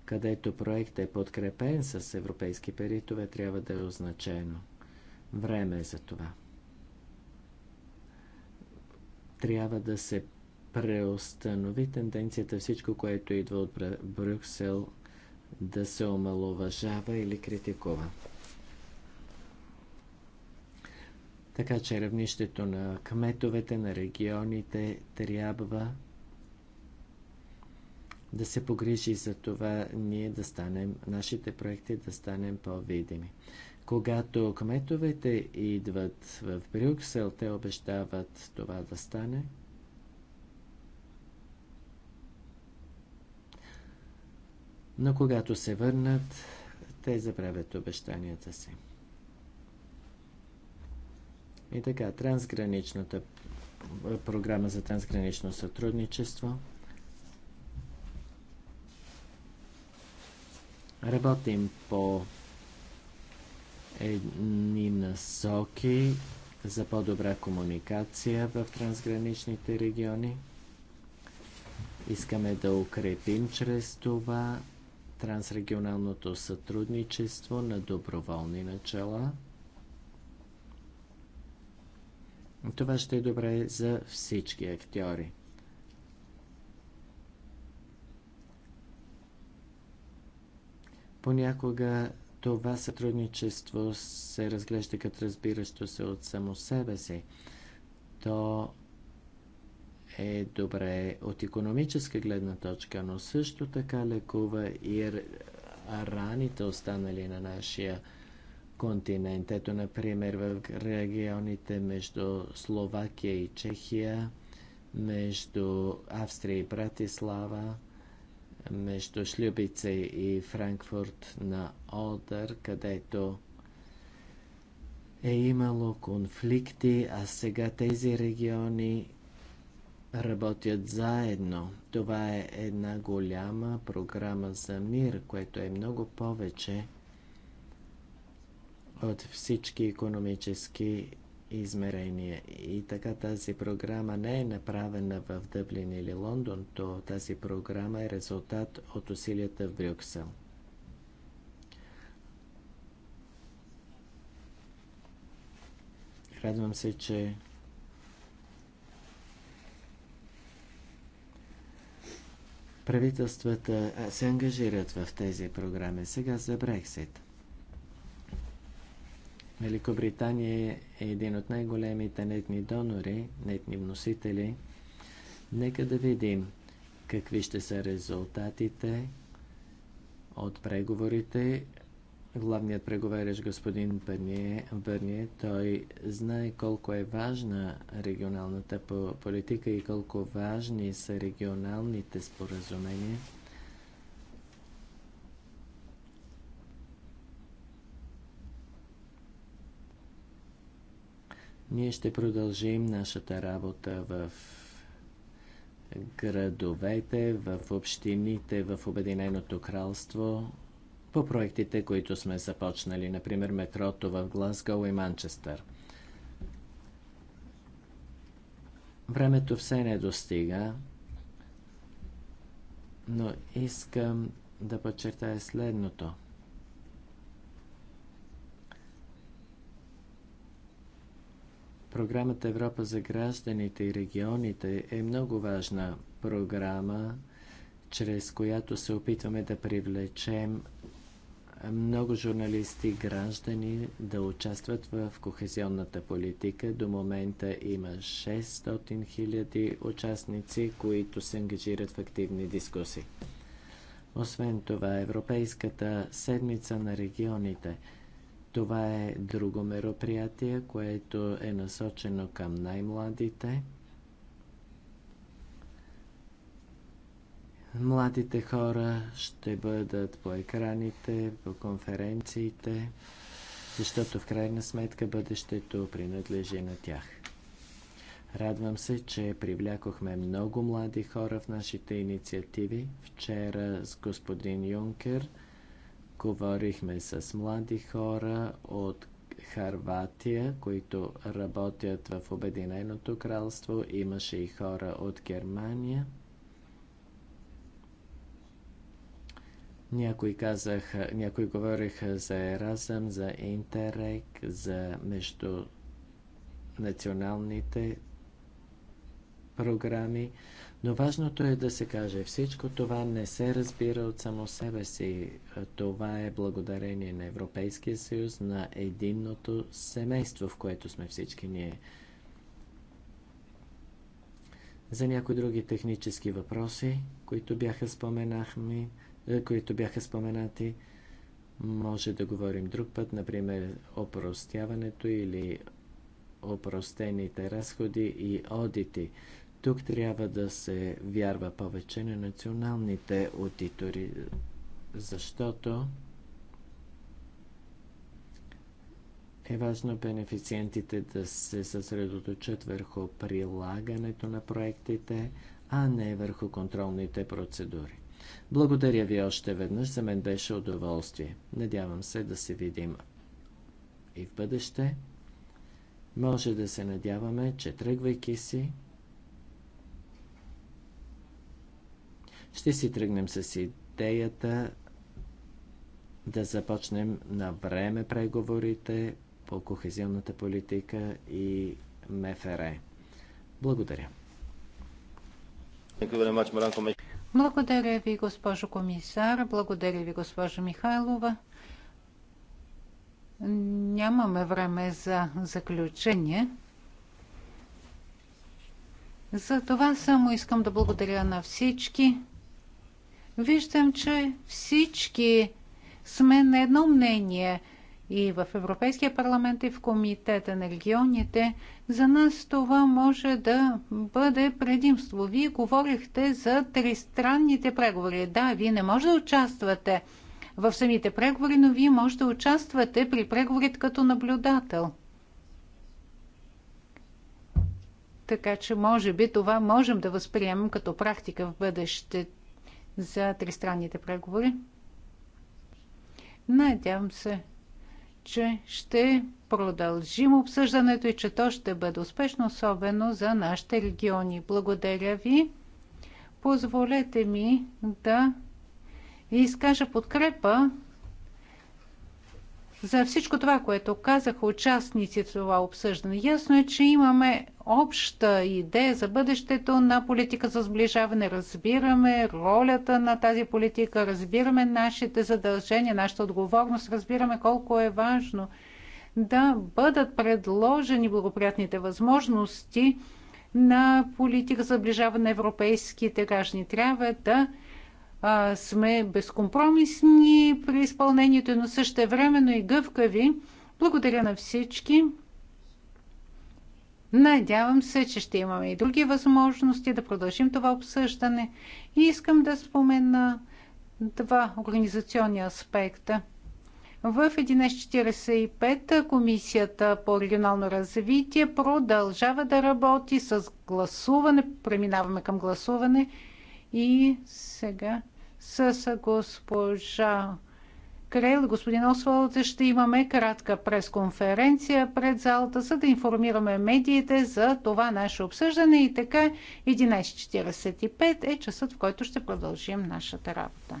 [SPEAKER 2] където проект е подкрепен с европейски пари, това трябва да е означено. Време е за това. Трябва да се преустанови тенденцията всичко, което идва от Брюксел, да се омалуважава или критикува. Така че равнището на кметовете, на регионите трябва да се погрижи за това ние да станем, нашите проекти да станем по-видими. Когато кметовете идват в Брюксел, те обещават това да стане. Но когато се върнат, те забравят обещанията си. И така, трансграничната е, програма за трансгранично сътрудничество. Работим по едни насоки за по-добра комуникация в трансграничните региони. Искаме да укрепим чрез това трансрегионалното сътрудничество на доброволни начала – Това ще е добре за всички актьори. Понякога това сътрудничество се разглежда като разбиращо се от само себе си. То е добре от економическа гледна точка, но също така лекува и раните останали на нашия континент. Ето, например, в регионите между Словакия и Чехия, между Австрия и Братислава, между Шлюбице и Франкфурт на Одър, където е имало конфликти, а сега тези региони работят заедно. Това е една голяма програма за мир, което е много повече – от всички економически измерения. И така тази програма не е направена в Дъблин или Лондон, то тази програма е резултат от усилията в Брюксел. Радвам се, че правителствата се ангажират в тези програми. Сега за Брексит. Великобритания е един от най-големите нетни донори, нетни вносители. Нека да видим какви ще са резултатите от преговорите. Главният преговарящ господин Бърние, Бърние, той знае колко е важна регионалната политика и колко важни са регионалните споразумения – Ние ще продължим нашата работа в градовете, в общините, в Обединеното кралство, по проектите, които сме започнали, например метрото в Глазгоу и Манчестър. Времето все не достига, но искам да подчертая следното – Програмата Европа за гражданите и регионите е много важна програма, чрез която се опитваме да привлечем много журналисти, граждани да участват в кохезионната политика. До момента има 600 хиляди участници, които се ангажират в активни дискусии. Освен това, Европейската седмица на регионите – това е друго мероприятие, което е насочено към най-младите. Младите хора ще бъдат по екраните, по конференциите, защото в крайна сметка бъдещето принадлежи на тях. Радвам се, че привлякохме много млади хора в нашите инициативи. Вчера с господин Юнкер – Говорихме с млади хора от Харватия, които работят в Обединеното кралство. Имаше и хора от Германия. Някои казаха, някои говориха за Еразъм, за Интерек, за между националните програми. Но важното е да се каже, всичко това не се разбира от само себе си. Това е благодарение на Европейския съюз, на единното семейство, в което сме всички ние. За някои други технически въпроси, които бяха, споменахме, е, които бяха споменати, може да говорим друг път, например, опростяването или опростените разходи и одити. Тук трябва да се вярва повече на националните аудитори, защото е важно бенефициентите да се съсредоточат върху прилагането на проектите, а не върху контролните процедури. Благодаря ви още веднъж, за мен беше удоволствие. Надявам се да се видим и в бъдеще. Може да се надяваме, че тръгвайки си, Ще си тръгнем с идеята да започнем на време преговорите по кохезионната политика и МФР. Благодаря.
[SPEAKER 1] Благодаря ви, госпожо комисар. Благодаря ви, госпожо Михайлова. Нямаме време за заключение. За това само искам да благодаря на всички виждам, че всички сме на едно мнение и в Европейския парламент, и в Комитета на регионите. За нас това може да бъде предимство. Вие говорихте за тристранните преговори. Да, вие не може да участвате в самите преговори, но вие може да участвате при преговорите като наблюдател. Така че, може би, това можем да възприемем като практика в бъдещето за тристранните преговори. Надявам се, че ще продължим обсъждането и че то ще бъде успешно, особено за нашите региони. Благодаря ви. Позволете ми да изкажа подкрепа за всичко това, което казаха участници в това обсъждане. Ясно е, че имаме обща идея за бъдещето на политика за сближаване. Разбираме ролята на тази политика, разбираме нашите задължения, нашата отговорност, разбираме колко е важно да бъдат предложени благоприятните възможности на политика за сближаване на европейските граждани. Трябва да а, сме безкомпромисни при изпълнението, но също времено и гъвкави. Благодаря на всички. Надявам се, че ще имаме и други възможности да продължим това обсъждане. И искам да спомена два организационни аспекта. В 11.45 Комисията по регионално развитие продължава да работи с гласуване. Преминаваме към гласуване. И сега с госпожа Крел, господин Освалд, ще имаме кратка пресконференция пред залата, за да информираме медиите за това наше обсъждане и така 11.45 е часът, в който ще продължим нашата работа.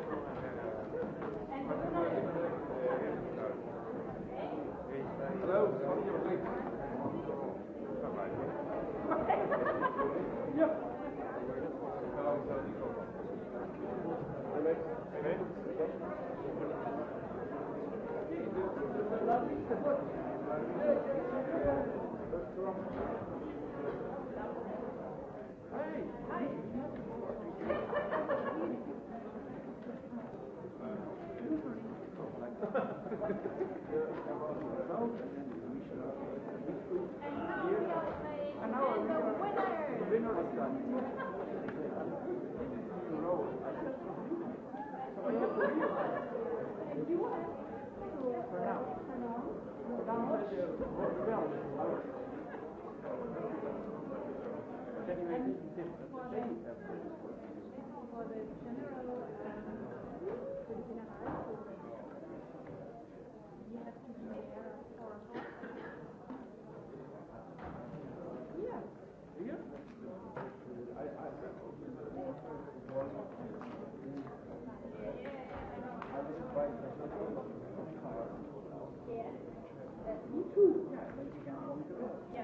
[SPEAKER 5] for the general and Yeah. yeah,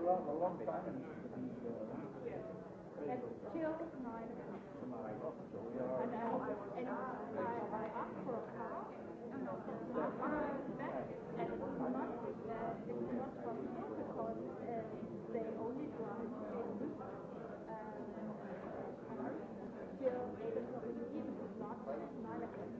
[SPEAKER 5] a long, a long time. And, and, uh, at three I, I, I for a car. And it was not, uh, it not possible because uh, they only drive in Um, not nine o'clock.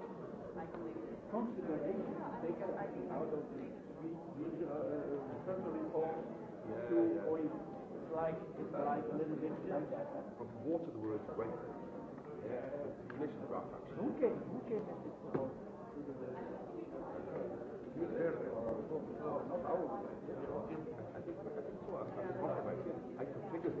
[SPEAKER 5] considering taken out of the personal report to oil. It's like, it's like a little bit like that. From water the word went. Who came, who came You I can figure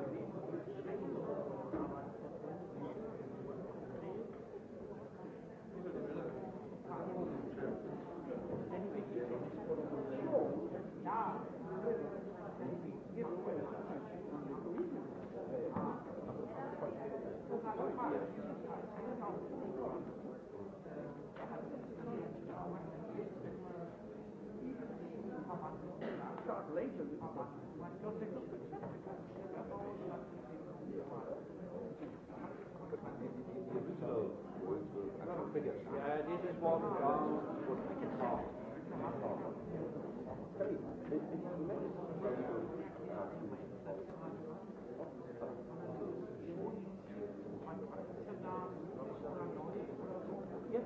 [SPEAKER 5] Yeah, this is what we can talk. Yes,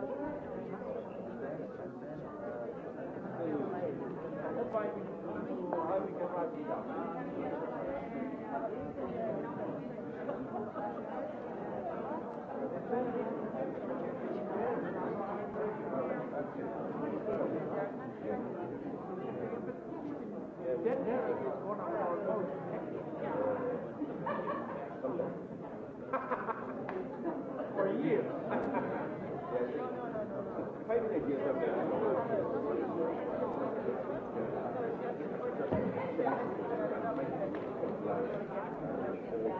[SPEAKER 5] For years. Five years.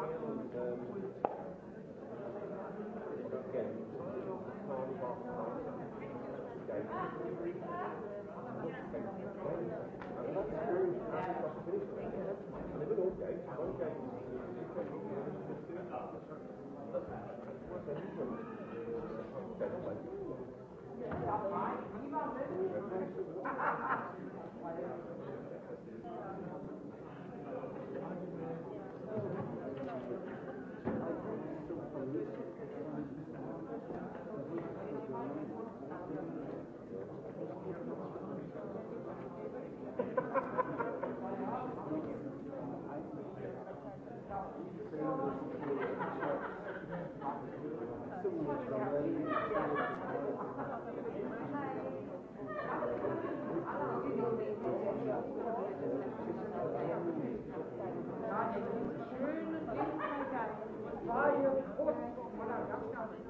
[SPEAKER 5] and um, again, Thank you. Schönen Dienstag, freie Post von der Ganzkarte.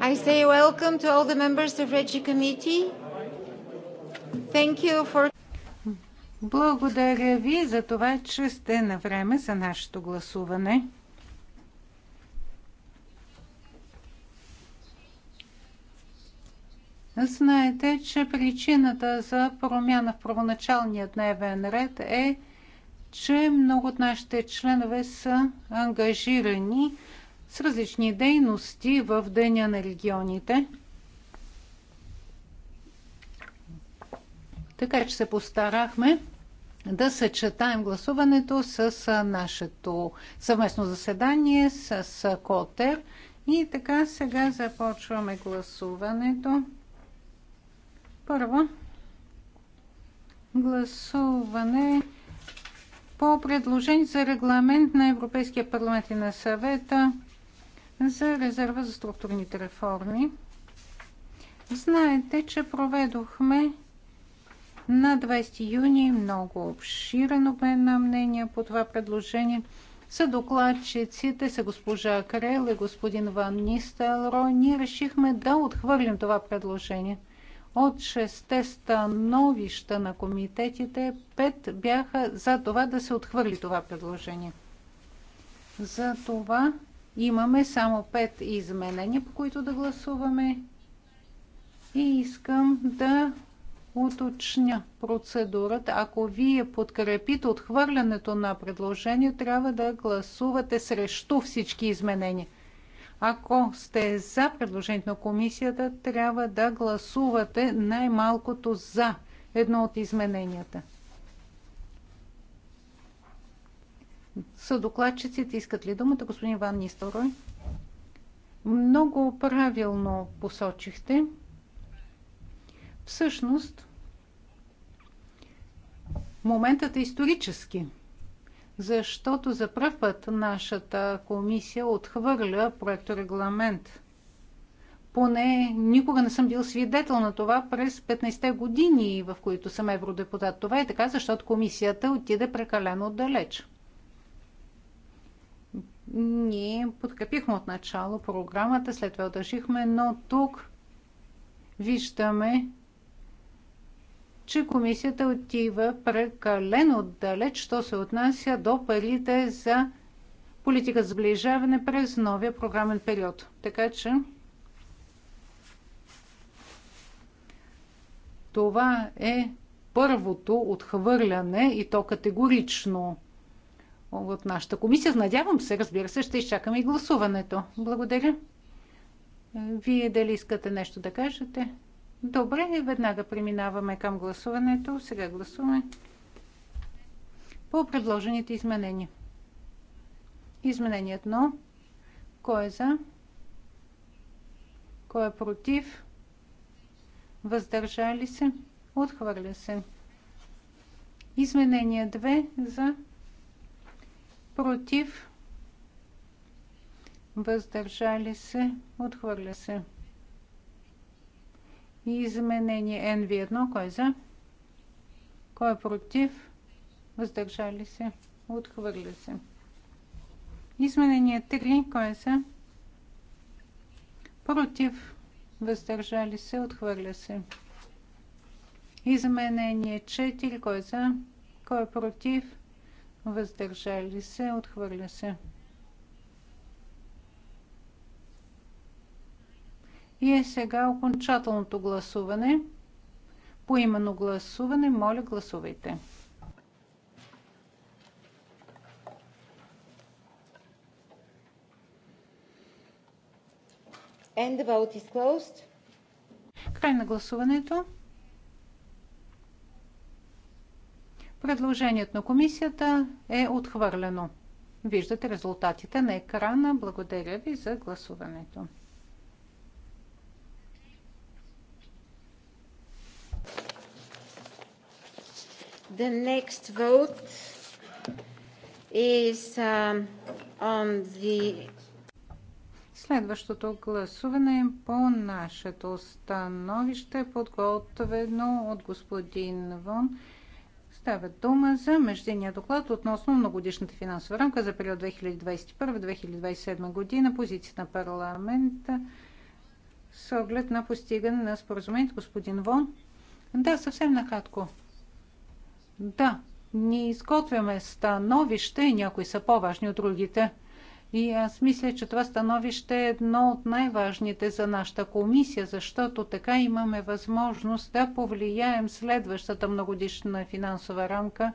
[SPEAKER 4] I say welcome to all the members of Reggie Committee.
[SPEAKER 1] Thank you for... Благодаря ви за това, че сте на време за нашето гласуване. Знаете, че причината за промяна в първоначалния дневен ред е, че много от нашите членове са ангажирани с различни дейности в Деня на регионите. Така че се постарахме да съчетаем гласуването с нашето съвместно заседание с Котер. И така сега започваме гласуването. Първо, гласуване по предложение за регламент на Европейския парламент и на съвета за резерва за структурните реформи. Знаете, че проведохме на 20 юни много обширен обмен на мнения по това предложение. Са докладчиците са госпожа Крел и господин Ван Нистелро. Ние решихме да отхвърлим това предложение – от шесте становища на комитетите, пет бяха за това да се отхвърли това предложение. За това имаме само пет изменения, по които да гласуваме. И искам да уточня процедурата. Ако вие подкрепите отхвърлянето на предложение, трябва да гласувате срещу всички изменения. Ако сте за предложението на комисията, трябва да гласувате най-малкото за едно от измененията. Съдокладчиците искат ли думата, господин Ван Нисторой? Много правилно посочихте. Всъщност, моментът е исторически – защото за първ път нашата комисия отхвърля проекторегламент. Поне никога не съм бил свидетел на това през 15-те години, в които съм евродепутат. Това е така, защото комисията отиде прекалено отдалеч. Ние подкрепихме отначало програмата, след това удържихме, но тук виждаме, че комисията отива прекалено далеч, що се отнася до парите за политика за сближаване през новия програмен период. Така че това е първото отхвърляне и то категорично от нашата комисия. Надявам се, разбира се, ще изчакаме и гласуването. Благодаря. Вие дали искате нещо да кажете? Добре, веднага преминаваме към гласуването. Сега гласуваме по предложените изменения. Изменение 1. Кой е за? Кой е против? Въздържали се? Отхвърля се. Изменение 2 за против, въздържали се, отхвърля се. Изменение NV1. Кой е за? Кой е против? Въздържали се. Отхвърля се. Изменение 3. Кой е за? Против. Въздържали се. Отхвърля се. Изменение 4. Кой е за? Кой е против? Въздържали се. Отхвърля се. И е сега окончателното гласуване. По именно гласуване, моля гласувайте.
[SPEAKER 4] And the vote is closed.
[SPEAKER 1] Край на гласуването. Предложението на комисията е отхвърлено. Виждате резултатите на екрана. Благодаря ви за гласуването.
[SPEAKER 4] The next vote is
[SPEAKER 1] um, on the Следващото гласуване е по нашето становище е подготвено от господин Вон. Става дума за междинния доклад относно многодишната финансова рамка за период 2021-2027 година, позицията на парламента с оглед на постигане на споразумението. Господин Вон. Да, съвсем накратко. Да, ние изготвяме становище, някои са по-важни от другите. И аз мисля, че това становище е едно от най-важните за нашата комисия, защото така имаме възможност да повлияем следващата многодишна финансова рамка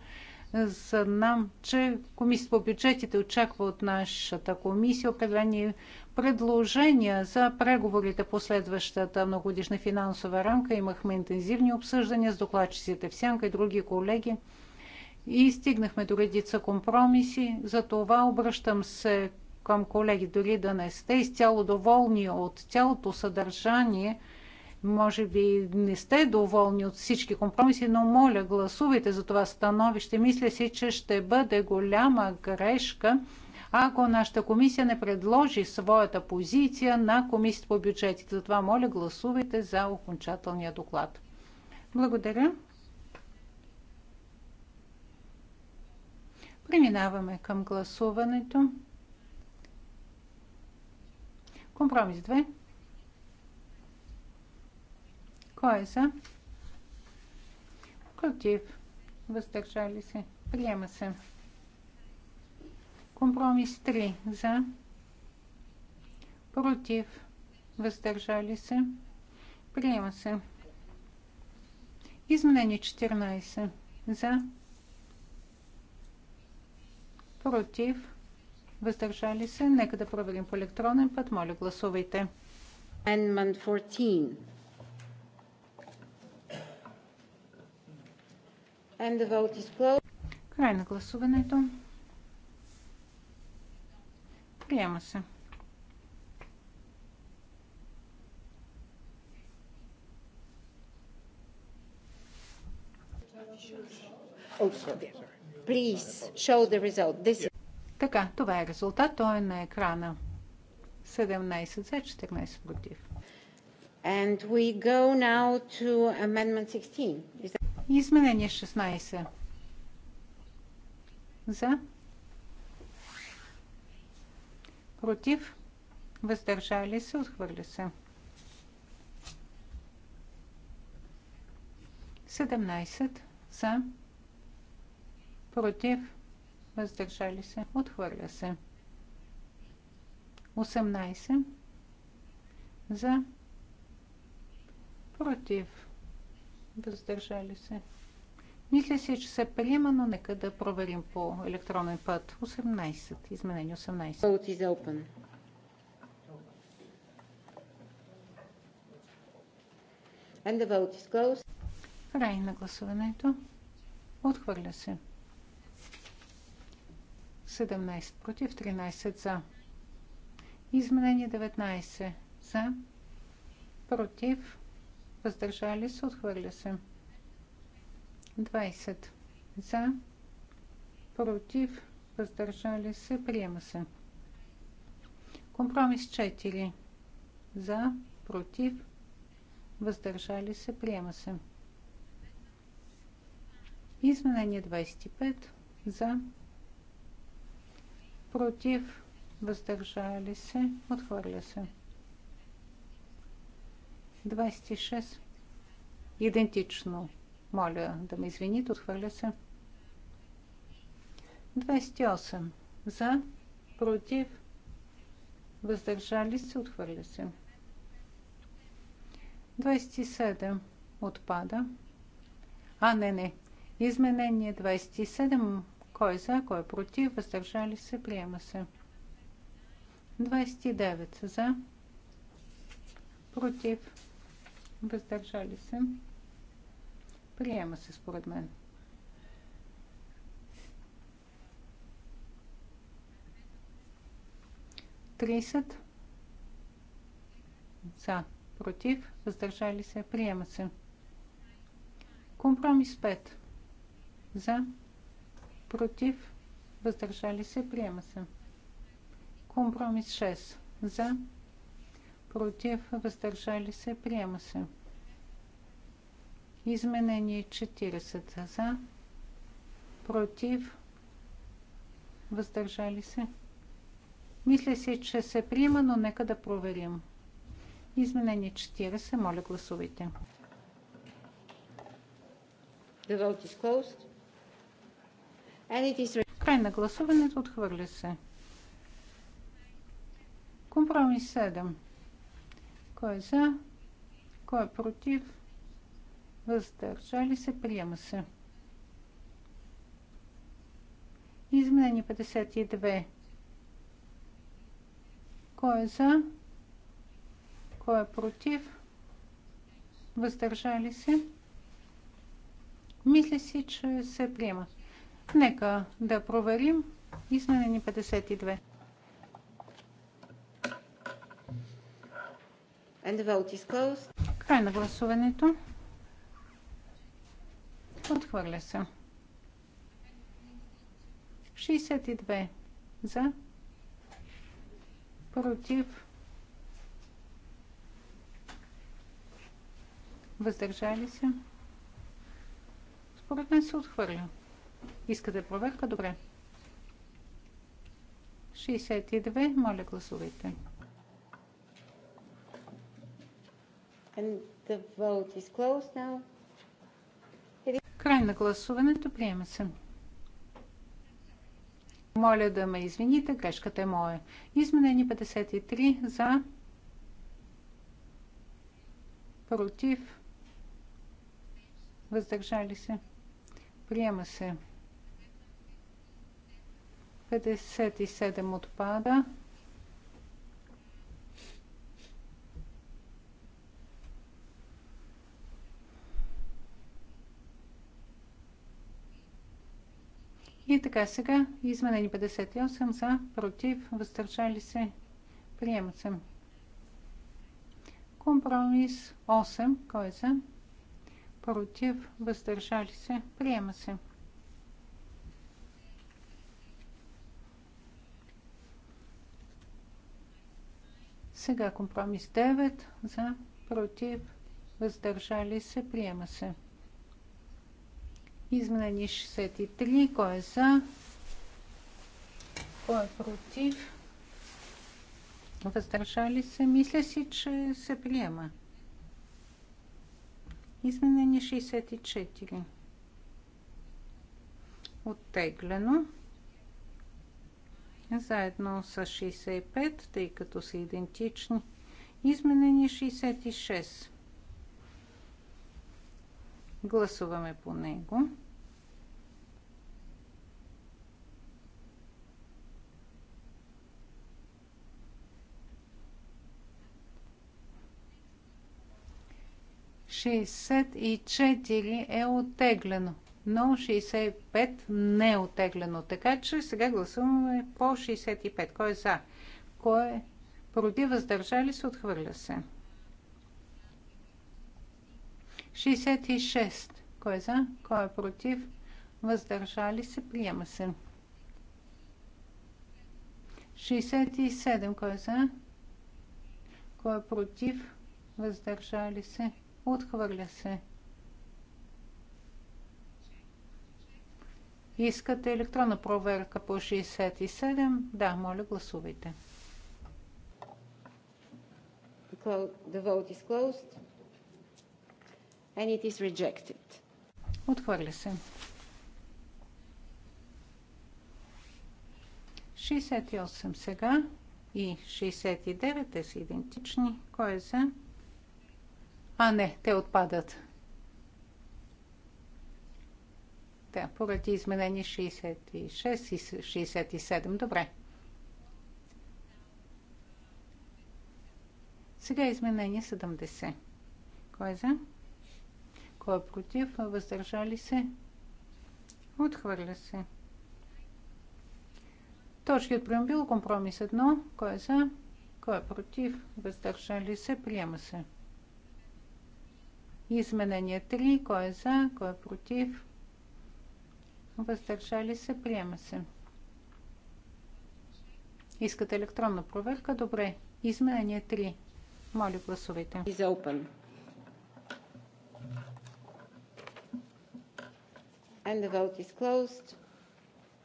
[SPEAKER 1] Знам, че Комисията по бюджетите очаква от нашата комисия определени предложения за преговорите по следващата многодишна финансова рамка. Имахме интензивни обсъждания с докладчиците в Сянка и други колеги и стигнахме до редица компромиси. За това обръщам се към колеги, дори да не сте изцяло доволни от цялото съдържание – може би не сте доволни от всички компромиси, но моля, гласувайте за това становище. Мисля си, че ще бъде голяма грешка, ако нашата комисия не предложи своята позиция на комисията по бюджетите. Затова, моля, гласувайте за окончателния доклад. Благодаря. Преминаваме към гласуването. Компромис 2. Кой са? Е за? Против. Въздържали се. Приема се. Компромис 3 за. Против. Въздържали се. Приема се. Изменение 14 за. Против. Въздържали се. Нека да проверим по електронен път. Моля, гласувайте. Amendment 14.
[SPEAKER 4] Край на гласуването.
[SPEAKER 1] Приема се. Oh, така, това е резултат. Той е на екрана. 17 за, 14 против. And we go now to amendment 16. Is that... Изменение 16. За. Против. Въздържали се. Отхвърля се. 17. За. Против. Въздържали се. Отхвърля се. 18. За. Против въздържали се. Мисля си, че се приема, но нека да проверим по електронен път. 18. Изменение 18. Vote is open.
[SPEAKER 4] And the vote is closed. Край на
[SPEAKER 1] гласуването. Отхвърля се. 17 против 13 за. Изменение 19 за. Против въздържали се, отхвърля се. 20 за, против, въздържали се, приема се. Компромис 4 за, против, въздържали се, приема се. Изменение 25 за, против, въздържали се, отхвърля се. 26. Идентично. Моля да ме извините, отхвърля се. 28. За, против, въздържали се, отхвърля се. 27. Отпада. А, не, не. Изменение 27. Кой е за, кой е против, въздържали се, приема се. 29. За, против, Въздържали се. Приема се според мен. Трисът. За. Против. Въздържали се. Приема се. Компромис 5. За. Против. Въздържали се. Приема се. Компромис 6. За против, въздържали се, приема се. Изменение 40 за, против, въздържали се. Мисля си, че се приема, но нека да проверим. Изменение 40, моля гласувайте. The vote is closed. And it is... Край на гласуването отхвърля се. Компромис 7. Кой е за? Кой е против? Въздържали се? Приема се. Изменение 52. Кой е за? Кой е против? Въздържали се? Мисля си, че се приема. Нека да проверим. Изменени 52.
[SPEAKER 4] And the vote is closed.
[SPEAKER 1] Край на гласуването. Отхвърля се. 62 за. Против. Въздържали се. Според мен се отхвърля. Искате проверка? Добре. 62. Моля, гласувайте. Край на гласуването. Приема се. Моля да ме извините, грешката е моя. Изменени 53 за против въздържали се. Приема се. 57 отпада. така, сега изменени 58 за, против, въздържали се, приемат се. Компромис 8, кой е за? Против, въздържали се, приема се. Сега компромис 9 за, против, въздържали се, приема се. Изменени 63. Кой е за? Кой е против? Въздържали се? Мисля си, че се приема. Изменени 64. Оттеглено. Заедно с 65, тъй като са идентични. Изменени 66. Гласуваме по него. Шестдесет и четири е отеглено, но 65 не е отеглено. Така че сега гласуваме по 65. Кой е за? Кой е против? Въздържали се? Отхвърля се. 66. Кой е за? Кой е против? Въздържали се? Приема се. 67. Кой е за? Кой е против? Въздържали се? Отхвърля се. Искате електронна проверка по 67? Да, моля гласувайте.
[SPEAKER 4] The is closed and it is rejected.
[SPEAKER 1] Отхвърля се. 68 сега и 69, те са идентични. Кой е за? А, не, те отпадат. Да, поради изменение 66 и 67. Добре. Сега е изменение 70. Кой е за? Кой е против? Въздържали се? Отхвърля се. Точки от преамбил. Компромис 1. Кой е за? Кой е против? Въздържали се? Приема се. Изменение 3. Кой е за? Кой е против? Въздържали се? Приема се. Искате електронна проверка? Добре. Изменение 3. Моля, гласувайте. Is open.
[SPEAKER 4] And the vote is closed.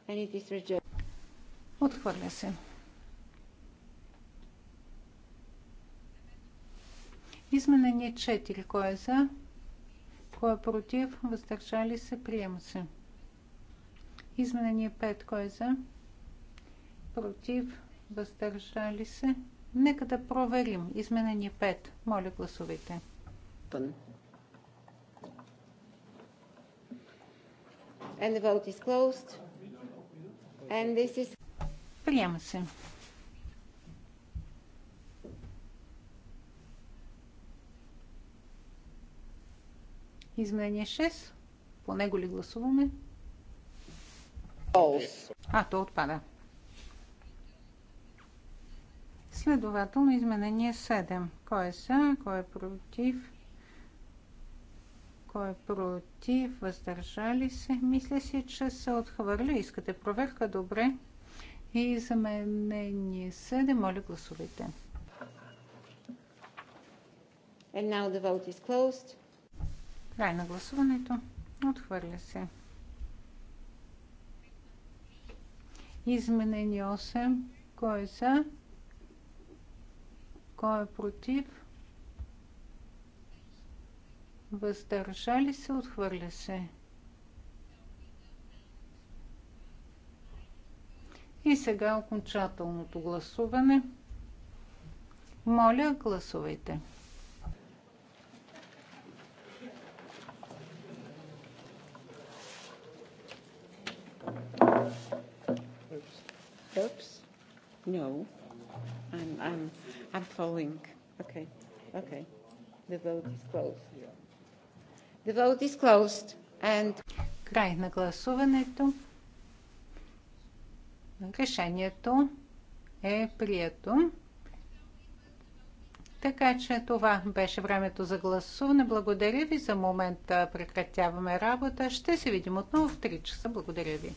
[SPEAKER 4] And it is rejected.
[SPEAKER 1] Отхвърля се. Изменение 4. Кой е за? Кой е против? Въздържали се? Приема се. Изменение 5. Кой е за? Против? Въздържали се? Нека да проверим. Изменение 5. Моля, гласувайте. Пън.
[SPEAKER 4] And the vote is closed. And this is...
[SPEAKER 1] Приема се. Изменение 6. По него ли гласуваме? А, то отпада. Следователно изменение 7. Кой е са? кой е против? Кой е против? Въздържали се? Мисля си, че се отхвърля. Искате проверка? Добре. И заменение 7. Е Моля, гласувайте.
[SPEAKER 4] And now the vote is closed. Край на гласуването.
[SPEAKER 1] Отхвърля се. Изменение 8. Кой е за? Кой е против? Въздържа ли се, отхвърля се. И сега окончателното гласуване. Моля, гласувайте.
[SPEAKER 4] Oops. No. I'm I'm I'm following. Okay. Okay. The vote is closed. Yeah. The vote is closed. And...
[SPEAKER 1] Край на гласуването. Решението е прието. Така че това беше времето за гласуване. Благодаря ви за момента. Прекратяваме работа. Ще се видим отново в 3 часа. Благодаря ви.